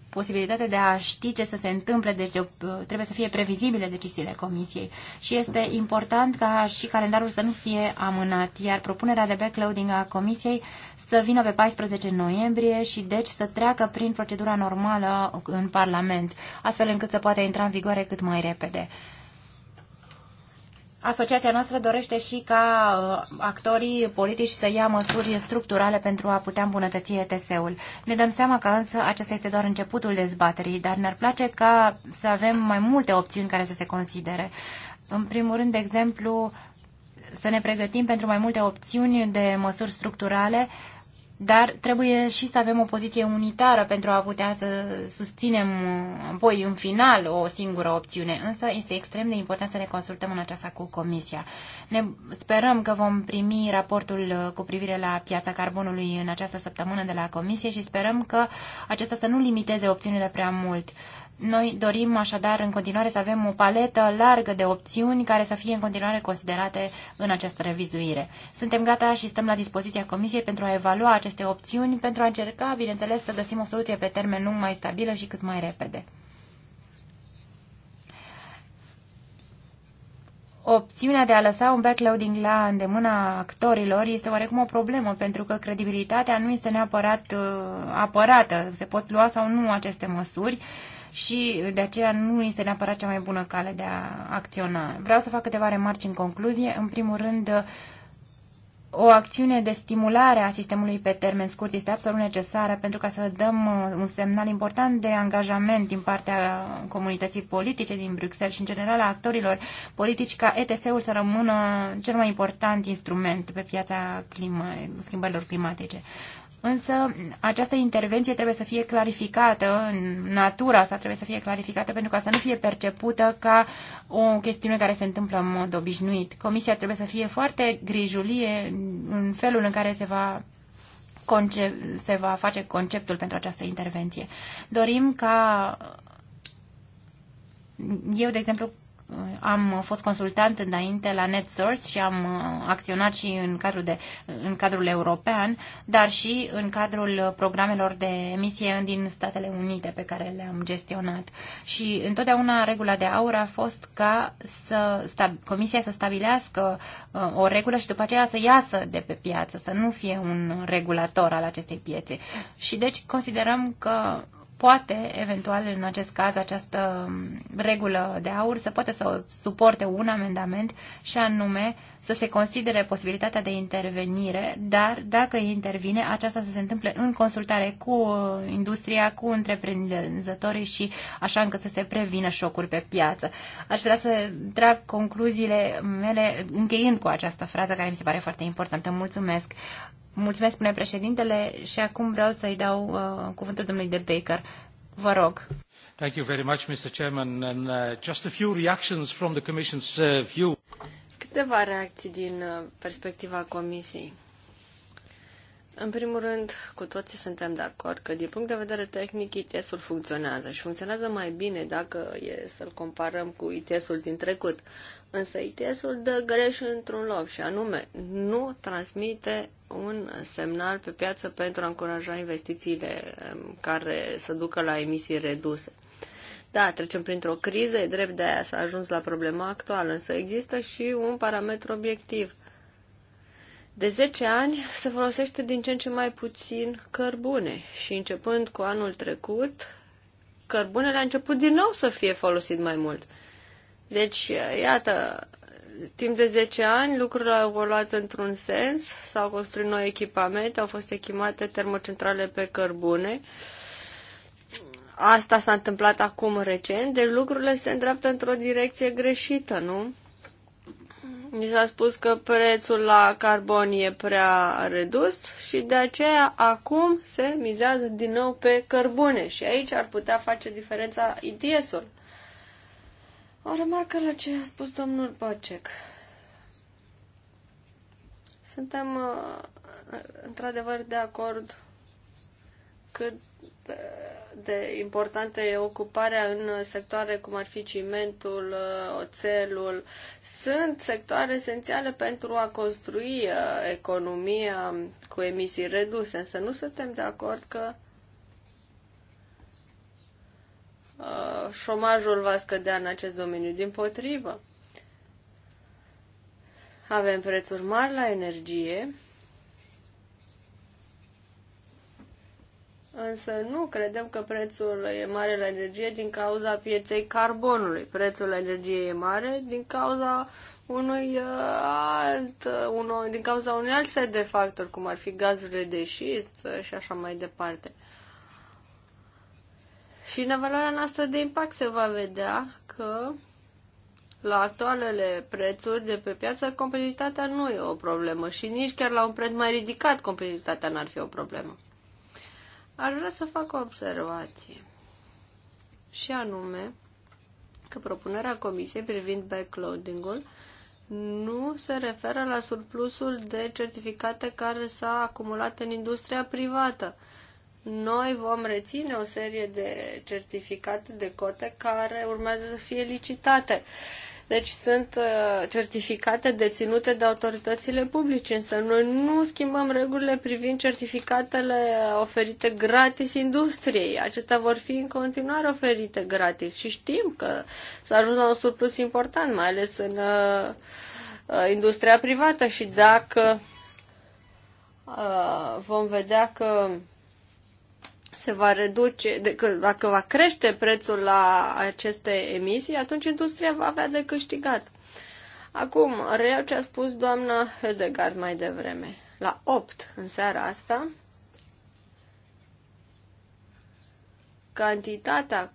posibilitate de a ști ce să se întâmple, deci de, uh, trebuie să fie previzibile deciziile Comisiei. Și este important ca și calendarul să nu fie amânat, iar propunerea de backloading a Comisiei să vină pe 14 noiembrie și deci să treacă prin procedura normală în Parlament, astfel încât să poată intra în vigoare cât mai repede. Asociația noastră dorește și ca uh, actorii politici să ia măsuri structurale pentru a putea îmbunătăți ETS-ul. Ne dăm seama că însă acesta este doar începutul dezbaterii, dar ne-ar place ca să avem mai multe opțiuni care să se considere. În primul rând, de exemplu, să ne pregătim pentru mai multe opțiuni de măsuri structurale dar trebuie și să avem o poziție unitară pentru a putea să susținem uh, apoi în final o singură opțiune. Însă este extrem de important să ne consultăm în aceasta cu Comisia. Ne sperăm că vom primi raportul uh, cu privire la piața carbonului în această săptămână de la Comisie și sperăm că acesta să nu limiteze opțiunile prea mult. Noi dorim așadar în continuare să avem o paletă largă de opțiuni care să fie în continuare considerate în această revizuire. Suntem gata și stăm la dispoziția Comisiei pentru a evalua aceste opțiuni, pentru a încerca, bineînțeles, să găsim o soluție pe termen lung mai stabilă și cât mai repede. Opțiunea de a lăsa un backloading la îndemâna actorilor este oarecum o problemă, pentru că credibilitatea nu este neapărat uh, apărată. Se pot lua sau nu aceste măsuri. Uh, și de aceea nu este neapărat cea mai bună cale de a acționa. Vreau să fac câteva remarci în concluzie. În primul rând, o acțiune de stimulare a sistemului pe termen scurt este absolut necesară pentru ca să dăm uh, un semnal important de angajament din partea comunității politice din Bruxelles și în general a actorilor politici ca ETS-ul să rămână cel mai important instrument pe piața clima, schimbărilor climatice. Însă această intervenție trebuie să fie clarificată, natura sa trebuie să fie clarificată pentru ca să nu fie percepută ca o chestiune care se întâmplă în mod obișnuit. Comisia trebuie să fie foarte grijulie în felul în care se va se va face conceptul pentru această intervenție. Dorim ca eu, de exemplu, am fost consultant înainte la NetSource și am uh, acționat și în cadrul, de, în cadrul european, dar și în cadrul programelor de emisie din Statele Unite pe care le-am gestionat. Și întotdeauna regula de aur a fost ca să Comisia să stabilească uh, o regulă și după aceea să iasă de pe piață, să nu fie un regulator al acestei piețe. Și deci considerăm că poate, eventual, în acest caz, această um, regulă de aur să poate să suporte un amendament și anume să se considere posibilitatea de intervenire, dar dacă intervine, aceasta să se întâmple în consultare cu uh, industria, cu întreprinzătorii și așa încât să se prevină șocuri pe piață. Aș vrea să trag concluziile mele încheiând cu această frază care mi se pare foarte importantă. Mulțumesc! Mulțumesc, spune președintele, și acum vreau să-i dau uh, cuvântul domnului de Baker. Vă rog. Thank you very much, Mr. Chairman, and uh, just a few reactions from the Commission's uh, view. Câteva reacții din uh, perspectiva Comisiei. În primul rând, cu toții suntem de acord că, din punct de vedere tehnic, ITS-ul funcționează și funcționează mai bine dacă e să-l comparăm cu ITS-ul din trecut. Însă ITS-ul dă greș într-un loc și anume nu transmite un semnal pe piață pentru a încuraja investițiile um, care să ducă la emisii reduse. Da, trecem printr-o criză, e drept de aia s-a ajuns la problema actuală, însă există și un parametru obiectiv. De 10 ani se folosește din ce în ce mai puțin cărbune și începând cu anul trecut, cărbunele a început din nou să fie folosit mai mult. Deci, iată, timp de 10 ani lucrurile au evoluat într-un sens, s-au construit noi echipamente, au fost echipate termocentrale pe cărbune. Asta s-a întâmplat acum recent, deci lucrurile se îndreaptă într-o direcție greșită, nu? Mi s-a spus că prețul la carbon e prea redus și de aceea acum se mizează din nou pe cărbune și aici ar putea face diferența ITS-ul. O remarcă la ce a spus domnul Bocek. Suntem uh, într-adevăr de acord cât de importantă e ocuparea în sectoare cum ar fi cimentul, uh, oțelul. Sunt sectoare esențiale pentru a construi uh, economia cu emisii reduse, însă nu suntem de acord că uh, șomajul va scădea în acest domeniu. Din potrivă, avem prețuri mari la energie, Însă nu credem că prețul e mare la energie din cauza pieței carbonului. Prețul la energie e mare din cauza unui uh, alt, uh, unul, din cauza unui alt set de factori, cum ar fi gazurile de șist uh, și așa mai departe. Și în evaluarea noastră de impact se va vedea că la actualele prețuri de pe piață, competitivitatea nu e o problemă și nici chiar la un preț mai ridicat competitivitatea n-ar fi o problemă. Aș vrea să fac o observație și anume că propunerea comisiei privind backloading-ul nu se referă la surplusul de certificate care s-a acumulat în industria privată noi vom reține o serie de certificate de cote care urmează să fie licitate. Deci sunt uh, certificate deținute de autoritățile publice, însă noi nu schimbăm regulile privind certificatele oferite gratis industriei. Acestea vor fi în continuare oferite gratis și știm că s-a ajuns la un surplus important, mai ales în uh, uh, industria privată și dacă vom vedea că se va reduce, de, că, dacă va crește prețul la aceste emisii, atunci industria va avea de câștigat. Acum, reiau ce a spus doamna Hedegard mai devreme. La 8 în seara asta, cantitatea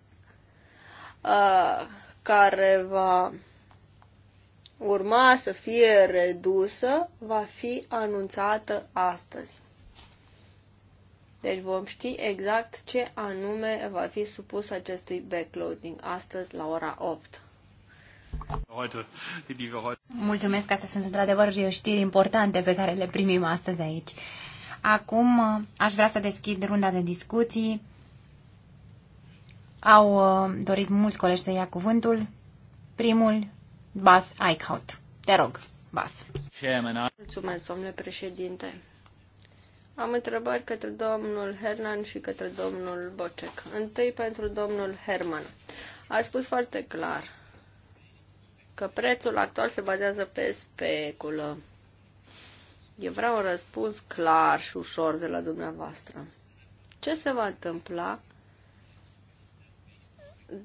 uh, care va urma să fie redusă va fi anunțată astăzi. Deci vom ști exact ce anume va fi supus acestui backloading astăzi la ora 8. Mulțumesc, că astea sunt într-adevăr știri importante pe care le primim astăzi aici. Acum uh, aș vrea să deschid runda de discuții. Au uh, dorit mulți colegi să ia cuvântul. Primul, Bas Eichhout. Te rog, Bas. Mulțumesc, domnule președinte. Am întrebări către domnul Hernan și către domnul Bocek. Întâi pentru domnul Herman. A spus foarte clar că prețul actual se bazează pe speculă. Eu vreau un răspuns clar și ușor de la dumneavoastră. Ce se va întâmpla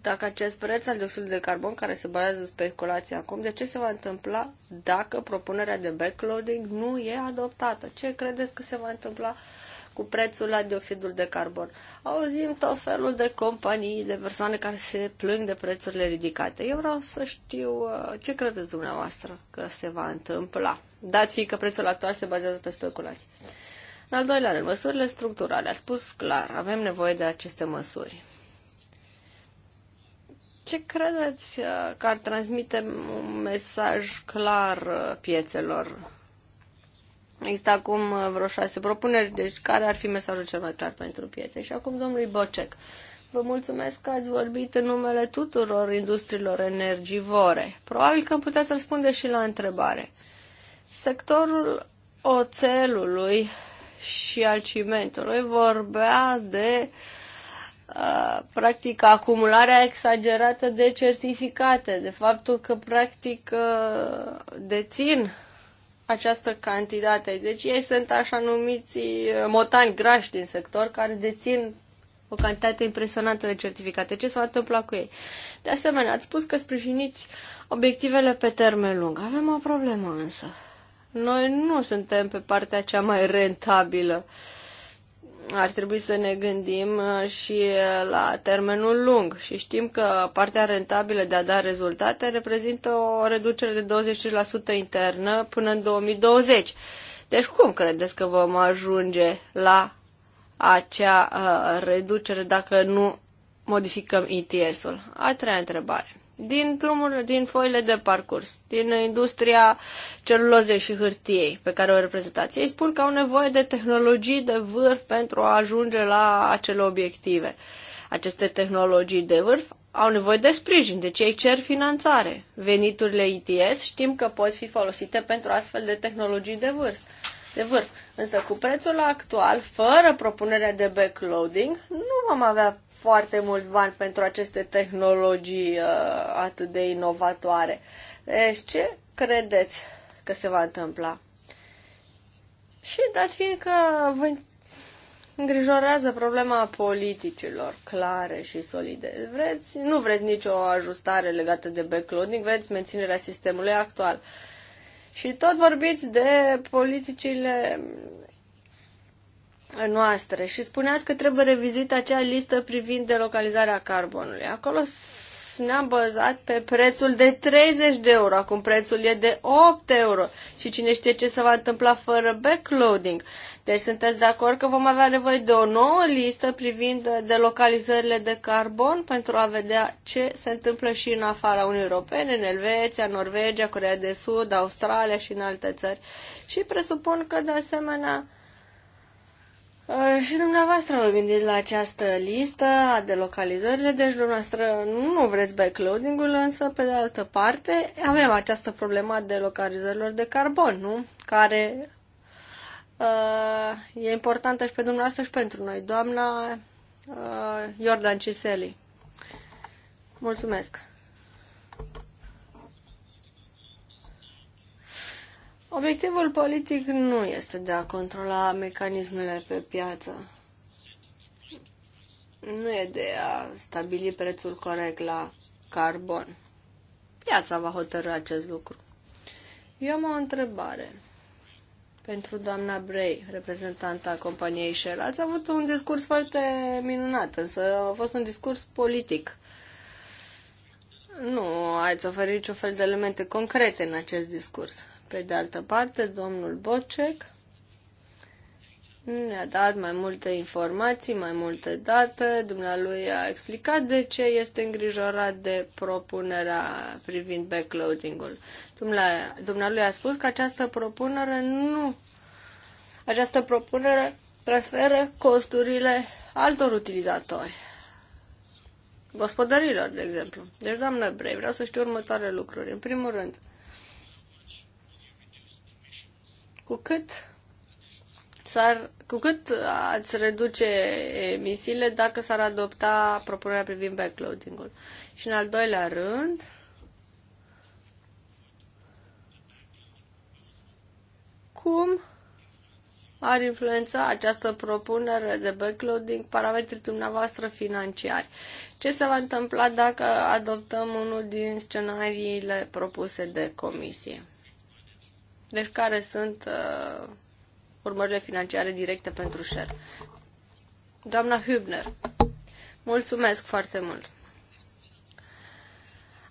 dacă acest preț al dioxidului de carbon care se bazează speculația acum, de ce se va întâmpla dacă propunerea de backloading nu e adoptată? Ce credeți că se va întâmpla cu prețul la dioxidul de carbon? Auzim tot felul de companii, de persoane care se plâng de prețurile ridicate. Eu vreau să știu uh, ce credeți dumneavoastră că se va întâmpla, dați fi că prețul actual se bazează pe speculații. În al doilea rând, măsurile structurale. Ați spus clar, avem nevoie de aceste măsuri. Ce credeți uh, că ar transmite un mesaj clar uh, piețelor? Există acum uh, vreo șase propuneri, deci care ar fi mesajul cel mai clar pentru piețe? Și acum domnului Bocec. Vă mulțumesc că ați vorbit în numele tuturor industriilor energivore. Probabil că puteți răspunde și la întrebare. Sectorul oțelului și al cimentului vorbea de uh, Uh, practic acumularea exagerată de certificate, de faptul că practic uh, dețin această cantitate. Deci ei sunt așa numiți uh, motani grași din sector care dețin o cantitate impresionantă de certificate. Ce s-a întâmplat cu ei? De asemenea, ați spus că sprijiniți obiectivele pe termen lung. Avem o problemă însă. Noi nu suntem pe partea cea mai rentabilă uh, ar trebui să ne gândim uh, și uh, la termenul lung și știm că partea rentabilă de a da rezultate reprezintă o reducere de 25% internă până în 2020. Deci cum credeți că vom ajunge la acea uh, reducere dacă nu modificăm ETS-ul? A treia întrebare din drumul, din foile de parcurs, din industria celulozei și hârtiei pe care o reprezentați. Ei spun că au nevoie de tehnologii de vârf pentru a ajunge la acele obiective. Aceste tehnologii de vârf au nevoie de sprijin, deci ei cer finanțare. Veniturile ITS știm că pot fi folosite pentru astfel de tehnologii de vârf. De vârf. Însă cu prețul actual, fără propunerea de backloading, nu vom avea foarte mult bani pentru aceste tehnologii uh, atât de inovatoare. Deci ce credeți că se va întâmpla? Și dat fiind că vă îngrijorează problema politicilor clare și solide. Vreți, nu vreți nicio ajustare legată de backloading, vreți menținerea sistemului actual. Și tot vorbiți de politicile noastre și spuneați că trebuie revizuită acea listă privind delocalizarea carbonului. Acolo ne-am bazat pe prețul de 30 de euro, acum prețul e de 8 euro și cine știe ce se va întâmpla fără backloading. Deci sunteți de acord că vom avea nevoie de o nouă listă privind delocalizările de carbon pentru a vedea ce se întâmplă și în afara Uniunii Europene, în Elveția, Norvegia, Corea de Sud, Australia și în alte țări. Și presupun că de asemenea Uh, și dumneavoastră vă gândiți la această listă a delocalizările, deci dumneavoastră nu vreți backloading-ul, însă pe de altă parte avem această problemă a delocalizărilor de carbon, nu? Care uh, e importantă și pe dumneavoastră și pentru noi. Doamna uh, Jordan Ciseli. Mulțumesc. Obiectivul politic nu este de a controla mecanismele pe piață. Nu e de a stabili prețul corect la carbon. Piața va hotărâ acest lucru. Eu am o întrebare pentru doamna Bray, reprezentanta companiei Shell. Ați avut un discurs foarte minunat, însă a fost un discurs politic. Nu ați oferit niciun fel de elemente concrete în acest discurs. Pe de altă parte, domnul Bocek ne-a dat mai multe informații, mai multe date. Dumnealui a explicat de ce este îngrijorat de propunerea privind backloading-ul. Dumnealui a spus că această propunere nu. Această propunere transferă costurile altor utilizatori. Gospodărilor, de exemplu. Deci, doamnă Brei, vreau să știu următoarele lucruri. În primul rând, Cu cât s-ar, cu cât ați reduce emisiile dacă s-ar adopta propunerea privind backloading-ul. Și în al doilea rând, cum ar influența această propunere de backloading parametrii dumneavoastră financiari. Ce se va întâmpla dacă adoptăm unul din scenariile propuse de comisie? Deci care sunt uh, urmările financiare directe pentru Shell? Doamna Hübner, mulțumesc foarte mult!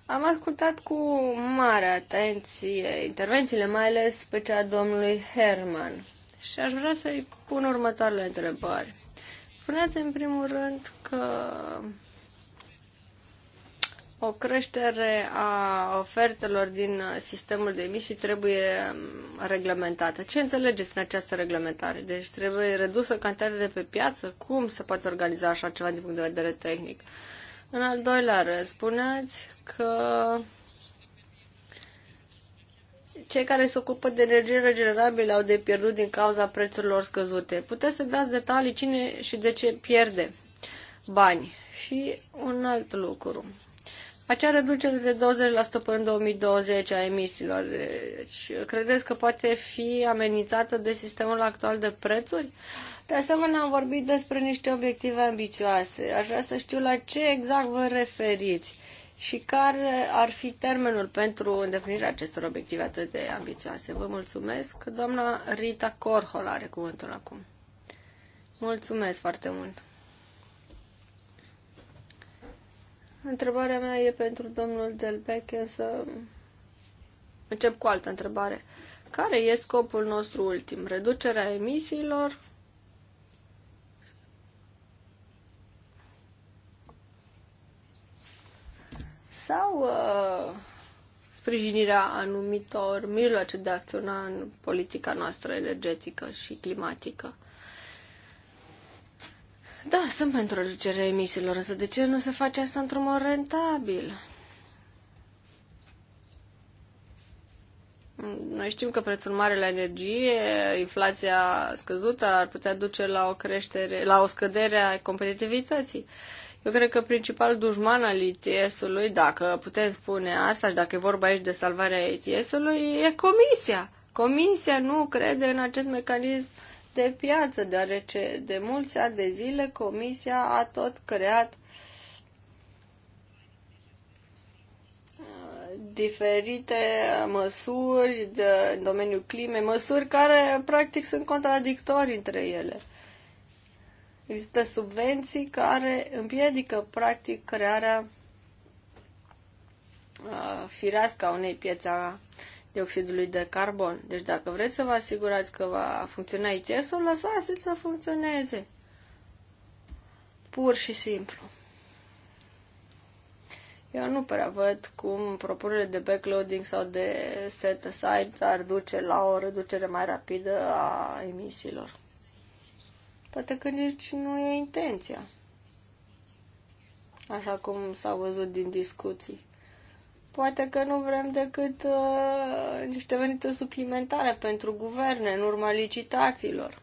Am ascultat cu mare atenție intervențiile, mai ales pe cea a domnului Herman. Și aș vrea să-i pun următoarele întrebări. Spuneați în primul rând că o creștere a ofertelor din sistemul de emisii trebuie um, reglementată. Ce înțelegeți prin această reglementare? Deci trebuie redusă cantitatea de pe piață? Cum se poate organiza așa ceva din punct de vedere tehnic? În al doilea rând, spuneați că cei care se ocupă de energie regenerabilă au de pierdut din cauza prețurilor scăzute. Puteți să dați detalii cine și de ce pierde bani. Și un alt lucru acea reducere de 20% până în 2020 a emisiilor. Deci, credeți că poate fi amenințată de sistemul actual de prețuri? De asemenea, am vorbit despre niște obiective ambițioase. Aș vrea să știu la ce exact vă referiți și care ar fi termenul pentru îndeplinirea acestor obiective atât de ambițioase. Vă mulțumesc. Doamna Rita Corhol are cuvântul acum. Mulțumesc foarte mult. Întrebarea mea e pentru domnul Delbec, să încep cu altă întrebare. Care e scopul nostru ultim? Reducerea emisiilor? Sau uh, sprijinirea anumitor mijloace de a acționa în politica noastră energetică și climatică? Da, sunt pentru reducerea emisiilor, însă de ce nu se face asta într-un mod rentabil? Noi știm că prețul mare la energie, inflația scăzută ar putea duce la o creștere, la o scădere a competitivității. Eu cred că principalul dușman al ETS-ului, dacă putem spune asta și dacă e vorba aici de salvarea ETS-ului, e comisia. Comisia nu crede în acest mecanism uh, de piață, deoarece de mulți ani de zile Comisia a tot creat uh, diferite măsuri de, în domeniul climei, măsuri care practic sunt contradictorii între ele. Există subvenții care împiedică practic crearea uh, firească a unei piețe a dioxidului de carbon. Deci dacă vreți să vă asigurați că va funcționa ITS-ul, lăsați-l să funcționeze. Pur și simplu. Eu nu prea văd cum propunerea de backloading sau de set aside ar duce la o reducere mai rapidă a emisiilor. Poate că nici nu e intenția. Așa cum s-a văzut din discuții. Poate că nu vrem decât uh, niște venituri suplimentare pentru guverne în urma licitațiilor.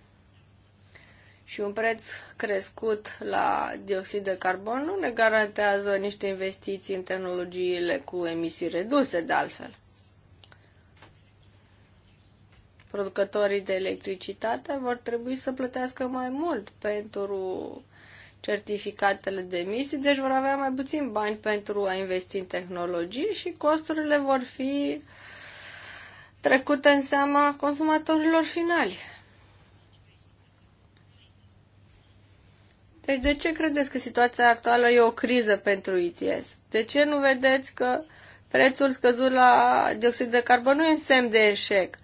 Și un preț crescut la dioxid de carbon nu ne garantează niște investiții în tehnologiile cu emisii reduse, de altfel. Producătorii de electricitate vor trebui să plătească mai mult pentru certificatele de emisii, deci vor avea mai puțin bani pentru a investi în tehnologii și costurile vor fi trecute în seama consumatorilor finali. Deci de ce credeți că situația actuală e o criză pentru ETS? De ce nu vedeți că prețul scăzut la dioxid de carbon nu e un semn de eșec?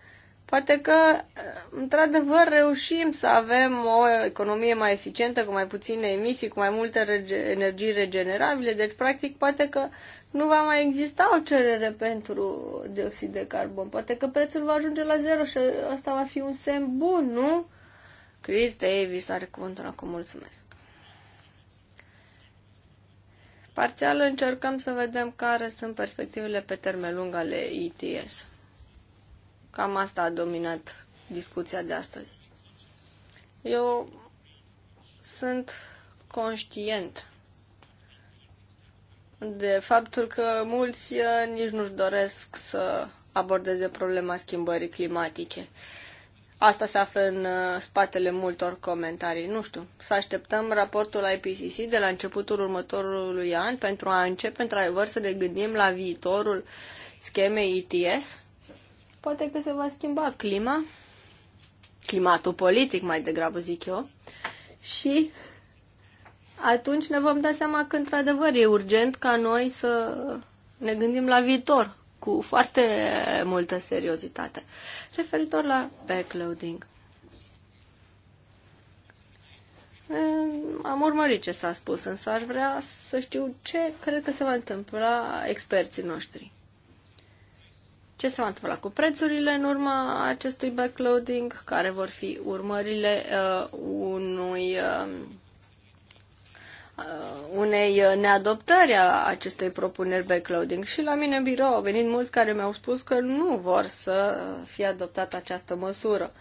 Poate că, într-adevăr, reușim să avem o economie mai eficientă, cu mai puține emisii, cu mai multe rege- energii regenerabile, deci, practic, poate că nu va mai exista o cerere pentru dioxid de carbon. Poate că prețul va ajunge la zero și asta va fi un semn bun, nu? Chris Davis are cuvântul acum, mulțumesc. Parțial încercăm să vedem care sunt perspectivele pe termen lung ale ETS. Cam asta a dominat discuția de astăzi. Eu sunt conștient de faptul că mulți uh, nici nu-și doresc să abordeze problema schimbării climatice. Asta se află în uh, spatele multor comentarii. Nu știu, să așteptăm raportul IPCC de la începutul următorului an pentru a începe într-adevăr să ne gândim la viitorul schemei ETS? Poate că se va schimba clima, climatul politic mai degrabă zic eu, și atunci ne vom da seama că într-adevăr e urgent ca noi să ne gândim la viitor cu foarte multă seriozitate. Referitor la backloading. Am urmărit ce s-a spus, însă aș vrea să știu ce cred că se va întâmpla experții noștri. Ce se va întâmpla cu prețurile în urma acestui backloading? Care vor fi urmările uh, unui, uh, uh unei uh, neadoptări a acestei propuneri backloading? Și la mine în birou au venit mulți care mi-au spus că nu vor să fie adoptată această măsură,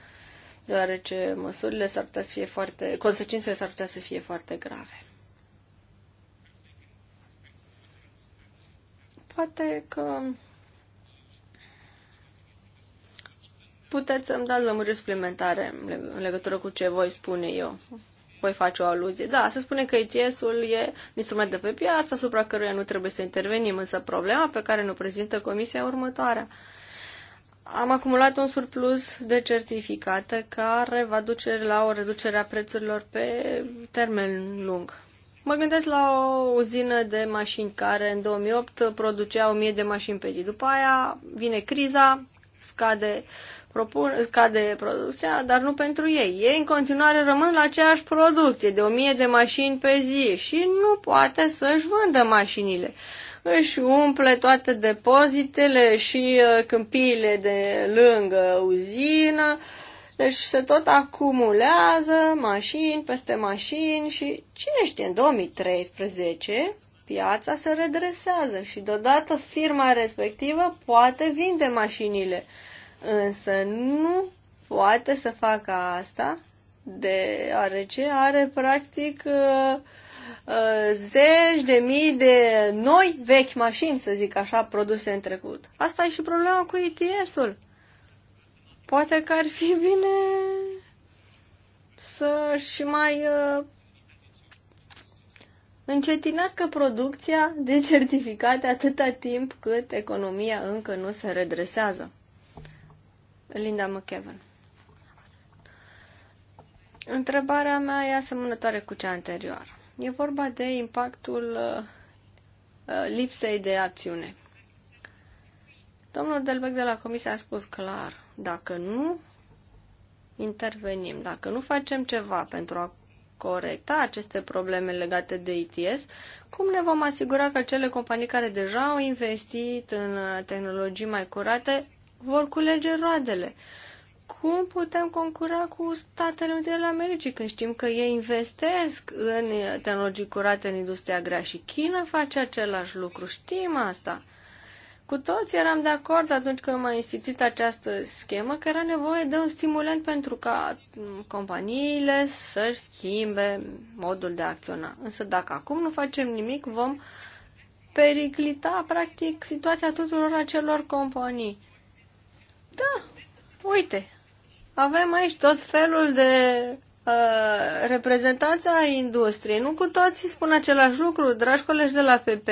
deoarece măsurile s-ar putea să fie foarte, consecințele s-ar putea să fie foarte grave. Poate că puteți să-mi dați lămuriri suplimentare în legătură cu ce voi spune eu. Voi face o aluzie. Da, se spune că ETS-ul e un instrument de pe piață asupra căruia nu trebuie să intervenim, însă problema pe care ne prezintă Comisia următoarea. Am acumulat un surplus de certificate care va duce la o reducere a prețurilor pe termen lung. Mă gândesc la o uzină de mașini care în 2008 producea 1000 de mașini pe zi. După aia vine criza, scade propun, scade producția, dar nu pentru ei. Ei în continuare rămân la aceeași producție de 1000 de mașini pe zi și nu poate să-și vândă mașinile. Își umple toate depozitele și uh, câmpiile de lângă uzină, deci se tot acumulează mașini peste mașini și cine știe, în 2013 piața se redresează și deodată firma respectivă poate vinde mașinile însă nu poate să facă asta deoarece are practic uh, uh, zeci de mii de noi vechi mașini, să zic așa, produse în trecut. Asta e și problema cu ETS-ul. Poate că ar fi bine să și mai uh, încetinească producția de certificate atâta timp cât economia încă nu se redresează. Linda McKeven. Întrebarea mea e asemănătoare cu cea anterioară. E vorba de impactul uh, uh lipsei de acțiune. Domnul Delbec de la Comisie a spus clar, dacă nu intervenim, dacă nu facem ceva pentru a corecta aceste probleme legate de ITS, cum ne vom asigura că cele companii care deja au investit în tehnologii mai curate vor culege roadele. Cum putem concura cu Statele Unite ale Americii când știm că ei investesc în tehnologii curate în industria grea și China face același lucru? Știm asta. Cu toți eram de acord atunci când am instituit această schemă că era nevoie de un stimulant pentru ca companiile să-și schimbe modul de a acționa. Însă dacă acum nu facem nimic, vom periclita practic situația tuturor acelor companii da, uite, avem aici tot felul de uh, reprezentanță a industriei. Nu cu toții spun același lucru, dragi colegi de la PP.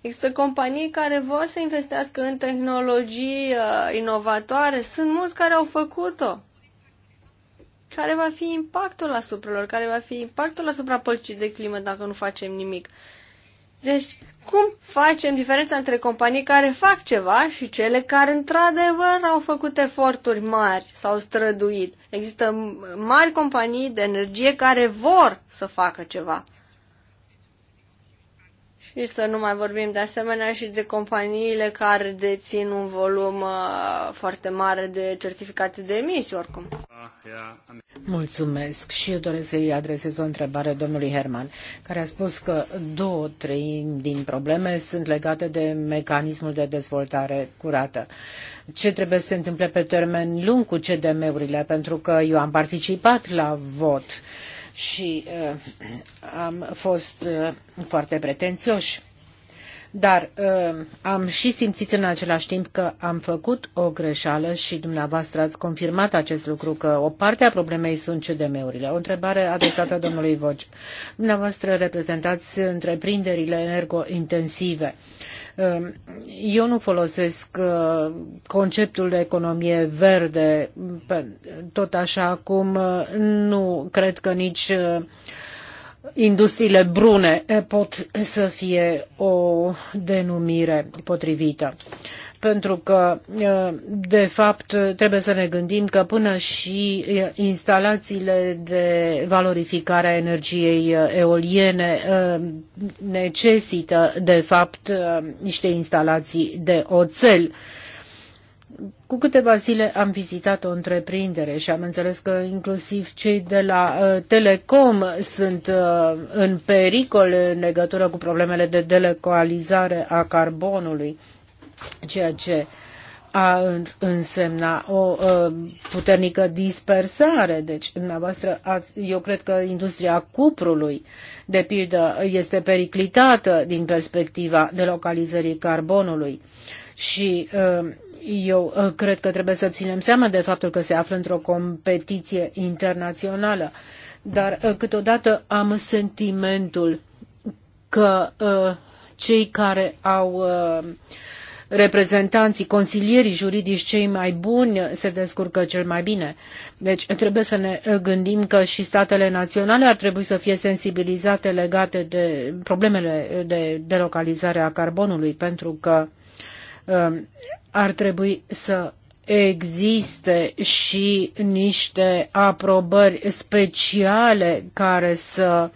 Există companii care vor să investească în tehnologii uh, inovatoare. Sunt mulți care au făcut-o. Care va fi impactul asupra lor? Care va fi impactul asupra păcii de climă dacă nu facem nimic? Deci, cum facem diferența între companii care fac ceva și cele care într-adevăr au făcut eforturi mari, s-au străduit? Există mari companii de energie care vor să facă ceva. Și să nu mai vorbim de asemenea și de companiile care dețin un volum uh, foarte mare de certificate de emisii oricum. Mulțumesc și eu doresc să-i adresez o întrebare domnului Herman, care a spus că două treimi din probleme sunt legate de mecanismul de dezvoltare curată. Ce trebuie să se întâmple pe termen lung cu CDM-urile? Pentru că eu am participat la vot uh, și uh, am fost uh, foarte pretențioși. Dar uh, am și simțit în același timp că am făcut o greșeală și dumneavoastră ați confirmat acest lucru, că o parte a problemei sunt CDM-urile. O întrebare adresată domnului Voci. Dumneavoastră reprezentați întreprinderile energointensive. intensive Um, eu nu folosesc uh, conceptul de economie verde, tot așa cum uh, nu cred că nici uh, industriile brune eh, pot să fie o denumire potrivită pentru că, de fapt, trebuie să ne gândim că până și instalațiile de valorificare a energiei eoliene necesită, de fapt, niște instalații de oțel. Cu câteva zile am vizitat o întreprindere și am înțeles că inclusiv cei de la Telecom sunt în pericol în legătură cu problemele de delocalizare a carbonului ceea ce a însemna o ă, puternică dispersare. Deci, dumneavoastră, ați, eu cred că industria cuprului, de pildă, este periclitată din perspectiva delocalizării carbonului. Și ă, eu ă, cred că trebuie să ținem seama de faptul că se află într-o competiție internațională. Dar câteodată am sentimentul că cei care au uh, reprezentanții, consilierii juridici cei mai buni se descurcă cel mai bine. Deci trebuie să ne gândim că și statele naționale ar trebui să fie sensibilizate legate de problemele de delocalizare a carbonului, pentru că um, ar trebui să existe și niște aprobări speciale care să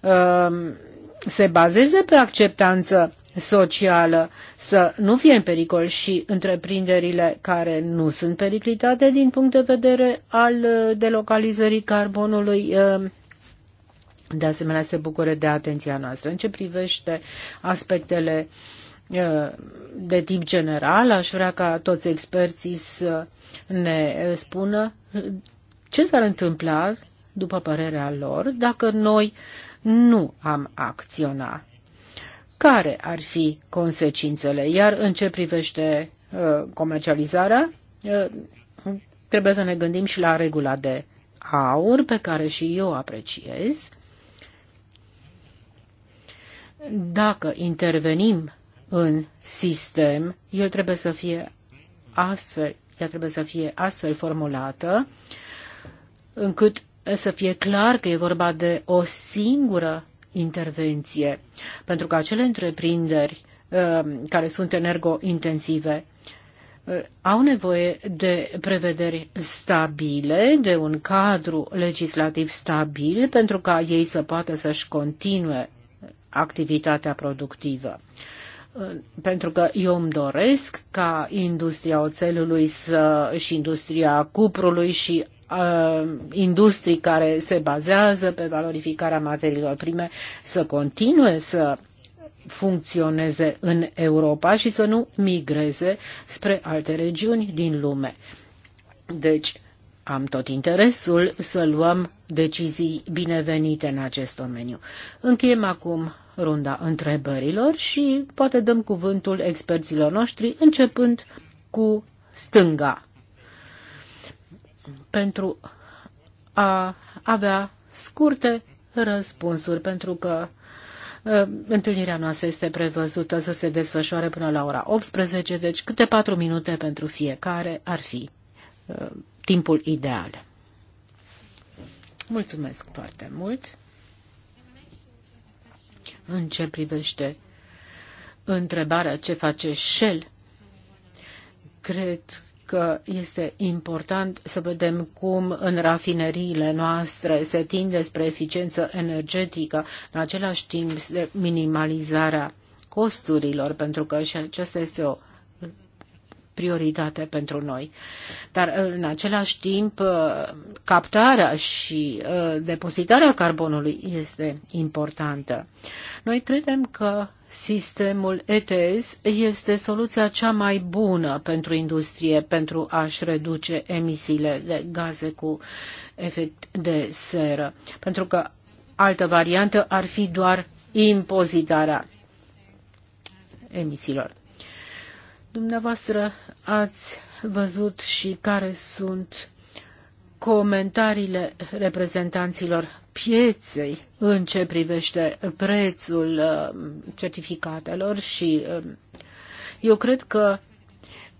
um, se bazeze pe acceptanță socială să nu fie în pericol și întreprinderile care nu sunt periclitate din punct de vedere al uh, delocalizării carbonului uh, de asemenea se bucură de atenția noastră. În ce privește aspectele uh, de tip general, aș vrea ca toți experții să ne spună ce s-ar întâmpla, după părerea lor, dacă noi nu am acționat care ar fi consecințele. Iar în ce privește uh, comercializarea, uh, trebuie să ne gândim și la regula de aur, pe care și eu apreciez. Dacă intervenim în sistem, el trebuie să fie astfel, ea trebuie să fie astfel formulată, încât să fie clar că e vorba de o singură intervenție, pentru că acele întreprinderi uh, care sunt energointensive uh, au nevoie de prevederi stabile, de un cadru legislativ stabil pentru ca ei să poată să-și continue activitatea productivă. Uh, pentru că eu îmi doresc ca industria oțelului să, și industria cuprului și Uh, industrii care se bazează pe valorificarea materiilor prime să continue să funcționeze în Europa și să nu migreze spre alte regiuni din lume. Deci, am tot interesul să luăm decizii binevenite în acest domeniu. Încheiem acum runda întrebărilor și poate dăm cuvântul experților noștri, începând cu stânga pentru a avea scurte răspunsuri, pentru că ă, Întâlnirea noastră este prevăzută să se desfășoare până la ora 18, deci câte patru minute pentru fiecare ar fi uh, timpul ideal. Mulțumesc foarte mult. În ce privește întrebarea ce face Shell, cred că este important să vedem cum în rafineriile noastre se tinde spre eficiență energetică, în același timp minimalizarea costurilor, pentru că și aceasta este o prioritate pentru noi. Dar uh, în același timp uh, captarea și uh, depozitarea carbonului este importantă. Noi credem că sistemul ETS este soluția cea mai bună pentru industrie pentru a-și reduce emisiile de gaze cu efect de seră. Pentru că altă variantă ar fi doar impozitarea emisiilor. Dumneavoastră ați văzut și care sunt comentariile reprezentanților pieței în ce privește prețul uh, certificatelor și uh, eu cred că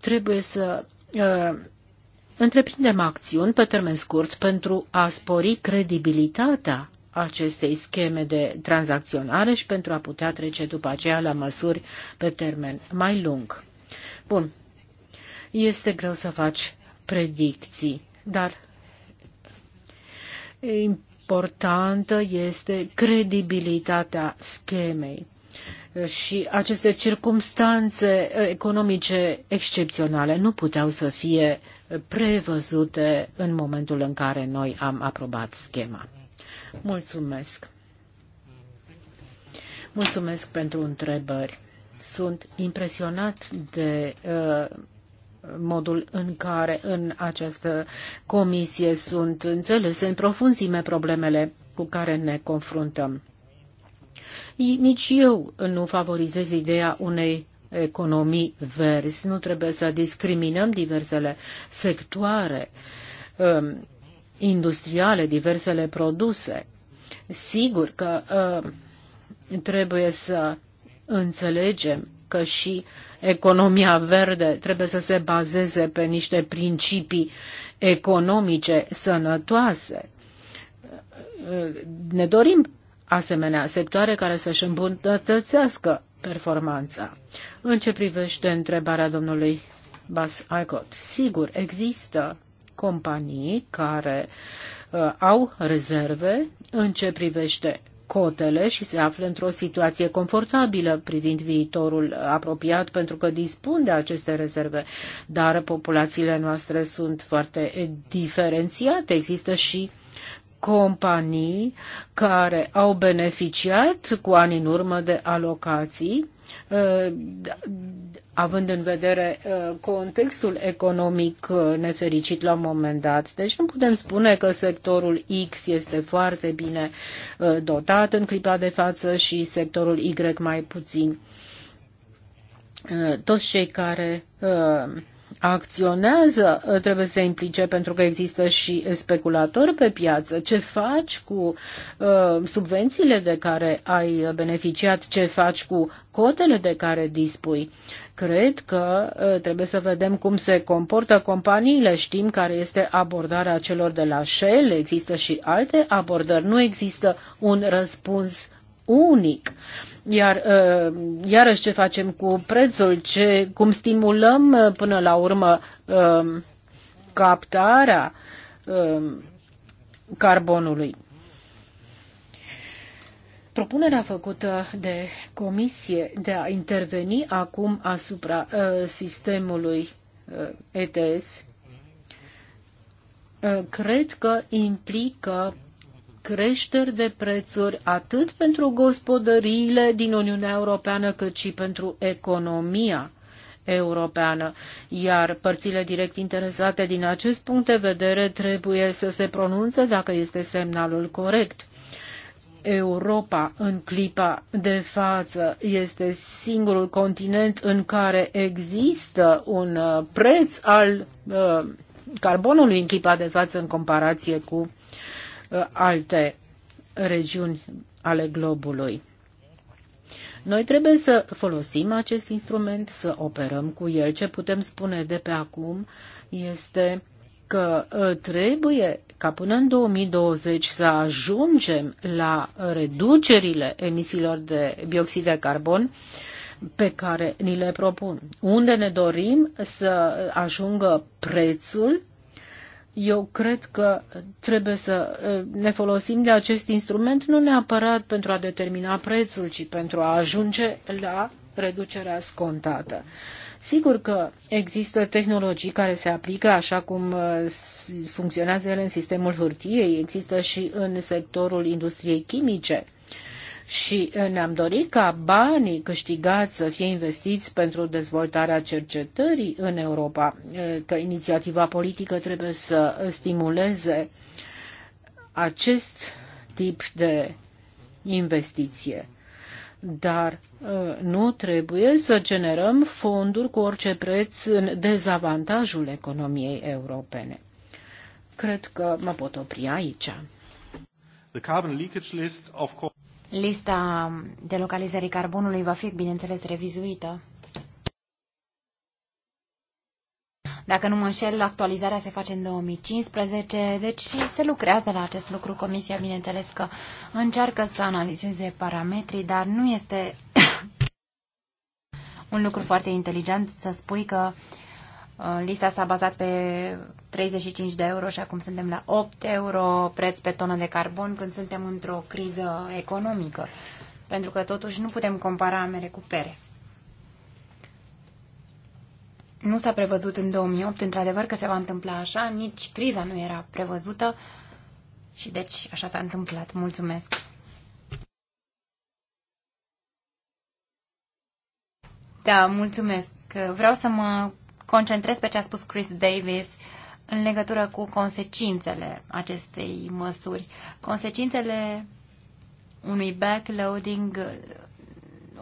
trebuie să uh, întreprindem acțiuni pe termen scurt pentru a spori credibilitatea acestei scheme de tranzacționare și pentru a putea trece după aceea la măsuri pe termen mai lung. Bun, este greu să faci predicții, dar importantă este credibilitatea schemei și aceste circumstanțe economice excepționale nu puteau să fie prevăzute în momentul în care noi am aprobat schema. Mulțumesc! Mulțumesc pentru întrebări. Sunt impresionat de uh, modul în care în această comisie sunt înțelese în profunzime problemele cu care ne confruntăm. Nici eu nu favorizez ideea unei economii verzi. Nu trebuie să discriminăm diversele sectoare um, industriale, diversele produse. Sigur că um, trebuie să înțelegem că și uh, economia verde trebuie să se bazeze pe niște principii economice sănătoase. Ne dorim asemenea sectoare care să-și îmbunătățească performanța. În ce privește întrebarea domnului Bas Aicot, sigur, există companii care uh, au rezerve în ce privește cotele și se află într-o situație confortabilă privind viitorul apropiat pentru că dispun de aceste rezerve, dar populațiile noastre sunt foarte diferențiate. Există și companii care au beneficiat cu ani în urmă de alocații Uh, având în vedere uh, contextul economic uh, nefericit la un moment dat. Deci nu putem spune că sectorul X este foarte bine dotat în clipa de față și sectorul Y mai puțin. Toți cei care acționează uh, trebuie să se implice pentru că există și speculatori pe piață. Ce faci cu uh, subvențiile de care ai beneficiat? Ce faci cu cotele de care dispui? Cred că uh, trebuie să vedem cum se comportă companiile. Știm care este abordarea celor de la Shell. Există și alte abordări. Nu există un răspuns unic. Iar uh, iarăși ce facem cu prețul, ce, cum stimulăm uh, până la urmă uh, captarea carbonului. Propunerea făcută de comisie de a interveni acum asupra uh, sistemului uh, ETS uh, cred că implică creșteri de prețuri atât pentru gospodăriile din Uniunea Europeană cât și pentru economia europeană, iar părțile direct interesate din acest punct de vedere trebuie să se pronunțe dacă este semnalul corect. Europa în clipa de față este singurul continent în care există un uh, preț al uh, carbonului în clipa de față în comparație cu Uh, alte regiuni ale globului. Noi trebuie să folosim acest instrument, să operăm cu el. Ce putem spune de pe acum este că uh, trebuie ca până în 2020 să ajungem la reducerile emisiilor de bioxid de carbon pe care ni le propun. Unde ne dorim să ajungă prețul eu cred că trebuie să ne folosim de acest instrument nu neapărat pentru a determina prețul, ci pentru a ajunge la reducerea scontată. Sigur că există tehnologii care se aplică așa cum funcționează ele în sistemul hârtiei, există și în sectorul industriei chimice și uh, ne-am dorit ca banii câștigați să fie investiți pentru dezvoltarea cercetării în Europa, uh, că inițiativa politică trebuie să stimuleze acest tip de investiție. Dar uh, nu trebuie să generăm fonduri cu orice preț în dezavantajul economiei europene. Cred că mă pot opri aici. The carbon leakage list, of course... Lista de localizării carbonului va fi, bineînțeles, revizuită. Dacă nu mă înșel, actualizarea se face în 2015, deci se lucrează la acest lucru. Comisia, bineînțeles că încearcă să analizeze parametrii, dar nu este un lucru foarte inteligent să spui că uh, lista s-a bazat pe 35 de euro și acum suntem la 8 euro preț pe tonă de carbon când suntem într-o criză economică. Pentru că totuși nu putem compara mere cu pere. Nu s-a prevăzut în 2008, într-adevăr, că se va întâmpla așa, nici criza nu era prevăzută și deci așa s-a întâmplat. Mulțumesc! Da, mulțumesc! Vreau să mă concentrez pe ce a spus Chris Davis în legătură cu consecințele acestei măsuri. Consecințele unui backloading,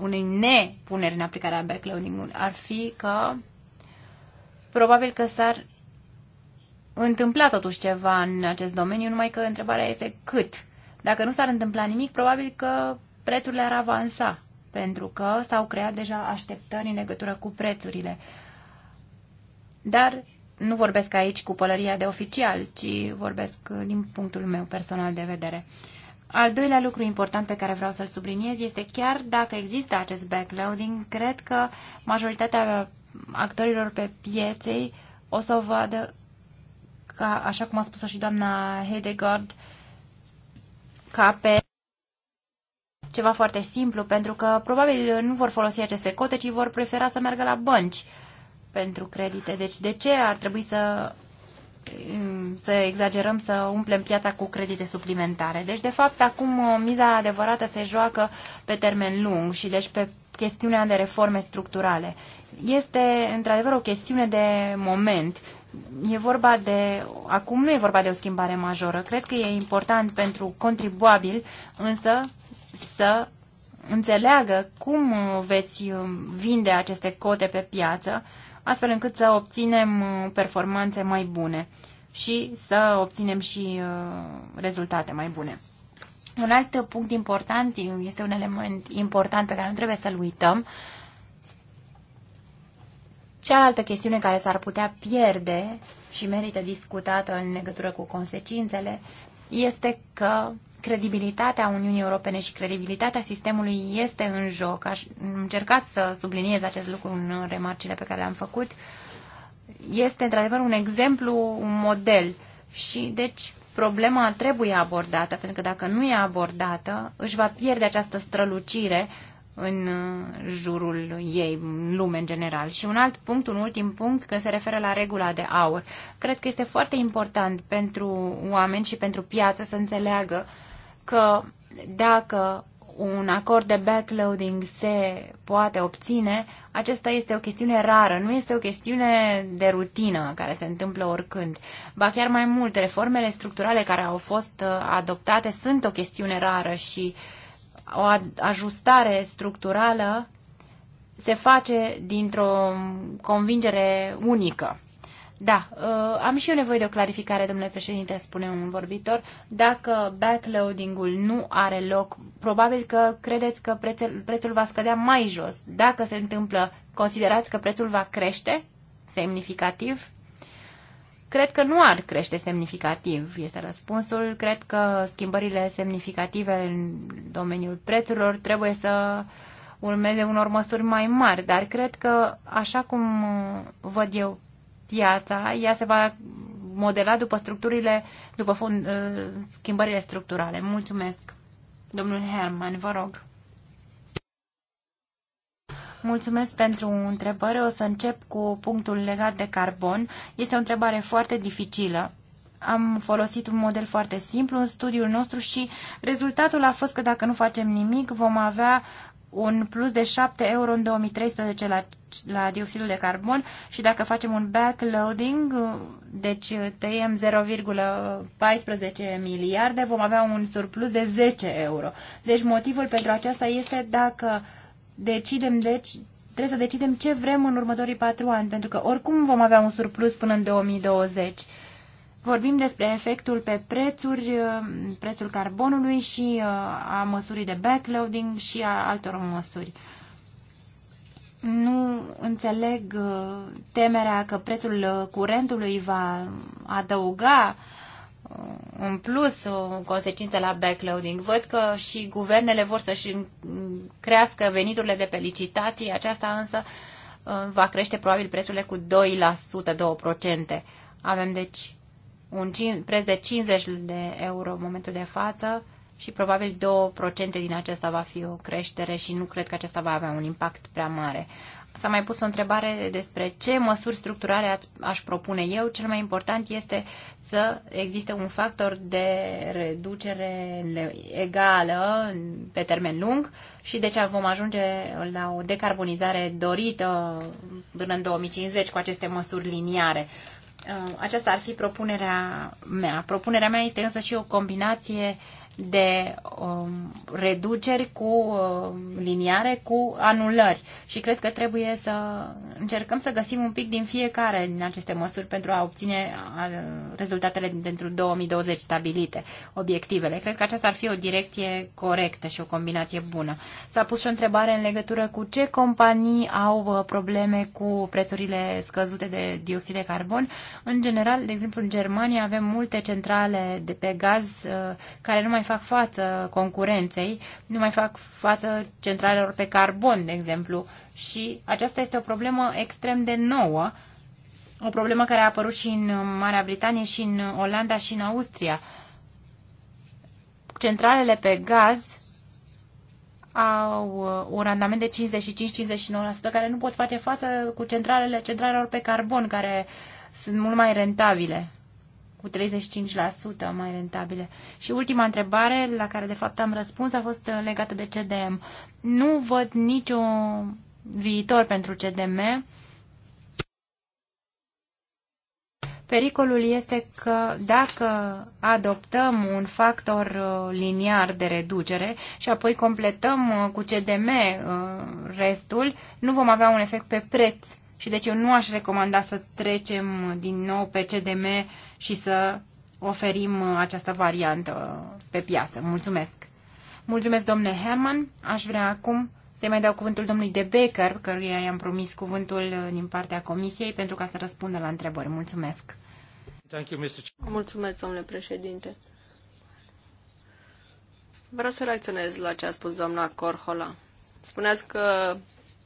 unei nepuneri în aplicarea backloading ar fi că probabil că s-ar întâmpla totuși ceva în acest domeniu, numai că întrebarea este cât. Dacă nu s-ar întâmpla nimic, probabil că prețurile ar avansa, pentru că s-au creat deja așteptări în legătură cu prețurile. Dar nu vorbesc aici cu pălăria de oficial, ci vorbesc uh, din punctul meu personal de vedere. Al doilea lucru important pe care vreau să-l subliniez este chiar dacă există acest backloading, cred că majoritatea actorilor pe pieței o să o vadă ca, așa cum a spus-o și doamna Hedegaard, ca pe ceva foarte simplu, pentru că probabil nu vor folosi aceste cote, ci vor prefera să meargă la bănci. Uh, pentru credite. Deci de ce ar trebui să, mm, să exagerăm, să umplem piața cu credite suplimentare? Deci, de fapt, acum uh, miza adevărată se joacă pe termen lung și deci pe chestiunea de reforme structurale. Este, într-adevăr, o chestiune de moment. E vorba de, acum nu e vorba de o schimbare majoră. Cred că e important pentru contribuabil, însă, să înțeleagă cum uh, veți uh, vinde aceste cote pe piață astfel încât să obținem uh, performanțe mai bune și să obținem și uh, rezultate mai bune. Un alt punct important, este un element important pe care nu trebuie să-l uităm, Cealaltă chestiune care s-ar putea pierde și merită discutată în legătură cu consecințele este că credibilitatea Uniunii Europene și credibilitatea sistemului este în joc. Aș încercat să subliniez acest lucru în remarcile pe care le-am făcut. Este într-adevăr un exemplu, un model și deci problema trebuie abordată, pentru că dacă nu e abordată, își va pierde această strălucire în jurul ei, în lume în general. Și un alt punct, un ultim punct, când se referă la regula de aur. Cred că este foarte important pentru oameni și pentru piață să înțeleagă că dacă un acord de backloading se poate obține, acesta este o chestiune rară, nu este o chestiune de rutină care se întâmplă oricând. Ba chiar mai mult, reformele structurale care au fost uh, adoptate sunt o chestiune rară și o ajustare structurală se face dintr-o convingere unică. Da, uh, am și eu nevoie de o clarificare, domnule președinte, spune un vorbitor. Dacă backloading-ul nu are loc, probabil că credeți că prețul, prețul va scădea mai jos. Dacă se întâmplă, considerați că prețul va crește semnificativ? Cred că nu ar crește semnificativ, este răspunsul. Cred că schimbările semnificative în domeniul prețurilor trebuie să urmeze unor măsuri mai mari, dar cred că, așa cum văd eu piața, ea se va modela după structurile, după fund, uh, schimbările structurale. Mulțumesc. Domnul Herman, vă rog. Mulțumesc pentru întrebare. O să încep cu punctul legat de carbon. Este o întrebare foarte dificilă. Am folosit un model foarte simplu în studiul nostru și rezultatul a fost că dacă nu facem nimic vom avea un plus de 7 euro în 2013 la, la dioxidul de carbon și dacă facem un backloading, deci tăiem 0,14 miliarde, vom avea un surplus de 10 euro. Deci motivul pentru aceasta este dacă decidem, deci trebuie să decidem ce vrem în următorii patru ani, pentru că oricum vom avea un surplus până în 2020. Vorbim despre efectul pe prețuri, uh, prețul carbonului și uh, a măsurii de backloading și a altor măsuri. Nu înțeleg uh, temerea că prețul curentului va adăuga în plus o consecință la backloading. Văd că și guvernele vor să-și crească veniturile de pe licitații, aceasta însă va crește probabil prețurile cu 2%, 2%. Avem deci un preț de 50 de euro în momentul de față și probabil 2% din acesta va fi o creștere și nu cred că acesta va avea un impact prea mare. S-a mai pus o întrebare despre ce măsuri structurale aș propune eu. Cel mai important este să existe un factor de reducere egală pe termen lung și deci vom ajunge la o decarbonizare dorită până în 2050 cu aceste măsuri liniare. Ă, aceasta ar fi propunerea mea. Propunerea mea este însă și o combinație de um, reduceri cu um, liniare, cu anulări. Și cred că trebuie să încercăm să găsim un pic din fiecare din aceste măsuri pentru a obține rezultatele pentru 2020 stabilite, obiectivele. Cred că aceasta ar fi o direcție corectă și o combinație bună. S-a pus și o întrebare în legătură cu ce companii au uh, probleme cu prețurile scăzute de dioxid de carbon. În general, de exemplu, în Germania avem multe centrale de pe gaz uh, care nu mai fac față concurenței, nu mai fac față centralelor pe carbon, de exemplu. Și aceasta este o problemă extrem de nouă, o problemă care a apărut și în Marea Britanie, și în Olanda, și în Austria. Centralele pe gaz au uh, un randament de 55-59% care nu pot face față cu centralele centralelor pe carbon, care sunt mult mai rentabile cu 35% mai rentabile. Și ultima întrebare, la care de fapt am răspuns, a fost uh, legată de CDM. Nu văd niciun viitor pentru CDM. Pericolul este că dacă adoptăm un factor uh, liniar de reducere și apoi completăm uh, cu CDM restul, nu vom avea un efect pe preț și deci eu nu aș recomanda să trecem din nou pe CDM și să oferim această variantă pe piață. Mulțumesc! Mulțumesc, domnule Herman. Aș vrea acum să-i mai dau cuvântul domnului De Becker, căruia i-am promis cuvântul din partea comisiei pentru ca să răspundă la întrebări. Mulțumesc! Thank you, Mr. Mulțumesc, domnule președinte. Vreau să reacționez la ce a spus doamna Corhola. Spuneați că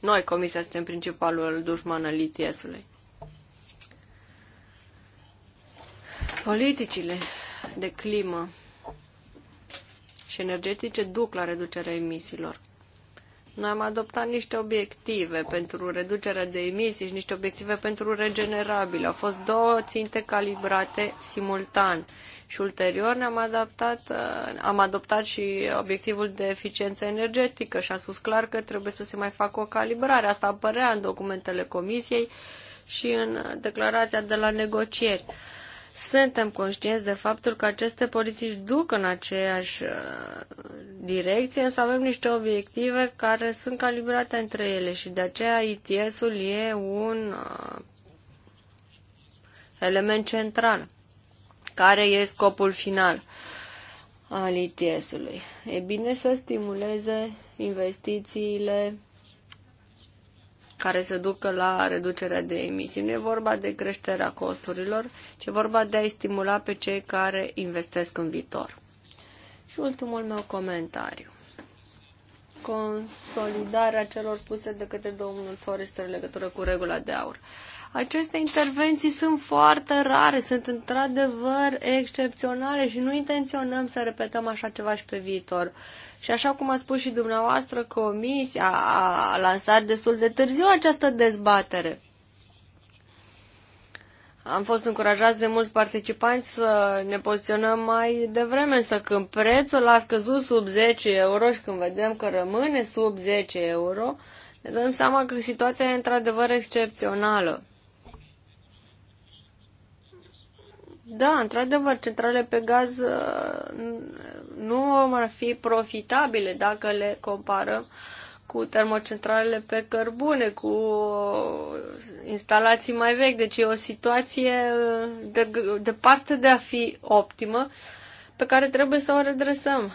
noi, Comisia, suntem principalul dușman al ITS-ului. Politicile de climă și energetice duc la reducerea emisiilor. Noi am adoptat niște obiective pentru reducerea de emisii și niște obiective pentru regenerabile. Au fost două ținte calibrate simultan și ulterior ne-am adaptat, uh, am adoptat și obiectivul de eficiență energetică și am spus clar că trebuie să se mai facă o calibrare. Asta apărea în documentele comisiei și în declarația de la negocieri. Uh, suntem conștienți de faptul că aceste politici duc în aceeași uh, direcție, însă avem niște obiective care sunt calibrate între ele și de aceea ITS-ul e un uh, element central. Care e scopul final al ITS-ului? E bine să stimuleze investițiile care să ducă la reducerea de emisii. Nu e vorba de creșterea costurilor, ci e vorba de a stimula pe cei care investesc în viitor. Și ultimul meu comentariu. Consolidarea celor spuse de către domnul Forrester în legătură cu regula de aur. Aceste intervenții sunt foarte rare, sunt într-adevăr excepționale și nu intenționăm să repetăm așa ceva și pe viitor. Și așa cum a spus și dumneavoastră, comisia a lansat destul de târziu această dezbatere. Am fost încurajați de mulți participanți să ne poziționăm mai devreme, însă când prețul a scăzut sub 10 euro și când vedem că rămâne sub 10 euro, ne dăm seama că situația e într-adevăr excepțională. Da, într-adevăr, centrale pe gaz uh, nu ar fi profitabile dacă le comparăm cu termocentralele pe cărbune, cu uh, instalații mai vechi. Deci e o situație uh, departe de, de a fi optimă pe care trebuie să o redresăm.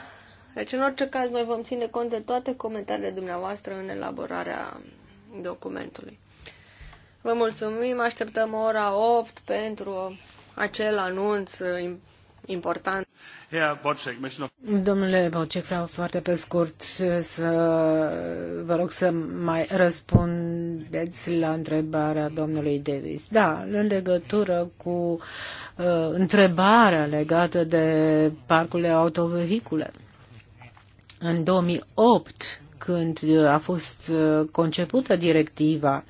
Deci, în orice caz, noi vom ține cont de toate comentariile dumneavoastră în elaborarea documentului. Vă mulțumim, așteptăm ora 8 pentru acel anunț uh, important. Domnule Bocic, vreau foarte pe scurt uh, să vă rog să mai răspundeți la întrebarea domnului Davis. Da, în legătură cu uh, întrebarea legată de parcurile autovehicule. În 2008, când a fost uh, concepută directiva,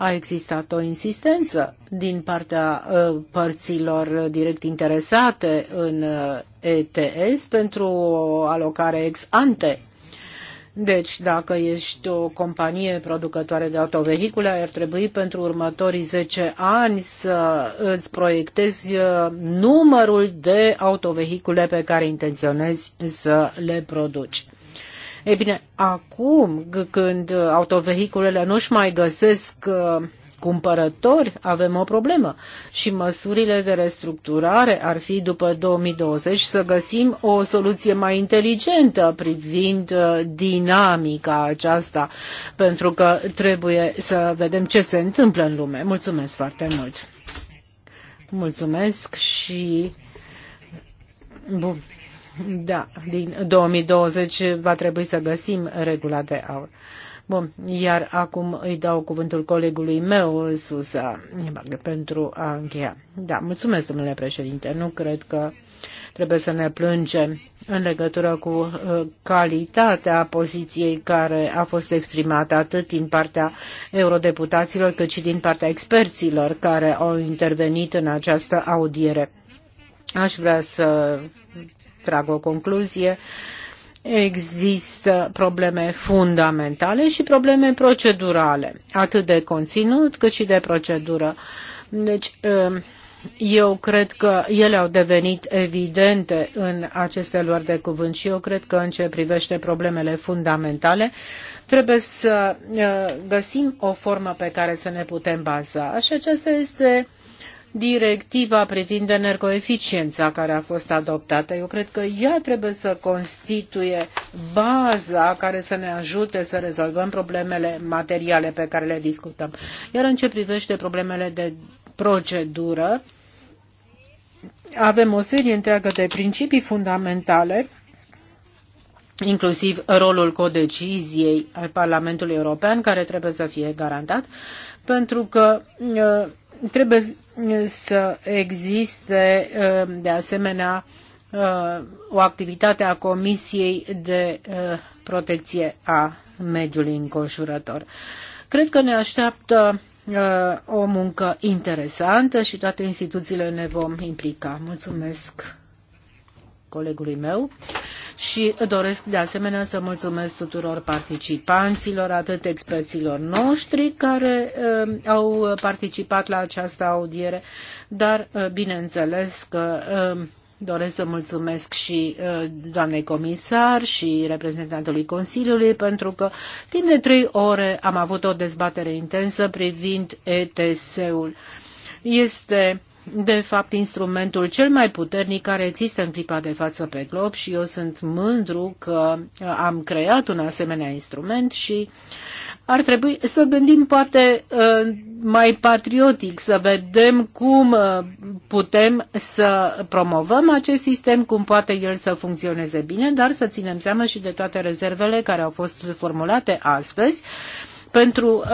a existat o insistență din partea ă, părților direct interesate în ă, ETS pentru o alocare ex ante. Deci, dacă ești o companie producătoare de autovehicule, ar trebui pentru următorii 10 ani să îți proiectezi ă, numărul de autovehicule pe care intenționezi să le produci. E bine, acum când autovehiculele nu-și mai găsesc uh, cumpărători, avem o problemă și măsurile de restructurare ar fi după 2020 să găsim o soluție mai inteligentă privind uh, dinamica aceasta, pentru că trebuie să vedem ce se întâmplă în lume. Mulțumesc foarte mult! Mulțumesc și... Bun. Da, din 2020 va trebui să găsim regula de aur. Bun, iar acum îi dau cuvântul colegului meu, Susa, pentru a încheia. Da, mulțumesc, domnule președinte. Nu cred că trebuie să ne plângem în legătură cu uh, calitatea poziției care a fost exprimată atât din partea eurodeputaților cât și din partea experților care au intervenit în această audiere. Aș vrea să trag o concluzie. Există probleme fundamentale și probleme procedurale, atât de conținut cât și de procedură. Deci, um, eu cred că ele au devenit evidente în aceste luări de cuvânt și eu cred că în ce privește problemele fundamentale trebuie să uh, găsim o formă pe care să ne putem baza. Și aceasta este directiva privind energoeficiența care a fost adoptată. Eu cred că ea trebuie să constituie baza care să ne ajute să rezolvăm problemele materiale pe care le discutăm. Iar în ce privește problemele de procedură, avem o serie întreagă de principii fundamentale inclusiv rolul codeciziei al Parlamentului European, care trebuie să fie garantat, pentru că uh, trebuie să existe uh, de asemenea uh, o activitate a Comisiei de uh, Protecție a Mediului Înconjurător. Cred că ne așteaptă o muncă interesantă și toate instituțiile ne vom implica. Mulțumesc colegului meu și doresc de asemenea să mulțumesc tuturor participanților, atât experților noștri care uh, au participat la această audiere, dar uh, bineînțeles că uh, Doresc să mulțumesc și uh, doamnei comisar și reprezentantului Consiliului pentru că timp de trei ore am avut o dezbatere intensă privind ETS-ul. Este de fapt, instrumentul cel mai puternic care există în clipa de față pe glob și eu sunt mândru că uh, am creat un asemenea instrument și ar trebui să gândim poate uh, mai patriotic, să vedem cum uh, putem să promovăm acest sistem, cum poate el să funcționeze bine, dar să ținem seama și de toate rezervele care au fost formulate astăzi pentru uh,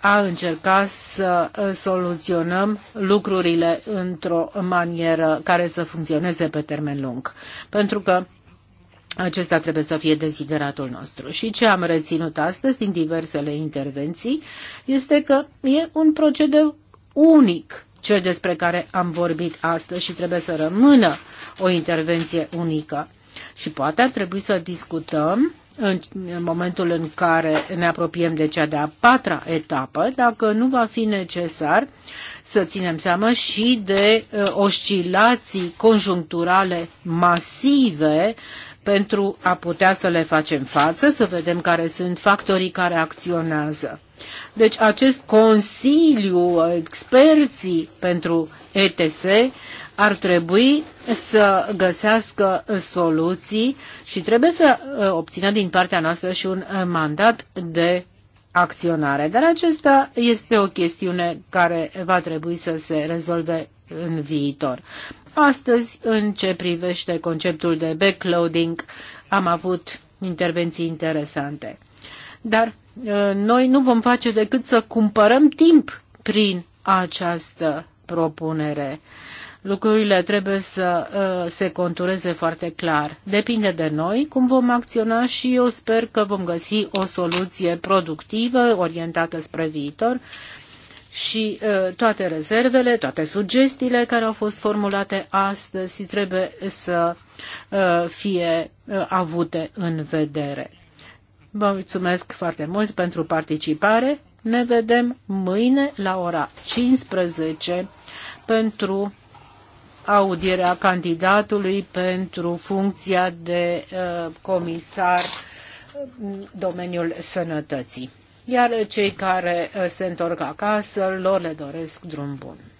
a încerca să uh, soluționăm lucrurile într-o manieră care să funcționeze pe termen lung. Pentru că acesta trebuie să fie dezideratul nostru. Și ce am reținut astăzi din diversele intervenții este că e un procedeu unic cel despre care am vorbit astăzi și trebuie să rămână o intervenție unică. Și poate ar trebui să discutăm în momentul în care ne apropiem de cea de-a patra etapă, dacă nu va fi necesar să ținem seama și de uh, oscilații conjuncturale masive pentru a putea să le facem față, să vedem care sunt factorii care acționează. Deci acest Consiliu, uh, experții pentru ETS, ar trebui să găsească soluții și trebuie să uh, obțină din partea noastră și un uh, mandat de acționare. Dar acesta este o chestiune care va trebui să se rezolve în viitor. Astăzi, în ce privește conceptul de backloading, am avut intervenții interesante. Dar uh, noi nu vom face decât să cumpărăm timp prin această propunere lucrurile trebuie să uh, se contureze foarte clar. Depinde de noi cum vom acționa și eu sper că vom găsi o soluție productivă, orientată spre viitor și uh, toate rezervele, toate sugestiile care au fost formulate astăzi trebuie să uh, fie avute în vedere. Vă mulțumesc foarte mult pentru participare. Ne vedem mâine la ora 15 pentru audierea candidatului pentru funcția de uh, comisar în domeniul sănătății. Iar cei care uh, se întorc acasă, lor le doresc drum bun.